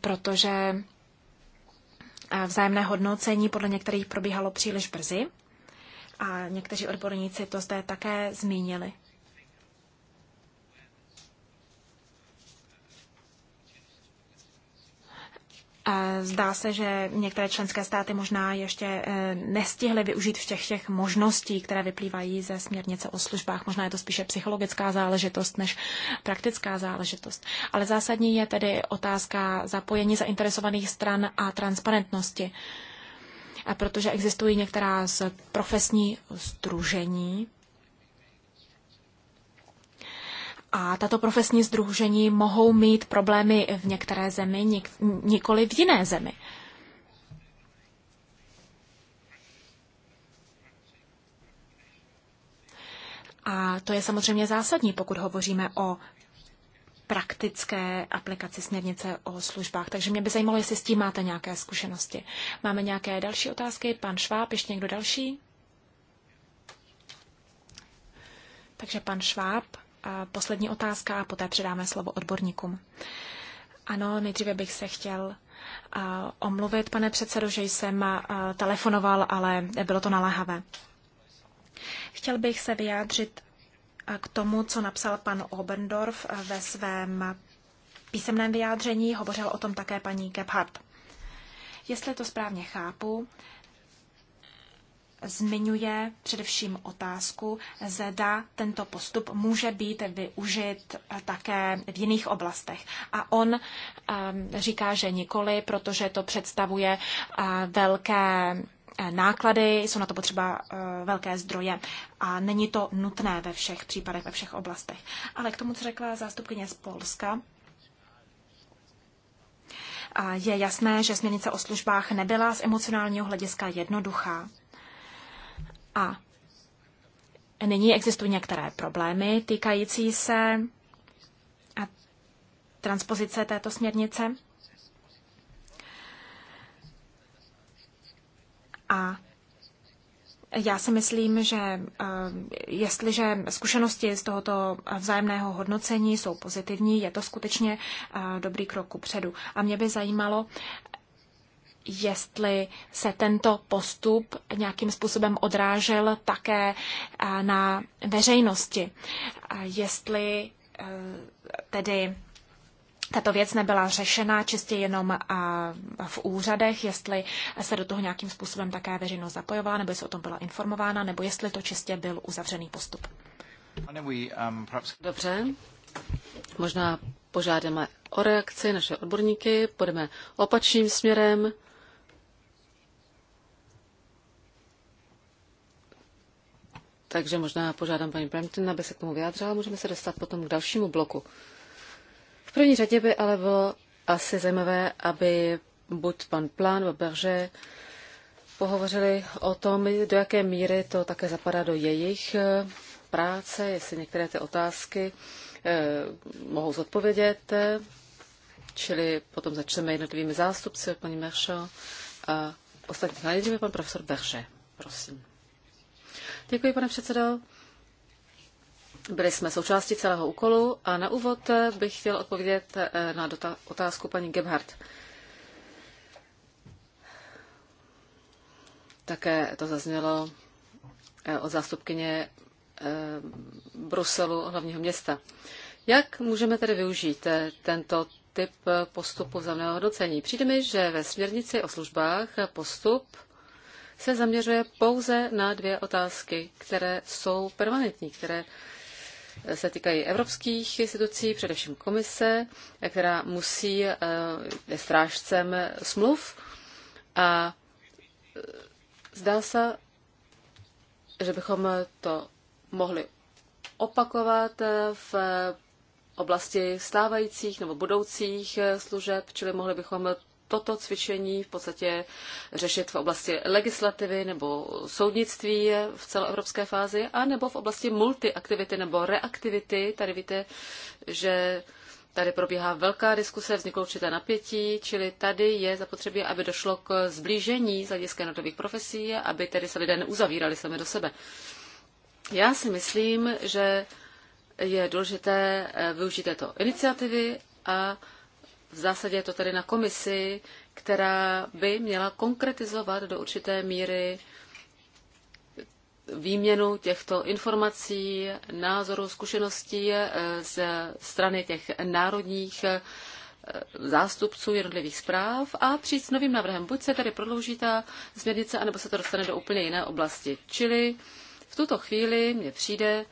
protože eh, vzájemné hodnocení podle některých probíhalo příliš brzy a někteří odborníci to zde také zmínili. Zdá se, že některé členské státy možná ještě eh, nestihly využít všech těch možností, které vyplývají ze směrnice o službách. Možná je to spíše psychologická záležitost než praktická záležitost. Ale zásadní je tedy otázka zapojení zainteresovaných stran a transparentnosti. Protože existují některá z profesní združení, A tato profesní združení mohou mít problémy v některé zemi, nik, nikoli v jiné zemi. A to je samozřejmě zásadní, pokud hovoříme o praktické aplikaci směrnice o službách. Takže mě by zajímalo, jestli s tím máte nějaké zkušenosti. Máme nějaké další otázky? Pan Šváb, ještě někdo další? Takže pan Šváb poslední otázka a poté předáme slovo odborníkům. Ano, nejdříve bych se chtěl omluvit, pane předsedo, že jsem telefonoval, ale bylo to naléhavé. Chtěl bych se vyjádřit k tomu, co napsal pan Oberndorf ve svém písemném vyjádření. Hovořil o tom také paní Gebhardt. Jestli to správně chápu, zmiňuje především otázku, zda tento postup může být využit také v jiných oblastech. A on ehm, říká, že nikoli, protože to představuje eh, velké eh, náklady, jsou na to potřeba eh, velké zdroje a není to nutné ve všech případech, ve všech oblastech. Ale k tomu, co řekla zástupkyně z Polska, je jasné, že směrnice o službách nebyla z emocionálního hlediska jednoduchá. A nyní existují některé problémy týkající se a transpozice této směrnice. A já si myslím, že eh, jestliže zkušenosti z tohoto vzájemného hodnocení jsou pozitivní, je to skutečně eh, dobrý krok kupředu. A mě by zajímalo, jestli se tento postup nějakým způsobem odrážel také na veřejnosti. Jestli e, tedy tato věc nebyla řešena čistě jenom v úřadech, jestli se do toho nějakým způsobem také veřejnost zapojovala, nebo jestli o tom byla informována, nebo jestli to čistě byl uzavřený postup. Um, Dobře, možná požádáme o reakci naše odborníky, půjdeme opačným směrem. Takže možná požádám paní Brampton, aby se k tomu vyjádřila. Můžeme se dostat potom k dalšímu bloku. V první řadě by ale bylo asi zajímavé, aby buď pan Plán nebo Berže pohovořili o tom, do jaké míry to také zapadá do jejich eh, práce, jestli některé ty otázky eh, mohou zodpovědět, čili potom začneme jednotlivými zástupci, paní Meršo a ostatní. Nejdříve pan profesor Berže, prosím. Děkuji, pane předsedo. Byli jsme součástí celého úkolu a na úvod bych chtěl odpovědět eh, na otázku paní Gebhardt. Také to zaznělo eh, od zástupkyně eh, Bruselu, hlavního města. Jak můžeme tedy využít tento typ postupu vzájemného hodnocení? Přijde mi, že ve směrnici o službách postup se zaměřuje pouze na dvě otázky, které jsou permanentní, které se týkají evropských institucí, především komise, která musí, eh, je strážcem smluv a eh, zdá se, že bychom to mohli opakovat eh, v oblasti stávajících nebo budoucích služeb, čili mohli bychom toto cvičení v podstatě řešit v oblasti legislativy nebo soudnictví v celoevropské fázi, a nebo v oblasti multiaktivity nebo reaktivity. Tady víte, že Tady probíhá velká diskuse, vzniklo určité napětí, čili tady je zapotřebí, aby došlo k zblížení z hlediska jednotlivých profesí, aby tedy se lidé neuzavírali sami do sebe. Já si myslím, že je důležité eh, využít této iniciativy a v zásadě je to tady na komisi, která by měla konkretizovat do určité míry výměnu těchto informací, názorů, zkušeností eh, ze strany těch národních eh, zástupců jednotlivých zpráv a přijít s novým návrhem. Buď se tady prodlouží ta směrnice, anebo se to dostane do úplně jiné oblasti. Čili v tuto chvíli mně přijde,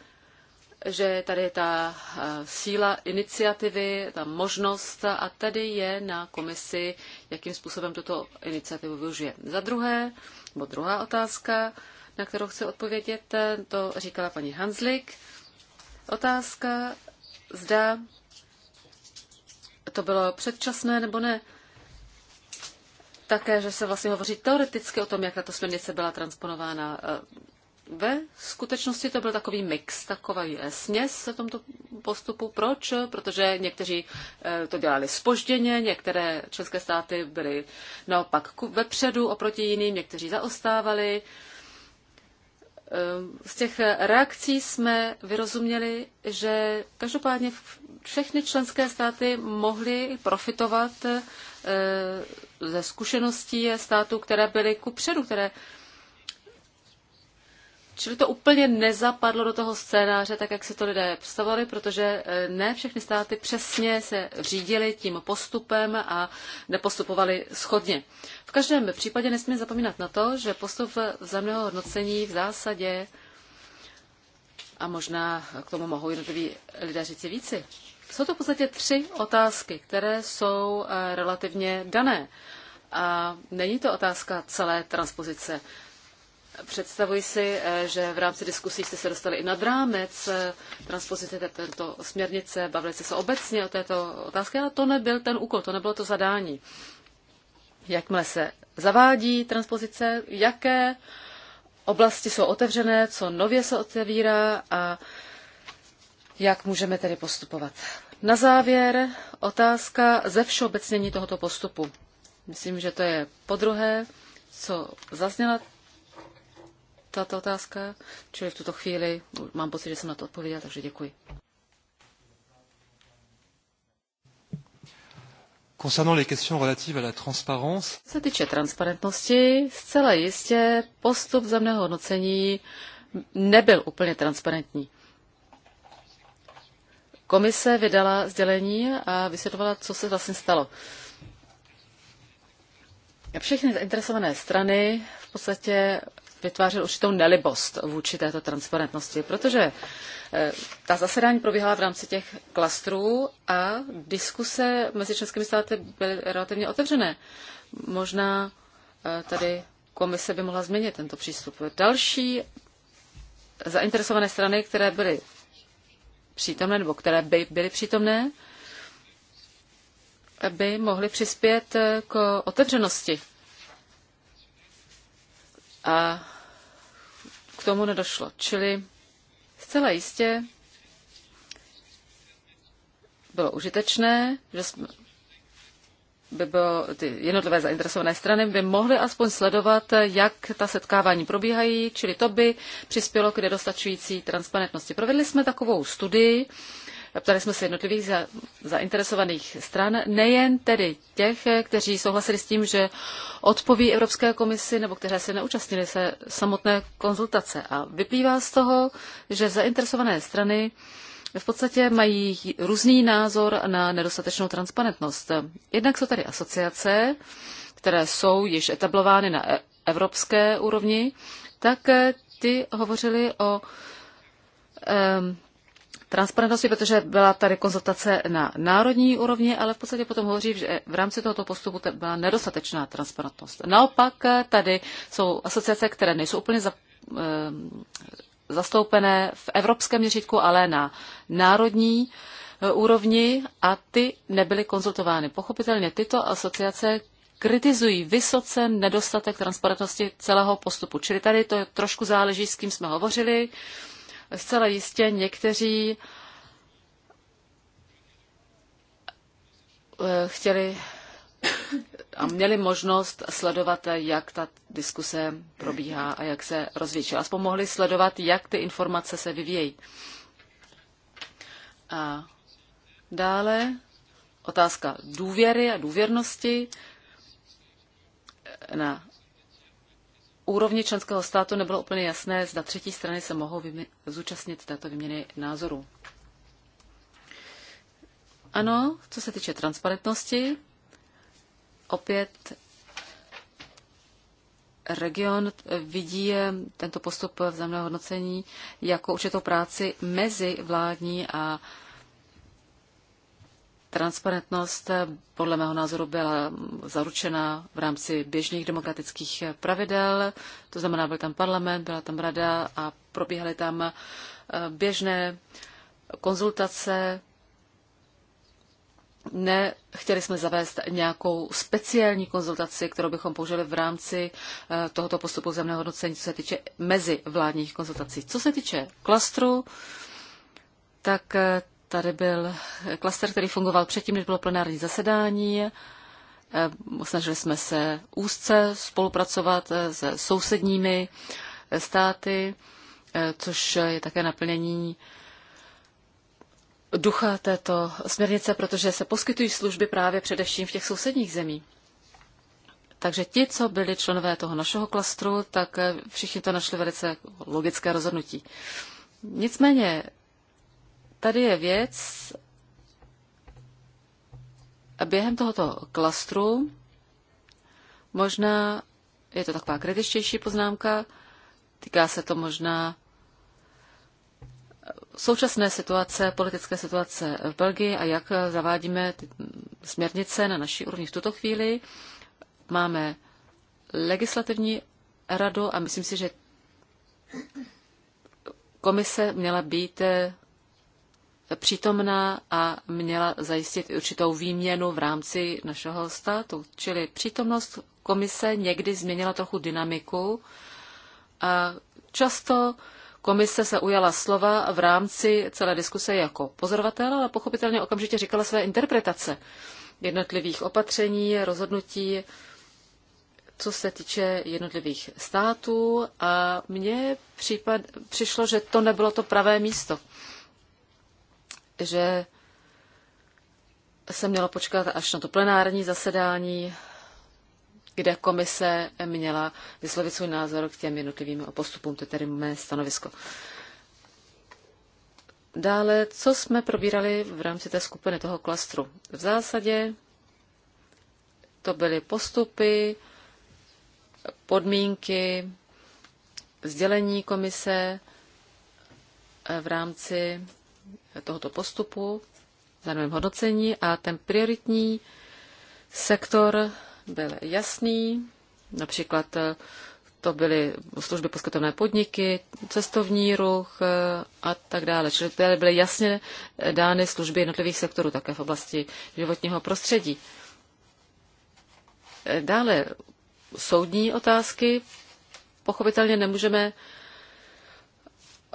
že tady je ta eh, síla iniciativy, ta možnost a tady je na komisi, jakým způsobem tuto iniciativu využije. Za druhé, nebo druhá otázka, na kterou chci odpovědět, eh, to říkala paní Hanslik. Otázka, zda to bylo předčasné nebo ne. Také, že se vlastně hovoří teoreticky o tom, jak tato směrnice byla transponována. Eh, ve skutečnosti to byl takový mix, takový eh, směs v tomto postupu. Proč? Protože někteří eh, to dělali spožděně, některé české státy byly naopak vepředu oproti jiným, někteří zaostávali. Eh, z těch reakcí jsme vyrozuměli, že každopádně všechny členské státy mohly profitovat ze zkušeností států, které byly předu, které Čili to úplně nezapadlo do toho scénáře, tak jak si to lidé představovali, protože eh, ne všechny státy přesně se řídily tím postupem a nepostupovali schodně. V každém případě nesmíme zapomínat na to, že postup vzájemného hodnocení v zásadě a možná k tomu mohou jednotliví lidé říci víci. Jsou to v podstatě tři otázky, které jsou eh, relativně dané. A není to otázka celé transpozice. Představuji si, eh, že v rámci diskusí jste se dostali i nad rámec eh, transpozice této směrnice, bavili jste se obecně o této otázce, ale to nebyl ten úkol, to nebylo to zadání. Jakmile se zavádí transpozice, jaké oblasti jsou otevřené, co nově se otevírá a jak můžeme tedy postupovat. Na závěr otázka ze všeobecnění tohoto postupu. Myslím, že to je podruhé, co zazněla tato otázka, čili v tuto chvíli mám pocit, že jsem na to odpověděla, takže děkuji. Concernant les questions relatives à la transparence. Se týče transparentnosti, zcela jistě postup zemného hodnocení nebyl úplně transparentní. Komise vydala sdělení a vysvětlovala, co se vlastně stalo. Všechny zainteresované strany v podstatě vytvářel určitou nelibost vůči této transparentnosti, protože eh, ta zasedání probíhala v rámci těch klastrů a diskuse mezi českými státy byly relativně otevřené. Možná eh, tady komise by mohla změnit tento přístup. Další zainteresované strany, které byly přítomné nebo které by byly přítomné, by mohly přispět eh, k otevřenosti a k tomu nedošlo. Čili zcela jistě bylo užitečné, že jsme, by bylo, ty jednotlivé zainteresované strany by mohly aspoň sledovat, jak ta setkávání probíhají, čili to by přispělo k nedostačující transparentnosti. Provedli jsme takovou studii, Ptali jsme se jednotlivých za, zainteresovaných stran, nejen tedy těch, kteří souhlasili s tím, že odpoví Evropské komisi, nebo kteří se neúčastnili se samotné konzultace. A vyplývá z toho, že zainteresované strany v podstatě mají různý názor na nedostatečnou transparentnost. Jednak jsou tady asociace, které jsou již etablovány na e- evropské úrovni, tak ty hovořili o transparentnosti, protože byla tady konzultace na národní úrovni, ale v podstatě potom hovoří, že v rámci tohoto postupu byla nedostatečná transparentnost. Naopak eh, tady jsou asociace, které nejsou úplně za, e, zastoupené v evropském měřítku, ale na národní eh, úrovni a ty nebyly konzultovány. Pochopitelně tyto asociace kritizují vysoce nedostatek transparentnosti celého postupu. Čili tady to trošku záleží, s kým jsme hovořili zcela jistě někteří eh, chtěli a měli možnost sledovat, jak ta diskuse probíhá a jak se rozvíjí Aspoň mohli sledovat, jak ty informace se vyvíjejí. A dále otázka důvěry a důvěrnosti na úrovni členského státu nebylo úplně jasné, zda třetí strany se mohou zúčastnit této vyměny názorů. Ano, co se týče transparentnosti, opět region vidí eh, tento postup vzájemného hodnocení jako určitou práci mezi vládní a Transparentnost eh, podle mého názoru byla zaručena v rámci běžných demokratických pravidel, to znamená, byl tam parlament, byla tam rada a probíhaly tam eh, běžné konzultace. Nechtěli jsme zavést nějakou speciální konzultaci, kterou bychom použili v rámci eh, tohoto postupu zemného hodnocení, co se týče mezi vládních konzultací. Co se týče klastru, tak Tady byl klaster, který fungoval předtím, než bylo plenární zasedání. Eh, Snažili jsme se úzce spolupracovat eh, se sousedními eh, státy, což je také naplnění ducha této směrnice, protože se poskytují služby právě především v těch sousedních zemích. Takže ti, co byli členové toho našeho klastru, tak všichni to našli velice logické rozhodnutí. Nicméně Tady je věc, a během tohoto klastru možná, je to taková kritičtější poznámka, týká se to možná současné situace, politické situace v Belgii a jak zavádíme směrnice na naší úrovni v tuto chvíli. Máme legislativní radu a myslím si, že komise měla být přítomná a měla zajistit určitou výměnu v rámci našeho státu. Čili přítomnost komise někdy změnila trochu dynamiku. A často komise se ujala slova v rámci celé diskuse jako pozorovatel, ale pochopitelně okamžitě říkala své interpretace jednotlivých opatření, rozhodnutí, co se týče jednotlivých států a mně případ, přišlo, že to nebylo to pravé místo že se mělo počkat až na to plenární zasedání, kde komise měla vyslovit svůj názor k těm jednotlivým postupům. To je tedy mé stanovisko. Dále, co jsme probírali v rámci té skupiny toho klastru? V zásadě to byly postupy, podmínky, sdělení komise v rámci tohoto postupu, zároveň hodnocení a ten prioritní sektor byl jasný, například eh, to byly služby poskytované podniky, cestovní ruch eh, a tak dále. Čili tady byly jasně dány služby jednotlivých sektorů, také v oblasti životního prostředí. Eh, dále soudní otázky. Pochopitelně nemůžeme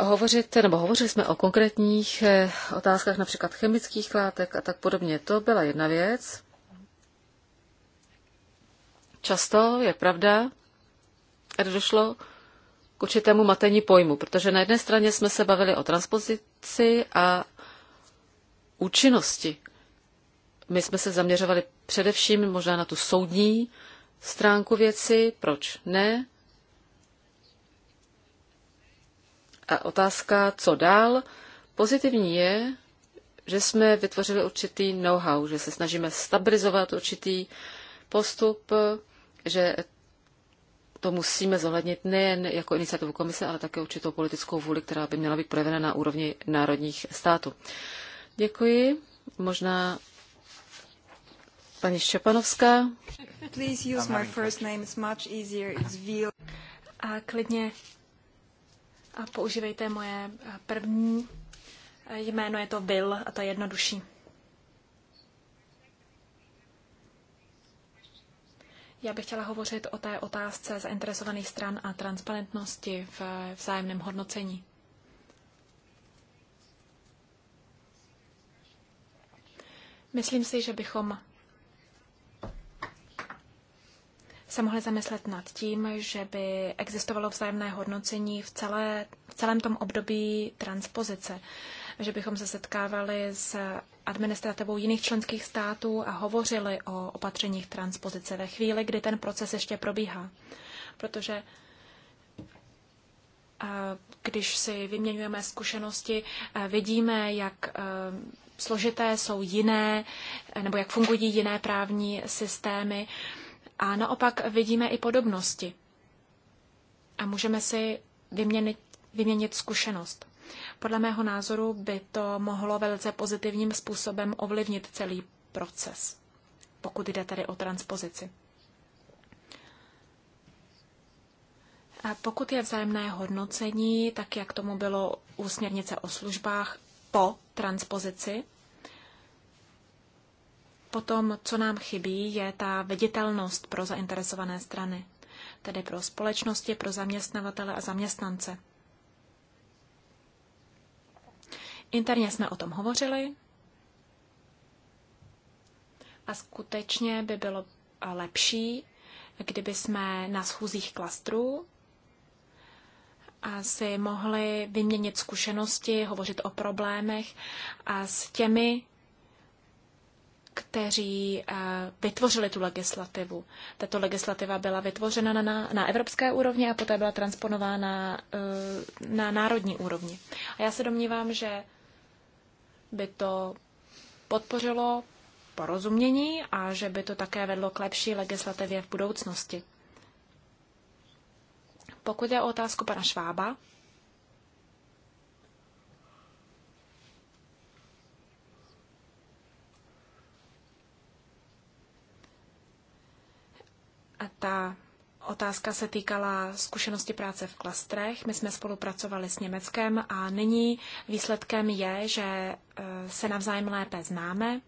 hovořit, nebo hovořili jsme o konkrétních eh, otázkách, například chemických látek a tak podobně. To byla jedna věc. Často je pravda, že došlo k určitému matení pojmu, protože na jedné straně jsme se bavili o transpozici a účinnosti. My jsme se zaměřovali především možná na tu soudní stránku věci, proč ne, A otázka, co dál? Pozitivní je, že jsme vytvořili určitý know-how, že se snažíme stabilizovat určitý postup, že to musíme zohlednit nejen jako iniciativu komise, ale také určitou politickou vůli, která by měla být projevena na úrovni národních států. Děkuji. Možná paní Šepanovská. Please use my first name, it's much easier, it's A klidně a používejte moje první jméno, je to Bill a to je jednodušší. Já bych chtěla hovořit o té otázce zainteresovaných stran a transparentnosti v vzájemném hodnocení. Myslím si, že bychom se mohli zamyslet nad tím, že by existovalo vzájemné hodnocení v, celé, v celém tom období transpozice, že bychom se setkávali s administrativou jiných členských států a hovořili o opatřeních transpozice ve chvíli, kdy ten proces ještě probíhá. Protože když si vyměňujeme zkušenosti, vidíme, jak složité jsou jiné, nebo jak fungují jiné právní systémy a naopak vidíme i podobnosti. A můžeme si vyměnit, vyměnit zkušenost. Podle mého názoru by to mohlo velice pozitivním způsobem ovlivnit celý proces, pokud jde tedy o transpozici. A pokud je vzájemné hodnocení, tak jak tomu bylo u směrnice o službách po transpozici, Potom, co nám chybí, je ta viditelnost pro zainteresované strany, tedy pro společnosti, pro zaměstnavatele a zaměstnance. Interně jsme o tom hovořili a skutečně by bylo lepší, kdyby jsme na schůzích klastrů a si mohli vyměnit zkušenosti, hovořit o problémech a s těmi, kteří eh, vytvořili tu legislativu. Tato legislativa byla vytvořena na, na, evropské úrovni a poté byla transponována eh, na národní úrovni. A já se domnívám, že by to podpořilo porozumění a že by to také vedlo k lepší legislativě v budoucnosti. Pokud je o otázku pana Švába, A ta otázka se týkala zkušenosti práce v klastrech. My jsme spolupracovali s Německem a nyní výsledkem je, že e, se navzájem lépe známe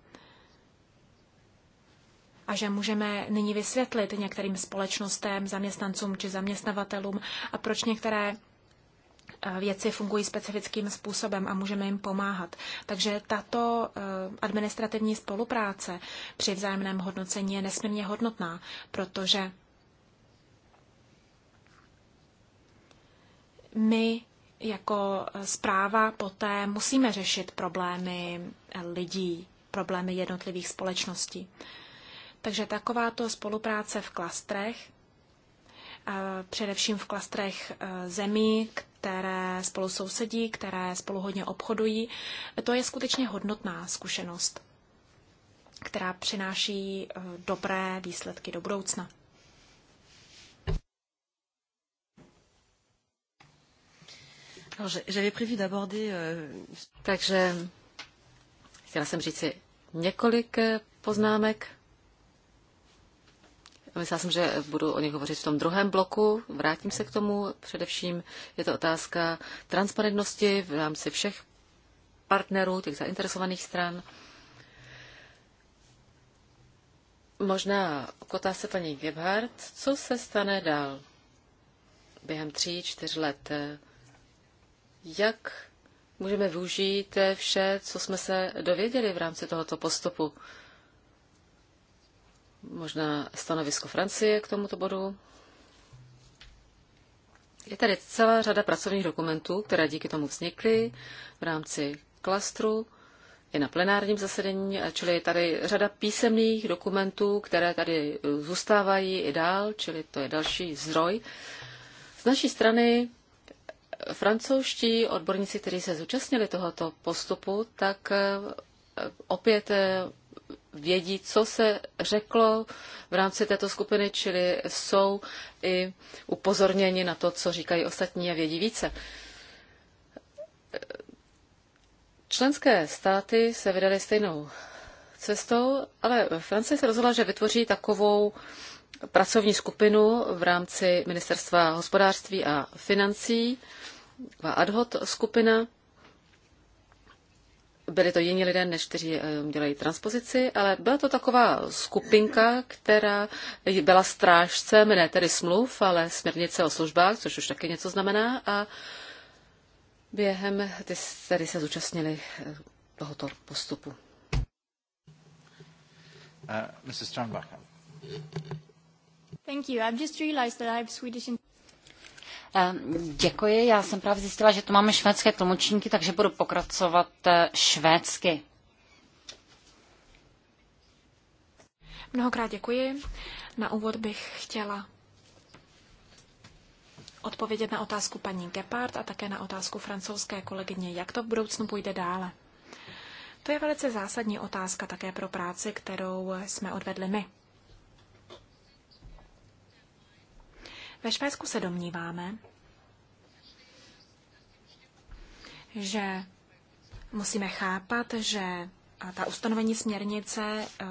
a že můžeme nyní vysvětlit některým společnostem, zaměstnancům či zaměstnavatelům, a proč některé Eh, věci fungují specifickým způsobem a můžeme jim pomáhat. Takže tato eh, administrativní spolupráce při vzájemném hodnocení je nesmírně hodnotná, protože my jako eh, zpráva poté musíme řešit problémy lidí, problémy jednotlivých společností. Takže takováto spolupráce v klastrech, především v klastrech zemí, které spolu sousedí, které spolu hodně obchodují. To je skutečně hodnotná zkušenost, která přináší eh, dobré výsledky do budoucna. Euh, Takže chtěla jsem říci několik eh, poznámek Myslela jsem, že budu o nich hovořit v tom druhém bloku. Vrátím se k tomu. Především je to otázka transparentnosti v rámci všech partnerů, těch zainteresovaných stran. Možná k otázce paní Gebhardt, co se stane dál během tří, čtyř let? Jak můžeme využít vše, co jsme se dověděli v rámci tohoto postupu? možná stanovisko Francie k tomuto bodu. Je tady celá řada pracovních dokumentů, které díky tomu vznikly v rámci klastru i na plenárním zasedení, čili je tady řada písemných dokumentů, které tady zůstávají i dál, čili to je další zdroj. Z naší strany francouzští odborníci, kteří se zúčastnili tohoto postupu, tak opět vědí, co se řeklo v rámci této skupiny, čili jsou i upozorněni na to, co říkají ostatní a vědí více. Členské státy se vydaly stejnou cestou, ale Francie se rozhodla, že vytvoří takovou pracovní skupinu v rámci Ministerstva hospodářství a financí, taková ad hoc skupina, byli to jiní lidé, než kteří eh, dělají transpozici, ale byla to taková skupinka, která byla strážcem, ne tedy smluv, ale směrnice o službách, což už taky něco znamená. A během, ty tady se zúčastnili eh, tohoto postupu. Uh, Mrs. Thank you. I've just realized that I have Swedish in- Ehm, děkuji, já jsem právě zjistila, že tu máme švédské tlumočníky, takže budu pokracovat eh, švédsky. Mnohokrát děkuji. Na úvod bych chtěla odpovědět na otázku paní Gepard a také na otázku francouzské kolegyně, jak to v budoucnu půjde dále. To je velice zásadní otázka také pro práci, kterou jsme odvedli my. Ve Švédsku se domníváme, že musíme chápat, že ta ustanovení směrnice eh,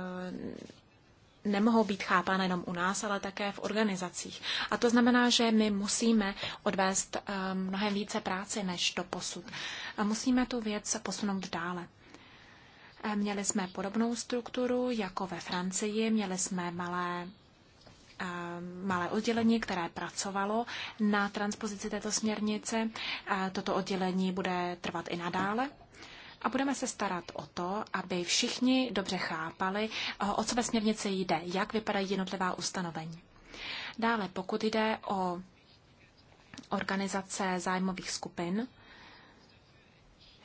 nemohou být chápána jenom u nás, ale také v organizacích. A to znamená, že my musíme odvést eh, mnohem více práce než do posud. A musíme tu věc posunout dále. Eh, měli jsme podobnou strukturu jako ve Francii, měli jsme malé Eh, malé oddělení, které pracovalo na transpozici této směrnice. Eh, toto oddělení bude trvat i nadále. A budeme se starat o to, aby všichni dobře chápali, eh, o co ve směrnici jde, jak vypadají jednotlivá ustanovení. Dále, pokud jde o organizace zájmových skupin,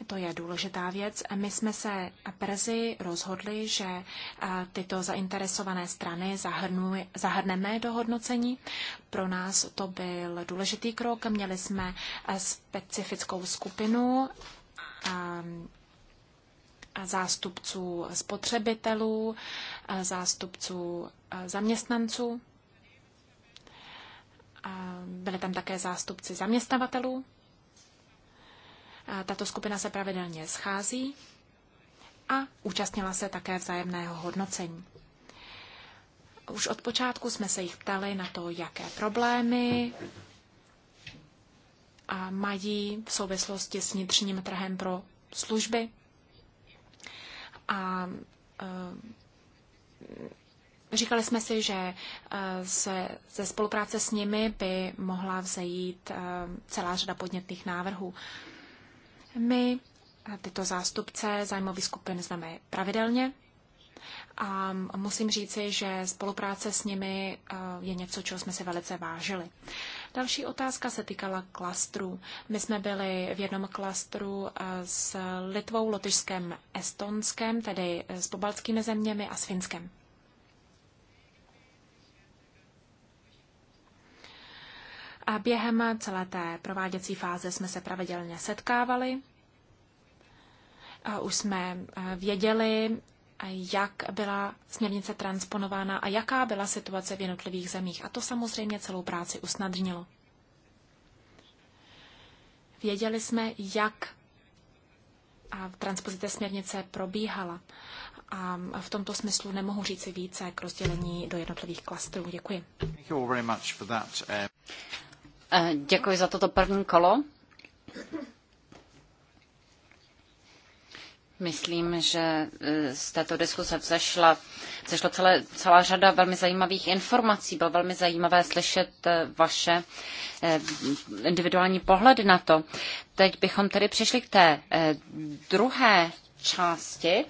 to je důležitá věc. My jsme se brzy rozhodli, že tyto zainteresované strany zahrnu, zahrneme do hodnocení. Pro nás to byl důležitý krok. Měli jsme specifickou skupinu zástupců spotřebitelů, zástupců zaměstnanců. Byli tam také zástupci zaměstnavatelů. Tato skupina se pravidelně schází a účastnila se také vzájemného hodnocení. Už od počátku jsme se jich ptali na to, jaké problémy a mají v souvislosti s vnitřním trhem pro služby. A eh, říkali jsme si, že eh, se, ze spolupráce s nimi by mohla vzejít eh, celá řada podnětných návrhů. My tyto zástupce zájmových skupin známe pravidelně a musím říci, že spolupráce s nimi eh, je něco, čeho jsme si velice vážili. Další otázka se týkala klastru. My jsme byli v jednom klastru eh, s Litvou, Lotyšskem, Estonskem, tedy eh, s pobaltskými zeměmi a s Finskem. A během celé té prováděcí fáze jsme se pravidelně setkávali. A už jsme eh, věděli, jak byla směrnice transponována a jaká byla situace v jednotlivých zemích. A to samozřejmě celou práci usnadnilo. Věděli jsme, jak a transpozice směrnice probíhala. A v tomto smyslu nemohu říci více k rozdělení do jednotlivých klastrů. Děkuji. Eh, Eh, děkuji za toto první kolo. Myslím, že eh, z této diskuse vzešla, vzešla celé, celá řada velmi zajímavých informací. Bylo velmi zajímavé slyšet eh, vaše individuální pohledy na to. Teď bychom tedy přišli k té druhé části,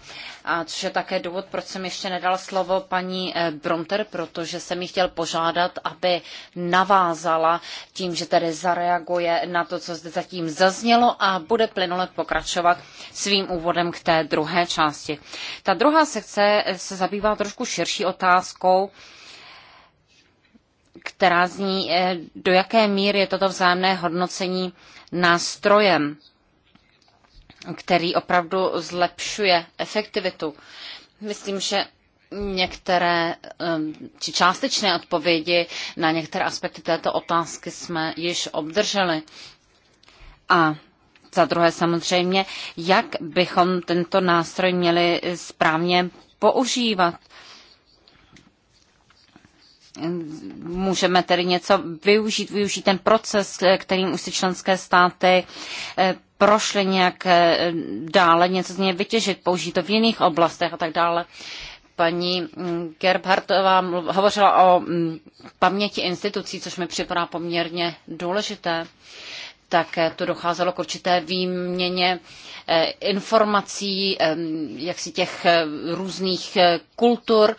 a což je také důvod, proč jsem ještě nedala slovo paní eh, Bronter, protože jsem ji chtěl požádat, aby navázala tím, že tedy zareaguje na to, co zde zatím zaznělo a bude plynule pokračovat svým úvodem k té druhé části. Ta druhá sekce eh, se zabývá trošku širší otázkou, která zní, eh, do jaké míry je toto vzájemné hodnocení nástrojem který opravdu zlepšuje efektivitu. Myslím, že některé či částečné odpovědi na některé aspekty této otázky jsme již obdrželi. A za druhé samozřejmě, jak bychom tento nástroj měli správně používat můžeme tedy něco využít, využít ten proces, kterým už si členské státy eh, prošly nějak eh, dále, něco z něj vytěžit, použít to v jiných oblastech a tak dále. Paní mm, Gerbhardová hovořila o mm, paměti institucí, což mi připadá poměrně důležité. Tak tu docházelo k určité výměně eh, informací, jak si těch různých kultur.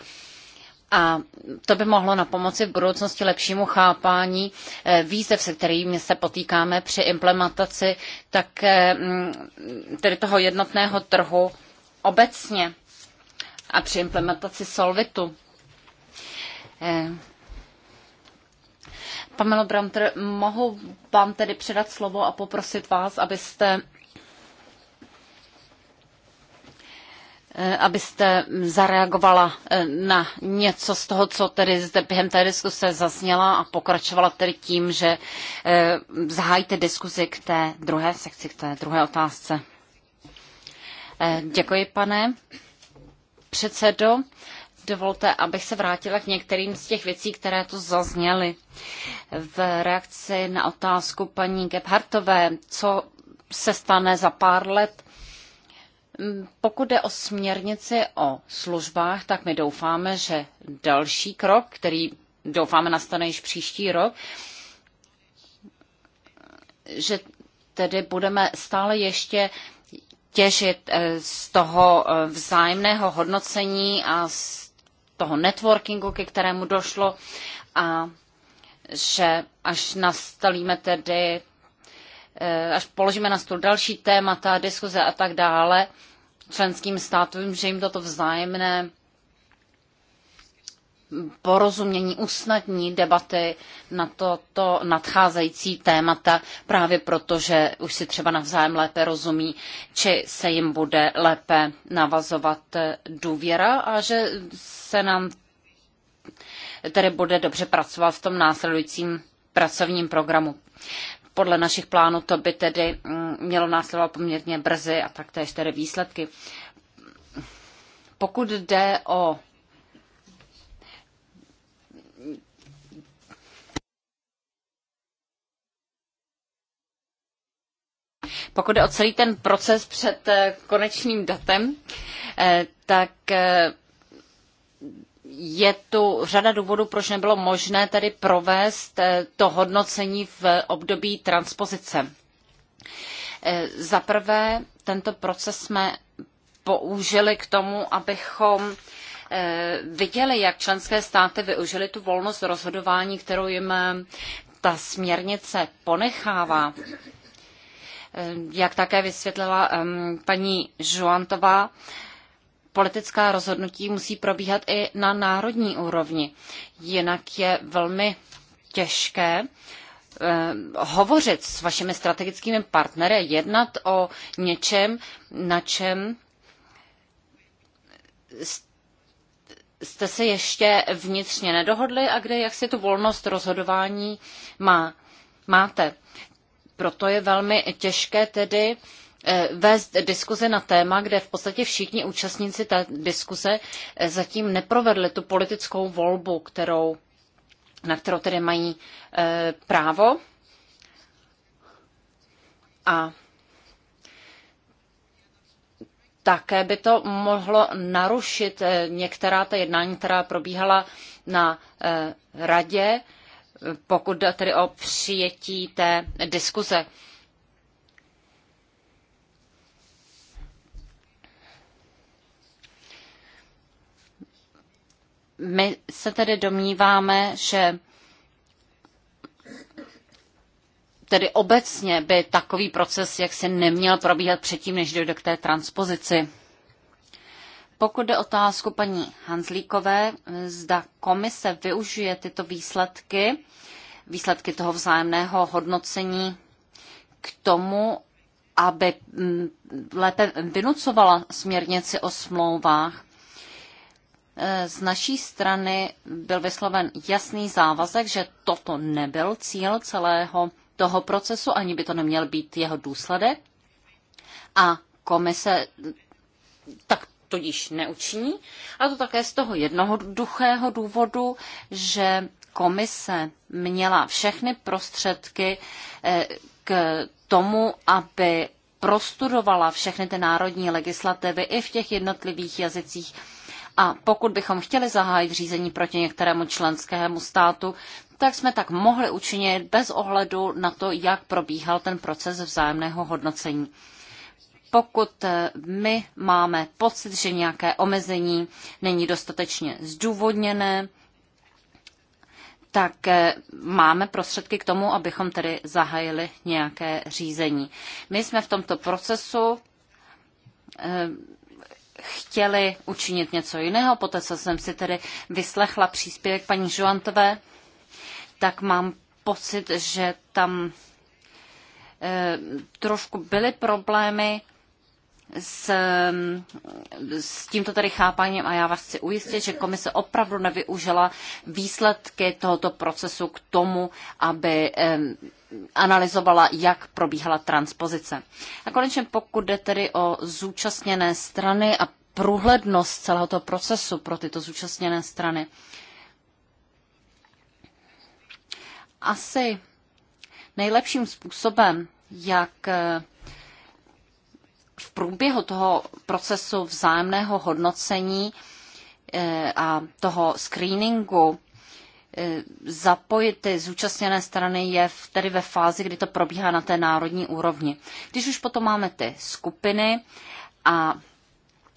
A to by mohlo na pomoci v budoucnosti lepšímu chápání eh, výzev, se kterými se potýkáme při implementaci tak eh, mm, tedy toho jednotného trhu obecně a při implementaci Solvitu. Eh, Pamelo Bramter, mohu vám tedy předat slovo a poprosit vás, abyste Eh, abyste zareagovala eh, na něco z toho, co tedy zde během té diskuse zazněla a pokračovala tedy tím, že eh, zahájíte diskuzi k té druhé sekci, k té druhé otázce. Děkuji, pane předsedo. Dovolte, abych se vrátila k některým z těch věcí, které tu zazněly. V reakci na otázku paní Gebhartové, co se stane za pár let, pokud jde o směrnici o službách, tak my doufáme, že další krok, který doufáme nastane již příští rok, že tedy budeme stále ještě těžit eh, z toho eh, vzájemného hodnocení a z toho networkingu, ke kterému došlo a že až nastalíme tedy Eh, až položíme na stůl další témata, diskuze a tak dále, členským státům, že jim toto vzájemné porozumění usnadní debaty na toto nadcházející témata, právě proto, že už si třeba navzájem lépe rozumí, či se jim bude lépe navazovat důvěra a že se nám tedy bude dobře pracovat v tom následujícím pracovním programu. Podle našich plánů to by tedy mm, mělo následovat poměrně brzy a tak též tedy výsledky. Pokud jde o Pokud je o celý ten proces před eh, konečným datem, eh, tak eh, je tu řada důvodů, proč nebylo možné tedy provést eh, to hodnocení v období transpozice. Eh, za prvé, tento proces jsme použili k tomu, abychom eh, viděli, jak členské státy využili tu volnost rozhodování, kterou jim ta směrnice ponechává. Jak také vysvětlila paní Žuantová, politická rozhodnutí musí probíhat i na národní úrovni. Jinak je velmi těžké eh, hovořit s vašimi strategickými partnery, jednat o něčem, na čem jste se ještě vnitřně nedohodli a kde jak si tu volnost rozhodování má, máte. Proto je velmi těžké tedy Eh, vést diskuze na téma, kde v podstatě všichni účastníci té diskuze eh, zatím neprovedli tu politickou volbu, kterou, na kterou tedy mají eh, právo. A také by to mohlo narušit některá ta jednání, která probíhala na radě, pokud jde tedy o přijetí té diskuze. My se tedy domníváme, že tedy obecně by takový proces jaksi neměl probíhat předtím, než dojde k té transpozici. Pokud jde otázku paní Hanzlíkové, zda komise využije tyto výsledky, výsledky toho vzájemného hodnocení k tomu, aby mm, lépe vynucovala směrnici o smlouvách. E, z naší strany byl vysloven jasný závazek, že toto nebyl cíl celého toho procesu, ani by to neměl být jeho důsledek. A komise tak to již neučiní. A to také z toho jednoduchého důvodu, že komise měla všechny prostředky e, k tomu, aby prostudovala všechny ty národní legislativy i v těch jednotlivých jazycích a pokud bychom chtěli zahájit řízení proti některému členskému státu, tak jsme tak mohli učinit bez ohledu na to, jak probíhal ten proces vzájemného hodnocení. Pokud eh, my máme pocit, že nějaké omezení není dostatečně zdůvodněné, tak eh, máme prostředky k tomu, abychom tedy zahájili nějaké řízení. My jsme v tomto procesu eh, chtěli učinit něco jiného. Poté, co jsem si tedy vyslechla příspěvek paní Žuantové, tak mám pocit, že tam e, trošku byly problémy s, s tímto tady chápáním a já vás chci ujistit, že komise opravdu nevyužila výsledky tohoto procesu k tomu, aby e, analyzovala, jak probíhala transpozice. A konečně pokud jde tedy o zúčastněné strany a průhlednost celého toho procesu pro tyto zúčastněné strany. Asi nejlepším způsobem, jak eh, v průběhu toho procesu vzájemného hodnocení eh, a toho screeningu Eh, zapojit ty zúčastněné strany je v, tedy ve fázi, kdy to probíhá na té národní úrovni. Když už potom máme ty skupiny a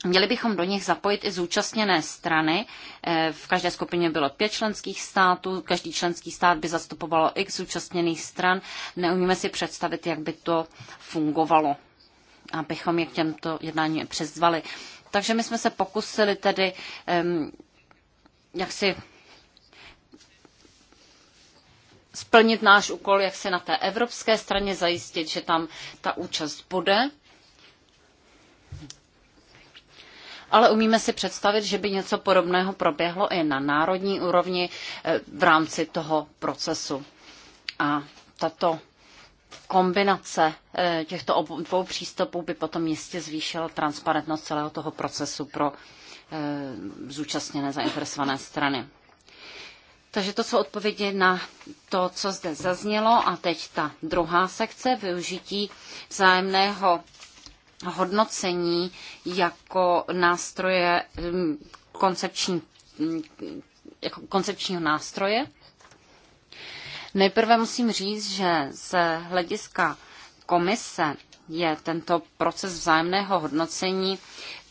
Měli bychom do nich zapojit i zúčastněné strany. Eh, v každé skupině bylo pět členských států, každý členský stát by zastupovalo x zúčastněných stran. Neumíme si představit, jak by to fungovalo, abychom je k těmto jednání přizvali. Takže my jsme se pokusili tedy jak si splnit náš úkol, jak se na té evropské straně zajistit, že tam ta účast bude. Ale umíme si představit, že by něco podobného proběhlo i na národní úrovni eh, v rámci toho procesu. A tato kombinace eh, těchto dvou přístupů by potom jistě zvýšila transparentnost celého toho procesu pro eh, zúčastněné zainteresované strany. Takže to jsou odpovědi na to, co zde zaznělo. A teď ta druhá sekce, využití vzájemného hodnocení jako nástroje hm, koncepční, hm, jako koncepčního nástroje. Nejprve musím říct, že z hlediska komise je tento proces vzájemného hodnocení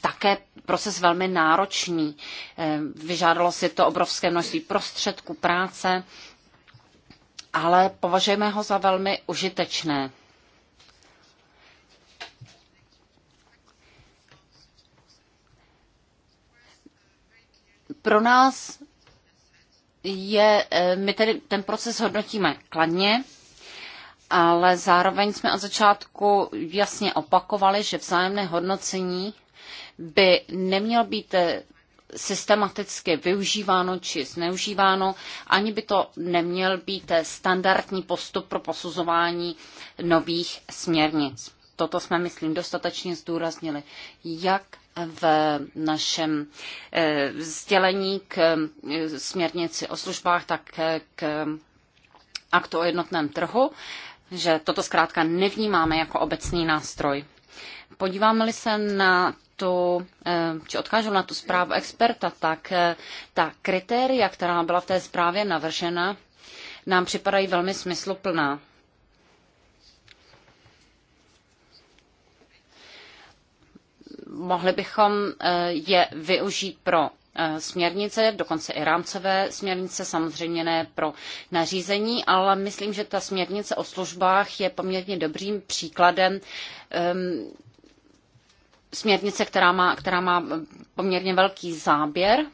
také proces velmi náročný. Eh, vyžádalo si to obrovské množství prostředků, práce, ale považujeme ho za velmi užitečné. Pro nás je, eh, my tedy ten proces hodnotíme kladně, ale zároveň jsme od začátku jasně opakovali, že vzájemné hodnocení by nemělo být eh, systematicky využíváno či zneužíváno, ani by to neměl být eh, standardní postup pro posuzování nových směrnic. Toto jsme, myslím, dostatečně zdůraznili, jak v našem eh, sdělení k směrnici o službách, tak k aktu o jednotném trhu, že toto zkrátka nevnímáme jako obecný nástroj. Podíváme-li se na tu, eh, či odkážu na tu zprávu experta, tak eh, ta kritéria, která byla v té zprávě navržena, nám připadají velmi smysluplná. Mohli bychom eh, je využít pro směrnice, dokonce i rámcové směrnice, samozřejmě ne pro nařízení, ale myslím, že ta směrnice o službách je poměrně dobrým příkladem ehm, směrnice, která má, která má eh, poměrně velký záběr.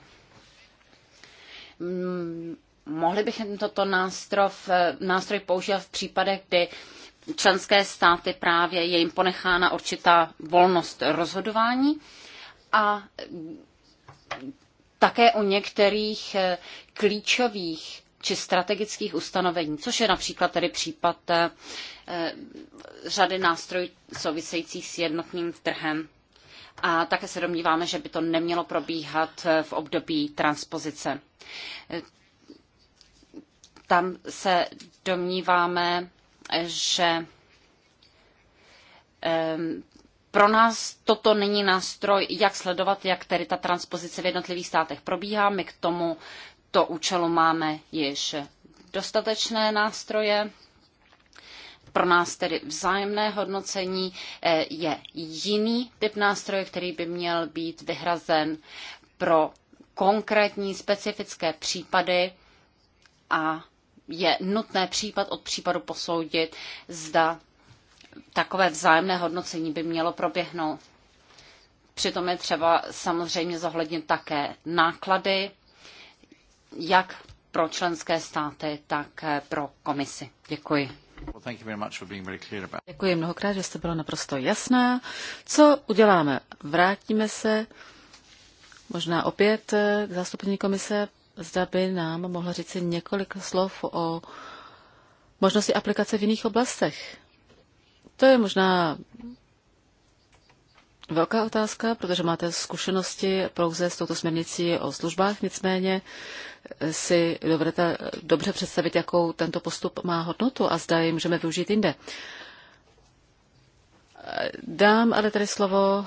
Mm, mohli bychom toto eh, nástroj, nástroj použít v případech, kdy členské státy právě je jim ponechána určitá volnost rozhodování a také o některých eh, klíčových či strategických ustanovení, což je například tedy případ řady nástrojů souvisejících s jednotným trhem a také se domníváme, že by to nemělo probíhat v období transpozice. Tam se domníváme, že ehm, pro nás toto není nástroj, jak sledovat, jak tedy ta transpozice v jednotlivých státech probíhá. My k tomu to účelu máme již dostatečné nástroje. Pro nás tedy vzájemné hodnocení eh, je jiný typ nástroje, který by měl být vyhrazen pro konkrétní specifické případy a je nutné případ od případu posoudit, zda takové vzájemné hodnocení by mělo proběhnout. Přitom je třeba samozřejmě zohlednit také náklady, jak pro členské státy, tak eh, pro komisi. Děkuji. Děkuji mnohokrát, že jste byla naprosto jasná. Co uděláme? Vrátíme se možná opět eh, k zástupní komise. Zda by nám mohla říct několik slov o možnosti aplikace v jiných oblastech. To je možná velká otázka, protože máte zkušenosti pouze s touto směrnicí o službách, nicméně si dovedete dobře představit, jakou tento postup má hodnotu a zda ji můžeme využít jinde. Dám ale tady slovo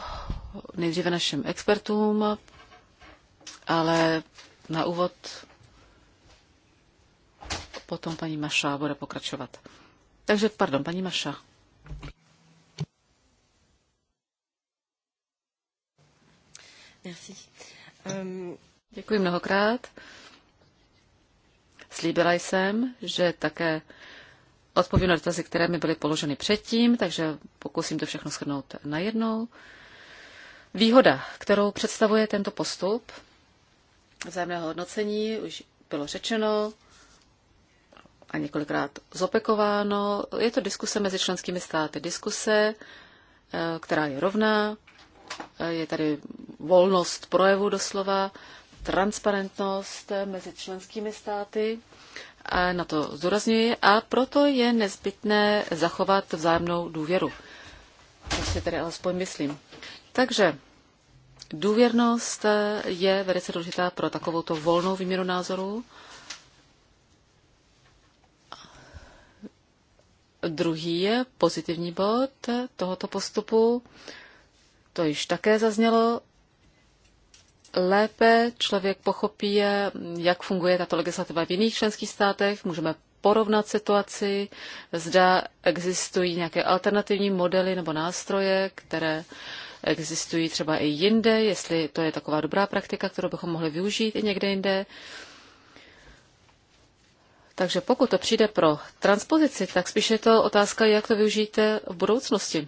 nejdříve našim expertům, ale na úvod potom paní Maša bude pokračovat. Takže, pardon, paní Maša. Merci. Um... Děkuji mnohokrát. Slíbila jsem, že také odpovím na dotazy, které mi byly položeny předtím, takže pokusím to všechno shrnout najednou. Výhoda, kterou představuje tento postup vzájemného hodnocení, už bylo řečeno a několikrát zopekováno. Je to diskuse mezi členskými státy. Diskuse, eh, která je rovná, eh, je tady volnost projevu doslova, transparentnost mezi členskými státy. A na to zdůrazňuji a proto je nezbytné zachovat vzájemnou důvěru. To si tedy alespoň myslím. Takže důvěrnost je velice důležitá pro takovou volnou výměnu názorů. Druhý je pozitivní bod tohoto postupu. To již také zaznělo lépe člověk pochopí, jak funguje tato legislativa v jiných členských státech, můžeme porovnat situaci, zda existují nějaké alternativní modely nebo nástroje, které existují třeba i jinde, jestli to je taková dobrá praktika, kterou bychom mohli využít i někde jinde. Takže pokud to přijde pro transpozici, tak spíše je to otázka, jak to využijete v budoucnosti.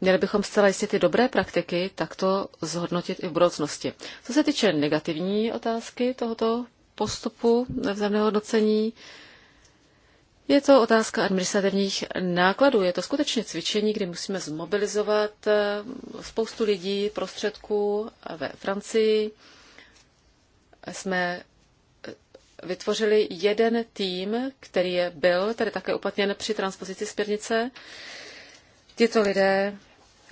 Měli bychom zcela jistě ty dobré praktiky takto zhodnotit i v budoucnosti. Co se týče negativní otázky tohoto postupu nevzájemného hodnocení, je to otázka administrativních nákladů. Je to skutečně cvičení, kdy musíme zmobilizovat eh, spoustu lidí, prostředků ve Francii. Jsme eh, vytvořili jeden tým, který je byl tady také uplatněn při transpozici směrnice. Tito lidé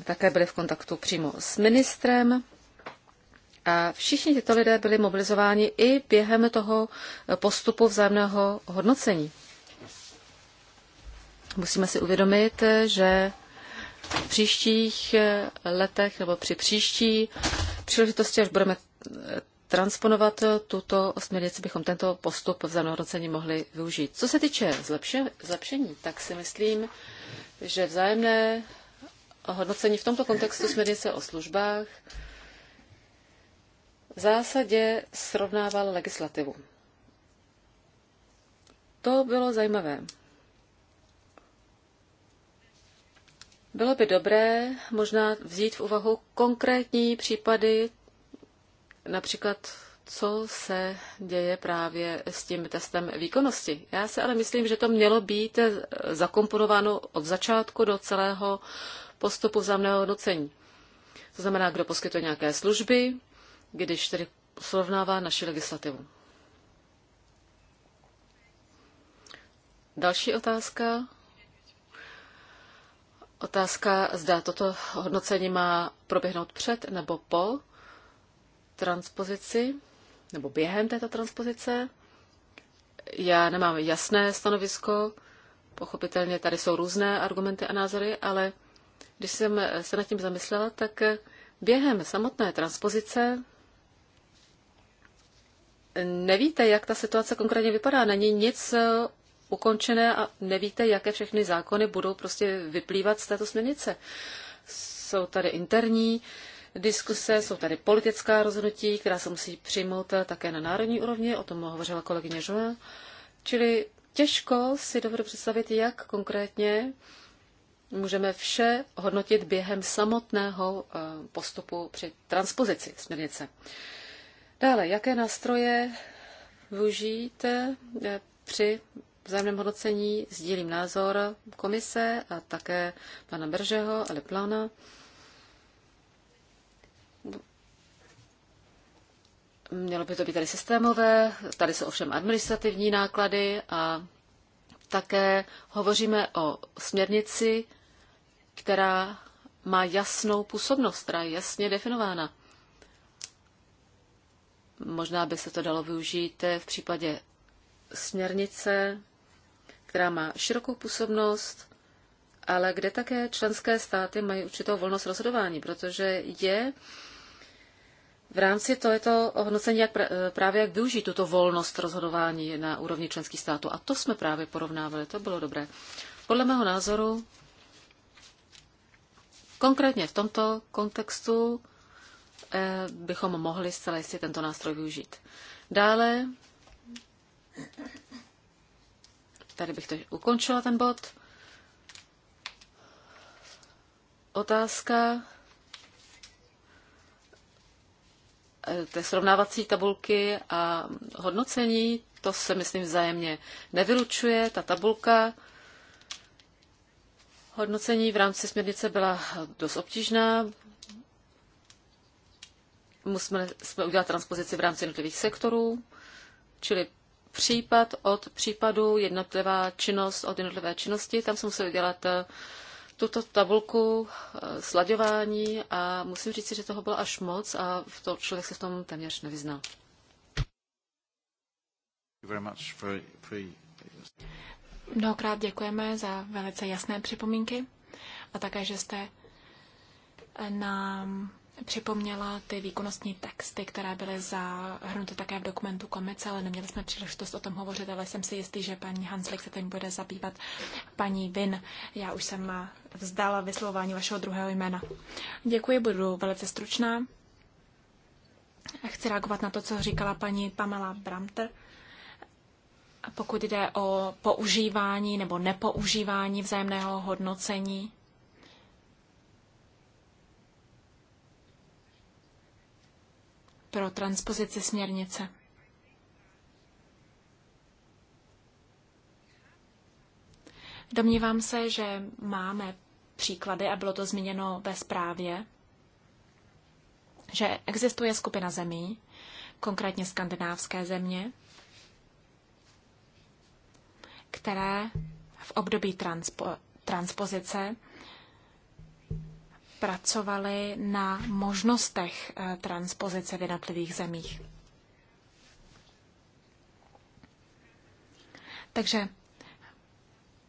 také byli v kontaktu přímo s ministrem a všichni tyto lidé byli mobilizováni i během toho postupu vzájemného hodnocení. Musíme si uvědomit, že v příštích letech nebo při příští příležitosti, až budeme transponovat tuto směrnici, bychom tento postup v hodnocení mohli využít. Co se týče zlepšení, tak si myslím, že vzájemné hodnocení v tomto kontextu směrnice o službách v zásadě srovnával legislativu. To bylo zajímavé. Bylo by dobré možná vzít v úvahu konkrétní případy, například co se děje právě s tím testem výkonnosti. Já se ale myslím, že to mělo být eh, zakomponováno od začátku do celého postupu vzájemného hodnocení. To znamená, kdo poskytuje nějaké služby, když tedy srovnává naši legislativu. Další otázka. Otázka, zda toto hodnocení má proběhnout před nebo po transpozici nebo během této transpozice. Já nemám jasné stanovisko, pochopitelně tady jsou různé argumenty a názory, ale když jsem se nad tím zamyslela, tak během samotné transpozice nevíte, jak ta situace konkrétně vypadá. Není nic ukončené a nevíte, jaké všechny zákony budou prostě vyplývat z této směrnice. Jsou tady interní diskuse, jsou tady politická rozhodnutí, která se musí přijmout eh, také na národní úrovni, o tom hovořila kolegyně Joa. Čili těžko si dovedu představit, jak konkrétně můžeme vše hodnotit během samotného eh, postupu při transpozici směrnice. Dále, jaké nástroje využijete eh, při vzájemném hodnocení? Sdílím názor komise a také pana Beržeho a Leplana. Mělo by to být tady systémové, tady jsou ovšem administrativní náklady a také hovoříme o směrnici, která má jasnou působnost, která je jasně definována. Možná by se to dalo využít v případě směrnice, která má širokou působnost, ale kde také členské státy mají určitou volnost rozhodování, protože je v rámci tohoto hodnocení jak eh, právě jak využít tuto volnost rozhodování na úrovni členských států. A to jsme právě porovnávali, to bylo dobré. Podle mého názoru, konkrétně v tomto kontextu eh, bychom mohli zcela jistě tento nástroj využít. Dále, tady bych to ukončila ten bod. Otázka Eh, té srovnávací tabulky a hodnocení, to se, myslím, vzájemně nevylučuje. Ta tabulka hodnocení v rámci směrnice byla dost obtížná. Musíme jsme udělat transpozici v rámci jednotlivých sektorů, čili případ od případu, jednotlivá činnost od jednotlivé činnosti. Tam se museli udělat eh, tuto tabulku eh, slaďování a musím říct, že toho bylo až moc a v to, člověk se v tom téměř nevyznal. Mnohokrát děkujeme za velice jasné připomínky a také, že jste eh, nám připomněla ty výkonnostní texty, které byly zahrnuty také v dokumentu komice, ale neměli jsme příležitost o tom hovořit, ale jsem si jistý, že paní Hanslik se tím bude zabývat. Paní Vin, já už jsem vzdala vyslovování vašeho druhého jména. Děkuji, budu velice stručná. Chci reagovat na to, co říkala paní Pamela Bramter. Pokud jde o používání nebo nepoužívání vzájemného hodnocení, pro transpozici směrnice. Domnívám se, že máme příklady, a bylo to zmíněno ve zprávě, že existuje skupina zemí, konkrétně skandinávské země, které v období transpo, transpozice pracovali na možnostech eh, transpozice v jednotlivých zemích. Takže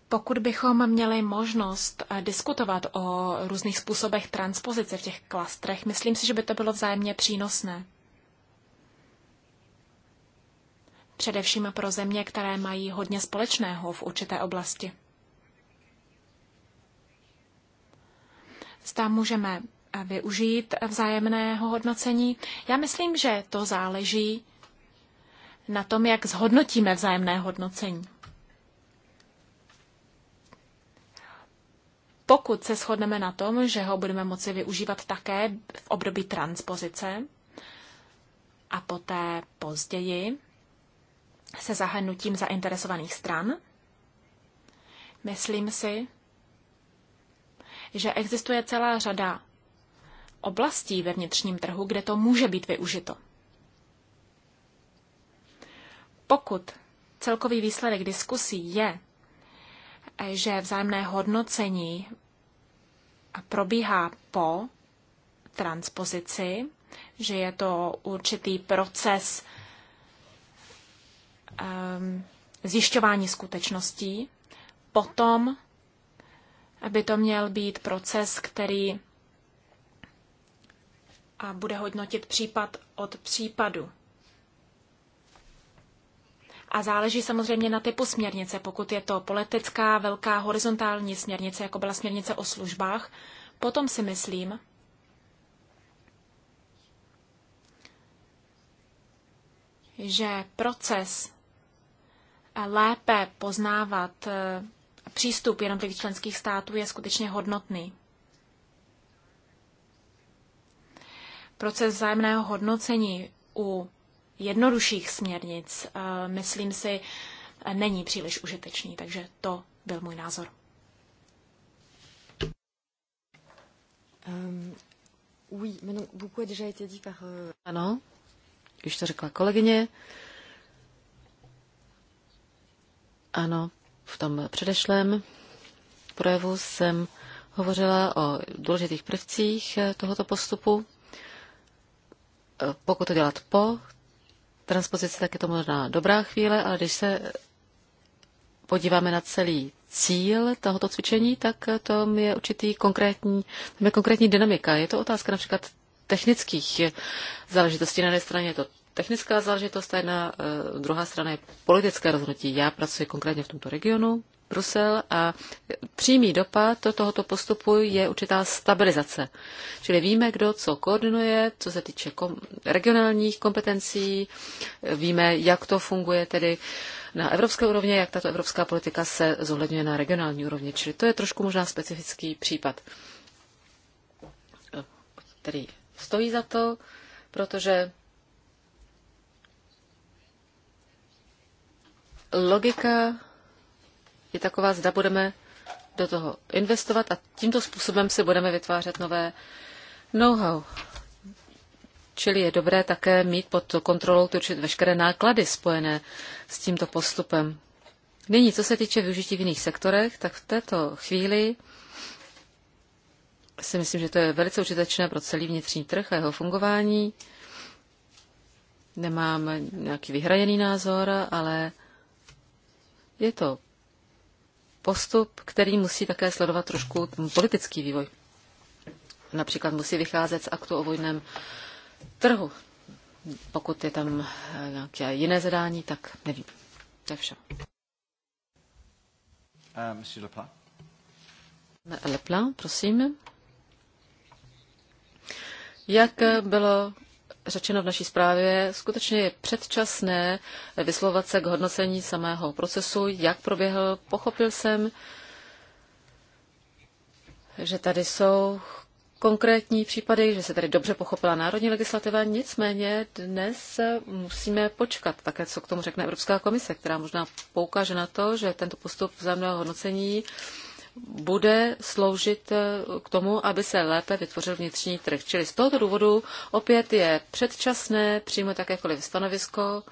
pokud bychom měli možnost eh, diskutovat o různých způsobech transpozice v těch klastrech, myslím si, že by to bylo vzájemně přínosné. Především pro země, které mají hodně společného v určité oblasti. zda můžeme eh, využít vzájemného hodnocení. Já myslím, že to záleží na tom, jak zhodnotíme vzájemné hodnocení. Pokud se shodneme na tom, že ho budeme moci využívat také v období transpozice a poté později se zahrnutím zainteresovaných stran, myslím si, že existuje celá řada oblastí ve vnitřním trhu, kde to může být využito. Pokud celkový výsledek diskusí je, že vzájemné hodnocení probíhá po transpozici, že je to určitý proces um, zjišťování skutečností, potom by to měl být proces, který a bude hodnotit případ od případu. A záleží samozřejmě na typu směrnice. Pokud je to politická, velká, horizontální směrnice, jako byla směrnice o službách, potom si myslím, že proces lépe poznávat eh, přístup jednotlivých členských států je skutečně hodnotný. Proces vzájemného hodnocení u jednodušších směrnic, eh, myslím si, není příliš užitečný, takže to byl můj názor. Ehm, euh, ano, už to řekla kolegyně. Ano, v tom předešlém projevu jsem hovořila o důležitých prvcích eh, tohoto postupu. Eh, pokud to dělat po transpozici, tak je to možná dobrá chvíle, ale když se podíváme na celý cíl tohoto cvičení, tak eh, to je určitý konkrétní, tam je konkrétní dynamika. Je to otázka například technických záležitostí. Na jedné straně je to technická záležitost a jedna eh, druhá strana je politické rozhodnutí. Já pracuji konkrétně v tomto regionu, Brusel a přímý dopad tohoto postupu je určitá stabilizace. Čili víme, kdo co koordinuje, co se týče kom- regionálních kompetencí, víme, jak to funguje tedy na evropské úrovni, jak tato evropská politika se zohledňuje na regionální úrovni. Čili to je trošku možná specifický případ, který eh, stojí za to, protože logika je taková, zda budeme do toho investovat a tímto způsobem si budeme vytvářet nové know-how. Čili je dobré také mít pod kontrolou určit veškeré náklady spojené s tímto postupem. Nyní, co se týče využití v jiných sektorech, tak v této chvíli si myslím, že to je velice užitečné pro celý vnitřní trh a jeho fungování. Nemám nějaký vyhrajený názor, ale je to postup, který musí také sledovat trošku politický vývoj. Například musí vycházet z aktu o vojném trhu. Pokud je tam eh, nějaké jiné zadání, tak nevím. To je vše. Uh, Monsieur Leplan. Leplan, prosím. Jak bylo řečeno v naší zprávě, skutečně je předčasné vyslovovat se k hodnocení samého procesu, jak proběhl. Pochopil jsem, že tady jsou konkrétní případy, že se tady dobře pochopila národní legislativa, nicméně dnes musíme počkat také, co k tomu řekne Evropská komise, která možná poukáže na to, že tento postup vzájemného hodnocení bude sloužit eh, k tomu, aby se lépe vytvořil vnitřní trh. Čili z tohoto důvodu opět je předčasné přijmout jakékoliv stanovisko,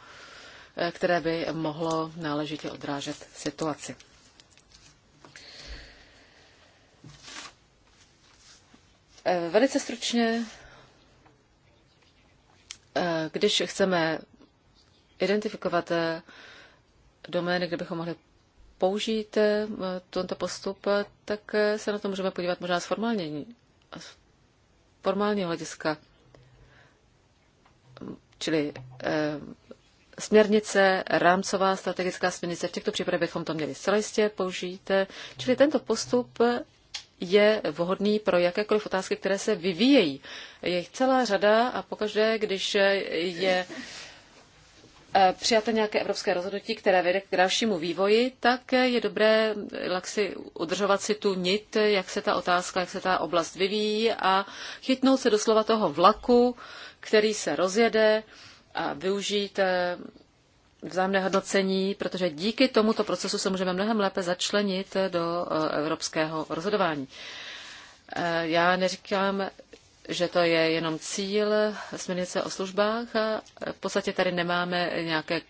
eh, které by mohlo náležitě odrážet situaci. Eh, velice stručně, když chceme identifikovat domény, kde bychom mohli použít eh, tento postup, tak eh, se na to můžeme podívat možná z formálně, z formálního hlediska. Čili e, směrnice, rámcová strategická směrnice, v těchto případech bychom to měli zcela jistě použít. Čili tento postup je vhodný pro jakékoliv otázky, které se vyvíjejí. Je jich celá řada a pokaždé, když je Eh, přijaté nějaké evropské rozhodnutí, které vede k dalšímu vývoji, tak je dobré eh, jak si, udržovat si tu nit, jak se ta otázka, jak se ta oblast vyvíjí a chytnout se doslova toho vlaku, který se rozjede a využít eh, vzájemné hodnocení, protože díky tomuto procesu se můžeme mnohem lépe začlenit do evropského rozhodování. Já neříkám, že to je jenom cíl směrnice o službách. A v podstatě tady nemáme nějaké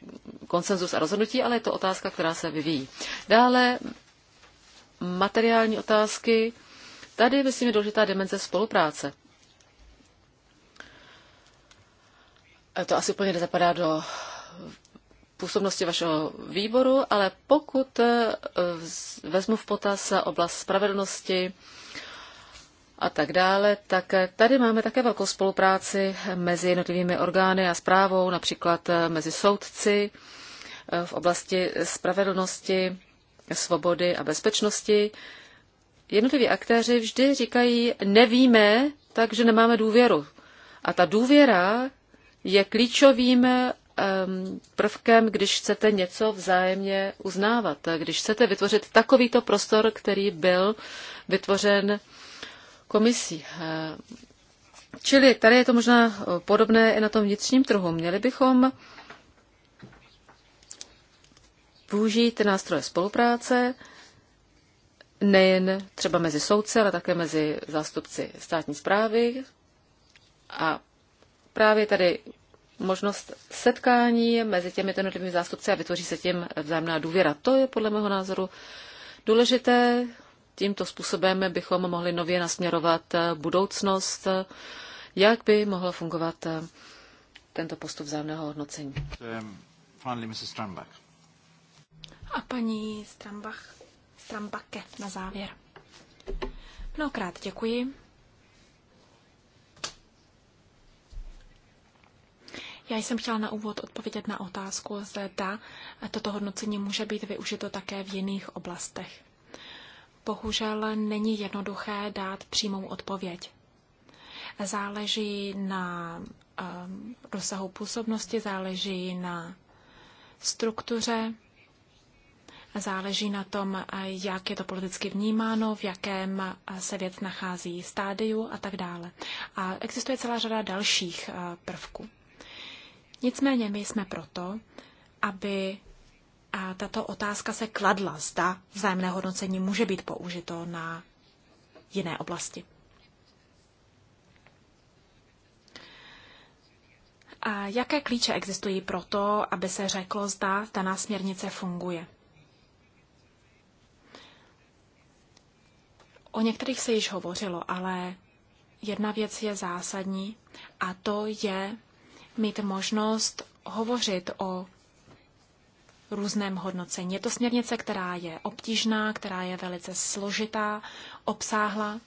konsenzus a rozhodnutí, ale je to otázka, která se vyvíjí. Dále materiální otázky. Tady, myslím, je důležitá dimenze spolupráce. To asi úplně nezapadá do působnosti vašeho výboru, ale pokud eh, vezmu v potaz oblast spravedlnosti, a tak dále, tak tady máme také velkou spolupráci mezi jednotlivými orgány a zprávou, například mezi soudci eh, v oblasti spravedlnosti, svobody a bezpečnosti. Jednotliví aktéři vždy říkají, nevíme, takže nemáme důvěru. A ta důvěra je klíčovým ehm, prvkem, když chcete něco vzájemně uznávat, když chcete vytvořit takovýto prostor, který byl vytvořen komisí. Eh, čili tady je to možná eh, podobné i na tom vnitřním trhu. Měli bychom využít nástroje spolupráce, nejen třeba mezi soudce, ale také mezi zástupci státní zprávy. A právě tady možnost setkání mezi těmi jednotlivými zástupci a vytvoří se tím vzájemná důvěra. To je podle mého názoru důležité tímto způsobem bychom mohli nově nasměrovat eh, budoucnost, eh, jak by mohl fungovat eh, tento postup vzájemného hodnocení. Um, A paní Strambach, Strambake na závěr. Mnohokrát děkuji. Já jsem chtěla na úvod odpovědět na otázku, zda toto hodnocení může být využito také v jiných oblastech bohužel není jednoduché dát přímou odpověď. Záleží na um, rozsahu působnosti, záleží na struktuře, záleží na tom, eh, jak je to politicky vnímáno, v jakém eh, se věc nachází stádiu a tak dále. A existuje celá řada dalších eh, prvků. Nicméně my jsme proto, aby a tato otázka se kladla, zda vzájemné hodnocení může být použito na jiné oblasti. A jaké klíče existují pro to, aby se řeklo, zda daná směrnice funguje? O některých se již hovořilo, ale jedna věc je zásadní a to je mít možnost hovořit o různém hodnocení. Je to směrnice, která je obtížná, která je velice složitá, obsáhla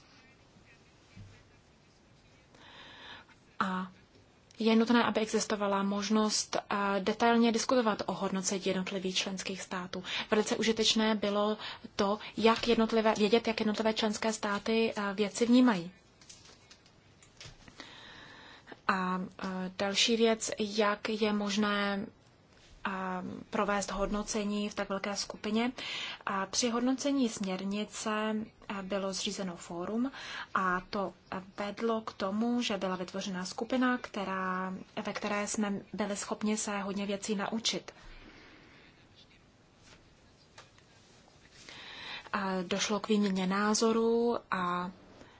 a je nutné, aby existovala možnost eh, detailně diskutovat o hodnocení jednotlivých členských států. Velice užitečné bylo to, jak jednotlivé, vědět, jak jednotlivé členské státy eh, věci vnímají. A eh, další věc, jak je možné provést hodnocení v tak velké skupině. A při hodnocení směrnice eh, bylo zřízeno fórum a to vedlo k tomu, že byla vytvořena skupina, která, ve které jsme byli schopni se hodně věcí naučit. A došlo k výměně názorů a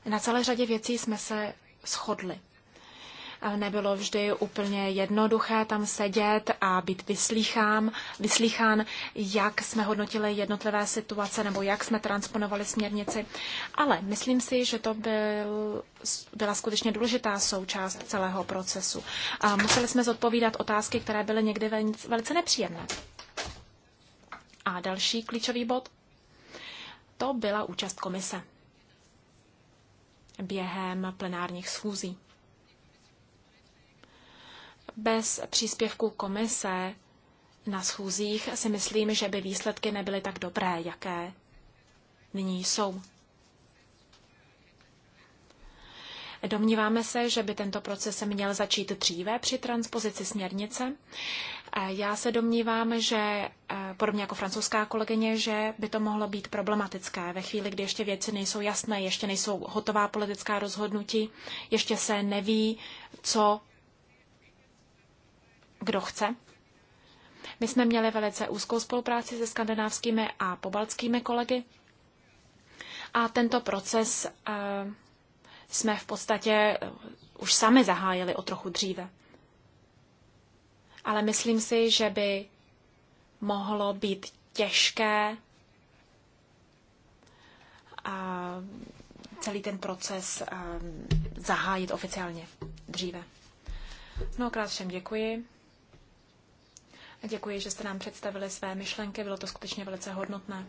na celé řadě věcí jsme se shodli nebylo vždy úplně jednoduché tam sedět a být vyslýchán, vyslýchán, jak jsme hodnotili jednotlivé situace nebo jak jsme transponovali směrnici. Ale myslím si, že to byl, byla skutečně důležitá součást celého procesu. A museli jsme zodpovídat otázky, které byly někdy velice nepříjemné. A další klíčový bod, to byla účast komise během plenárních schůzí. Bez příspěvku komise na schůzích si myslím, že by výsledky nebyly tak dobré, jaké nyní jsou. Domníváme se, že by tento proces měl začít dříve při transpozici směrnice. Já se domnívám, že podobně jako francouzská kolegyně, že by to mohlo být problematické ve chvíli, kdy ještě věci nejsou jasné, ještě nejsou hotová politická rozhodnutí, ještě se neví, co kdo chce. My jsme měli velice úzkou spolupráci se skandinávskými a pobaltskými kolegy a tento proces eh, jsme v podstatě eh, už sami zahájili o trochu dříve. Ale myslím si, že by mohlo být těžké a eh, celý ten proces zahájit oficiálně dříve. Mnohokrát všem děkuji. Děkuji, že jste nám představili své myšlenky, bylo to skutečně velice hodnotné.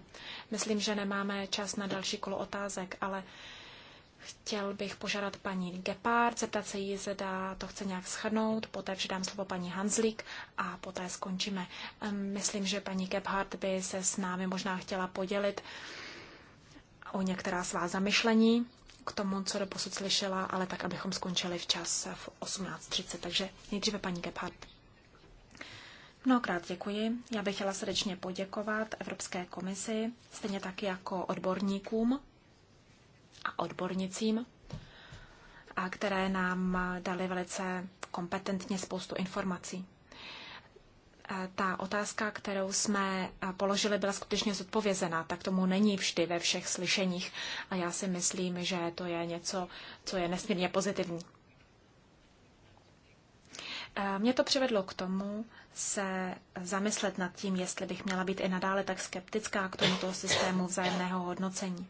Myslím, že nemáme čas na další kolo otázek, ale chtěl bych požádat paní Gepard, zeptat se jí, zda to chce nějak schrnout, poté předám slovo paní Hanzlík a poté skončíme. Myslím, že paní Gebhardt by se s námi možná chtěla podělit o některá svá zamyšlení k tomu, co do posud slyšela, ale tak, abychom skončili včas v 18.30. Takže nejdříve paní Gebhardt. Mnohokrát děkuji. Já bych chtěla srdečně poděkovat Evropské komisi, stejně tak jako odborníkům a odbornicím, a které nám dali velice kompetentně spoustu informací. Ta otázka, kterou jsme položili, byla skutečně zodpovězená, tak tomu není vždy ve všech slyšeních a já si myslím, že to je něco, co je nesmírně pozitivní. Eh, mě to přivedlo k tomu se zamyslet nad tím, jestli bych měla být i nadále tak skeptická k tomuto systému vzájemného hodnocení.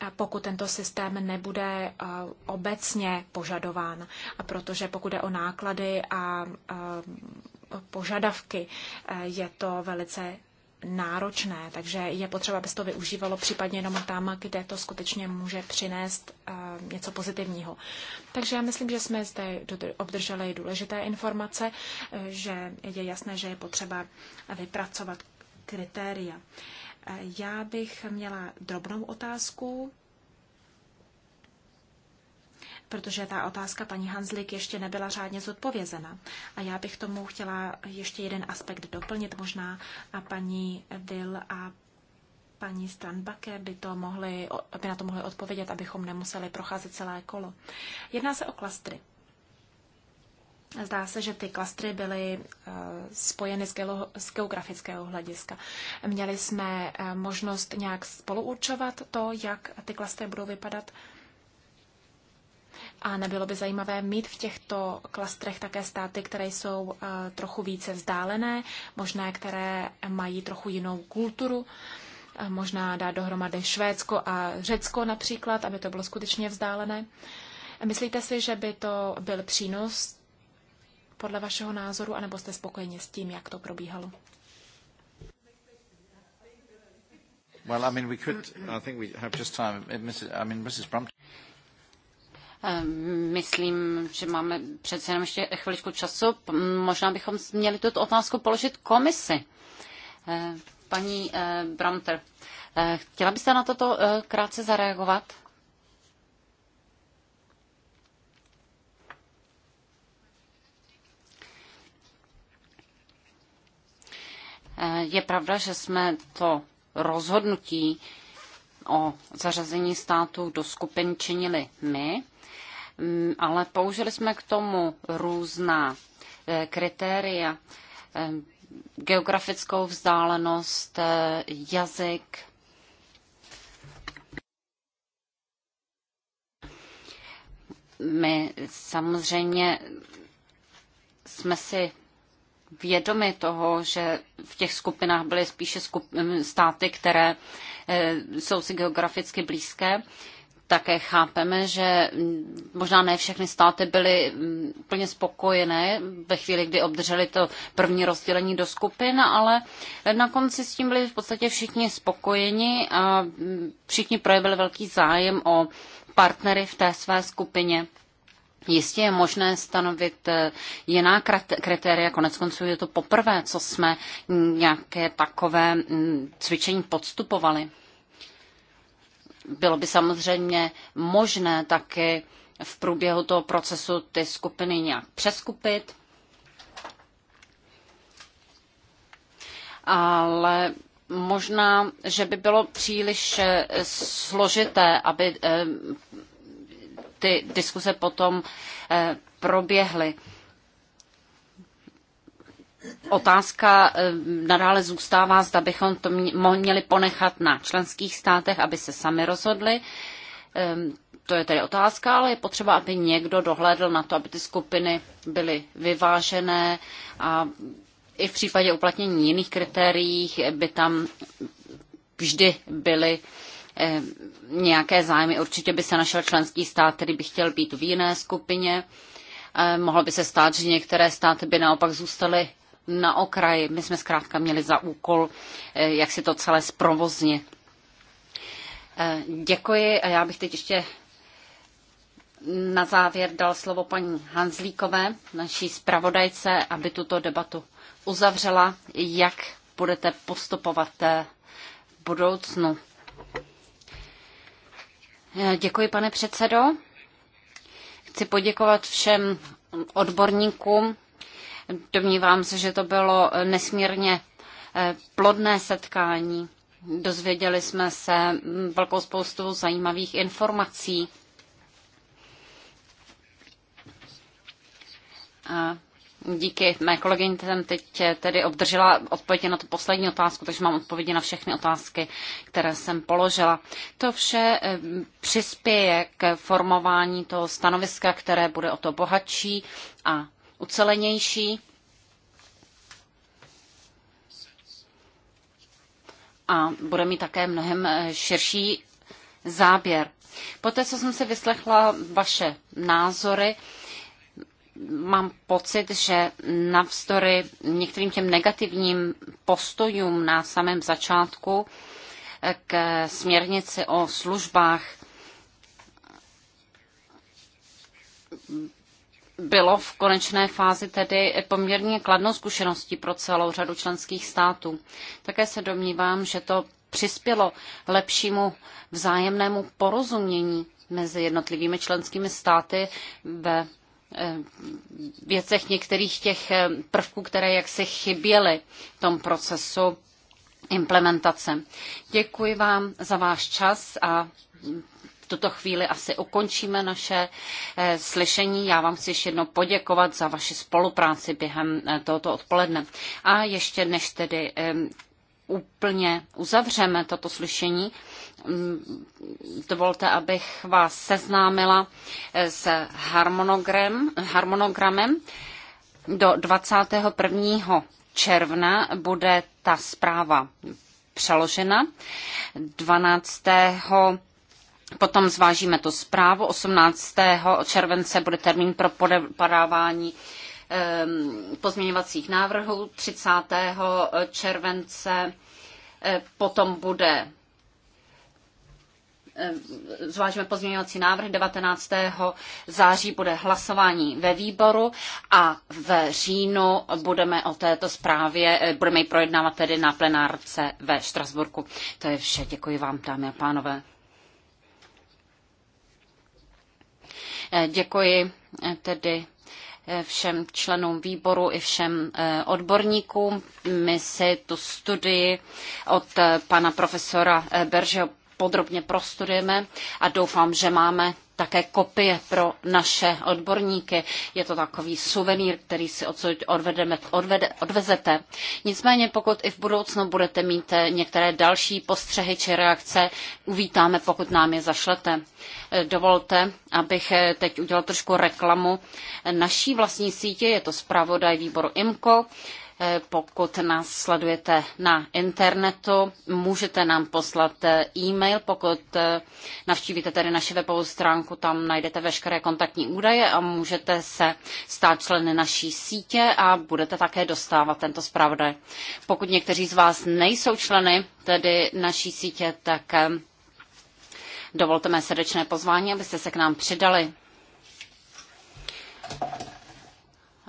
A pokud tento systém nebude eh, obecně požadován, a protože pokud je o náklady a eh, požadavky, je to velice náročné, takže je potřeba, aby se to využívalo případně jenom tam, kde to skutečně může přinést eh, něco pozitivního. Takže já myslím, že jsme zde obdrželi důležité informace, eh, že je jasné, že je potřeba vypracovat kritéria. Eh, já bych měla drobnou otázku protože ta otázka paní Hanzlik ještě nebyla řádně zodpovězena. A já bych tomu chtěla ještě jeden aspekt doplnit možná a paní Vil a paní Strandbake by, to mohli, by na to mohli odpovědět, abychom nemuseli procházet celé kolo. Jedná se o klastry. Zdá se, že ty klastry byly eh, spojeny z geografického hlediska. Měli jsme eh, možnost nějak spoluurčovat to, jak ty klastry budou vypadat. A nebylo by zajímavé mít v těchto klastrech také státy, které jsou eh, trochu více vzdálené, možná které mají trochu jinou kulturu, eh, možná dát dohromady Švédsko a Řecko například, aby to bylo skutečně vzdálené. Myslíte si, že by to byl přínos podle vašeho názoru, anebo jste spokojeni s tím, jak to probíhalo? Well, I mean, we could, I think we have just time. I mean, Mrs. Brumpton. Ehm, myslím, že máme přece jenom ještě chviličku času. Možná bychom měli tuto otázku položit komisi. Ehm, paní eh, Bramter, eh, chtěla byste na toto eh, krátce zareagovat? Je pravda, že jsme to rozhodnutí o zařazení států do skupin činili my, Mm, ale použili jsme k tomu různá eh, kritéria, ehm, geografickou vzdálenost, eh, jazyk, my samozřejmě jsme si vědomi toho, že v těch skupinách byly spíše skup- státy, které eh, jsou si geograficky blízké. Také chápeme, že mm, možná ne všechny státy byly mm, plně spokojené ve chvíli, kdy obdrželi to první rozdělení do skupin, ale na konci s tím byli v podstatě všichni spokojeni a mm, všichni projevili velký zájem o partnery v té své skupině. Jistě je možné stanovit eh, jiná kritéria, konec konců je to poprvé, co jsme nějaké takové cvičení podstupovali. Bylo by samozřejmě možné taky v průběhu toho procesu ty skupiny nějak přeskupit, ale možná, že by bylo příliš eh, složité, aby eh, ty diskuse potom eh, proběhly. Otázka eh, nadále zůstává, zda bychom to měli ponechat na členských státech, aby se sami rozhodli. Ehm, to je tedy otázka, ale je potřeba, aby někdo dohlédl na to, aby ty skupiny byly vyvážené a i v případě uplatnění jiných kritérií by tam vždy byly ehm, nějaké zájmy. Určitě by se našel členský stát, který by chtěl být v jiné skupině. Ehm, mohlo by se stát, že některé státy by naopak zůstaly na okraji. My jsme zkrátka měli za úkol, eh, jak si to celé zprovoznit. Eh, děkuji a já bych teď ještě na závěr dal slovo paní Hanzlíkové, naší zpravodajce, aby tuto debatu uzavřela, jak budete postupovat eh, v budoucnu. Děkuji, pane předsedo. Chci poděkovat všem odborníkům, Domnívám se, že to bylo eh, nesmírně eh, plodné setkání. Dozvěděli jsme se mm, velkou spoustu zajímavých informací. A díky mé kolegyni jsem teď eh, tedy obdržela odpovědi na tu poslední otázku, takže mám odpovědi na všechny otázky, které jsem položila. To vše přispěje k formování toho stanoviska, které bude o to bohatší a ucelenější. A bude mít také mnohem eh, širší záběr. Poté, co jsem si vyslechla vaše názory, mám pocit, že navzdory některým těm negativním postojům na samém začátku eh, k směrnici o službách bylo v konečné fázi tedy poměrně kladnou zkušeností pro celou řadu členských států. Také se domnívám, že to přispělo lepšímu vzájemnému porozumění mezi jednotlivými členskými státy ve eh, věcech některých těch eh, prvků, které jaksi chyběly v tom procesu implementace. Děkuji vám za váš čas a tuto chvíli asi ukončíme naše eh, slyšení. Já vám chci ještě jednou poděkovat za vaši spolupráci během eh, tohoto odpoledne. A ještě než tedy úplně uzavřeme toto slyšení, mm, dovolte, abych vás seznámila eh, s harmonogram, harmonogramem. Do 21. června bude ta zpráva přeložena. 12. Potom zvážíme tu zprávu. 18. července bude termín pro podávání ehm, pozměňovacích návrhů. 30. července eh, potom bude ehm, zvážíme pozměňovací návrh 19. září bude hlasování ve výboru a v říjnu budeme o této zprávě, eh, budeme ji projednávat tedy na plenárce ve Štrasburku. To je vše. Děkuji vám, dámy a pánové. Děkuji tedy eh, všem členům výboru i všem eh, odborníkům. My si tu studii od eh, pana profesora Berže podrobně prostudujeme a doufám, že máme také kopie pro naše odborníky. Je to takový suvenír, který si odsud odvedeme, odvede, odvezete. Nicméně, pokud i v budoucnu budete mít eh, některé další postřehy či reakce, uvítáme, pokud nám je zašlete. Eh, dovolte, abych eh, teď udělal trošku reklamu naší vlastní sítě, je to zpravodaj výboru IMCO Eh, pokud nás sledujete na internetu, můžete nám poslat eh, e-mail. Pokud eh, navštívíte tedy naši webovou stránku, tam najdete veškeré kontaktní údaje a můžete se stát členy naší sítě a budete také dostávat tento zpravodaj. Pokud někteří z vás nejsou členy tedy naší sítě, tak dovolte mé srdečné pozvání, abyste se k nám přidali.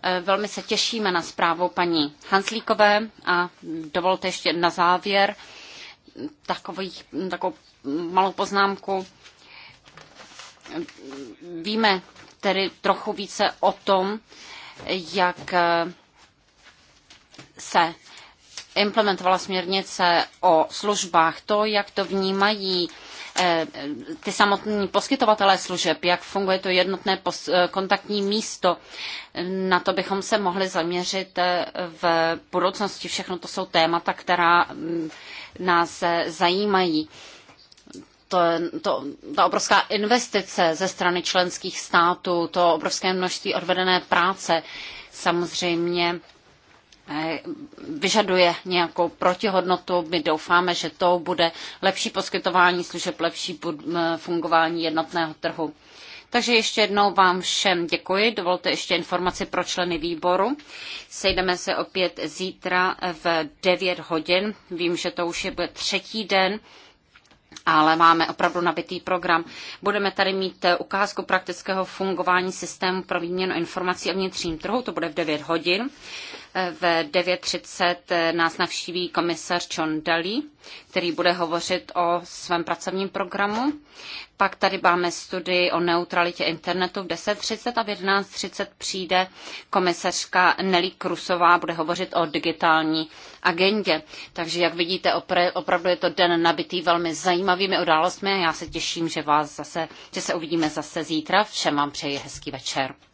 Eh, velmi se těšíme na zprávu paní Hanslíkové a dovolte ještě na závěr takový, takovou malou poznámku. Eh, víme tedy trochu více o tom, jak eh, se implementovala směrnice o službách, to, jak to vnímají Eh, ty samotní poskytovatelé služeb, jak funguje to jednotné eh, kontaktní místo. Na to bychom se mohli zaměřit eh, v budoucnosti. Všechno to jsou témata, která mm, nás zajímají to, to, ta obrovská investice ze strany členských států, to obrovské množství odvedené práce, samozřejmě Eh, vyžaduje nějakou protihodnotu. My doufáme, že to bude lepší poskytování služeb, lepší fungování jednotného trhu. Takže ještě jednou vám všem děkuji. Dovolte ještě informaci pro členy výboru. Sejdeme se opět zítra v 9 hodin. Vím, že to už je bude třetí den, ale máme opravdu nabitý program. Budeme tady mít eh, ukázku praktického fungování systému pro výměnu informací o vnitřním trhu. To bude v 9 hodin. V 9.30 nás navštíví komisař John Daly, který bude hovořit o svém pracovním programu. Pak tady máme studii o neutralitě internetu v 10.30 a v 11.30 přijde komisařka Nelly Krusová, bude hovořit o digitální agendě. Takže jak vidíte, opravdu je to den nabitý velmi zajímavými událostmi a já se těším, že vás zase, že se uvidíme zase zítra. Všem vám přeji hezký večer.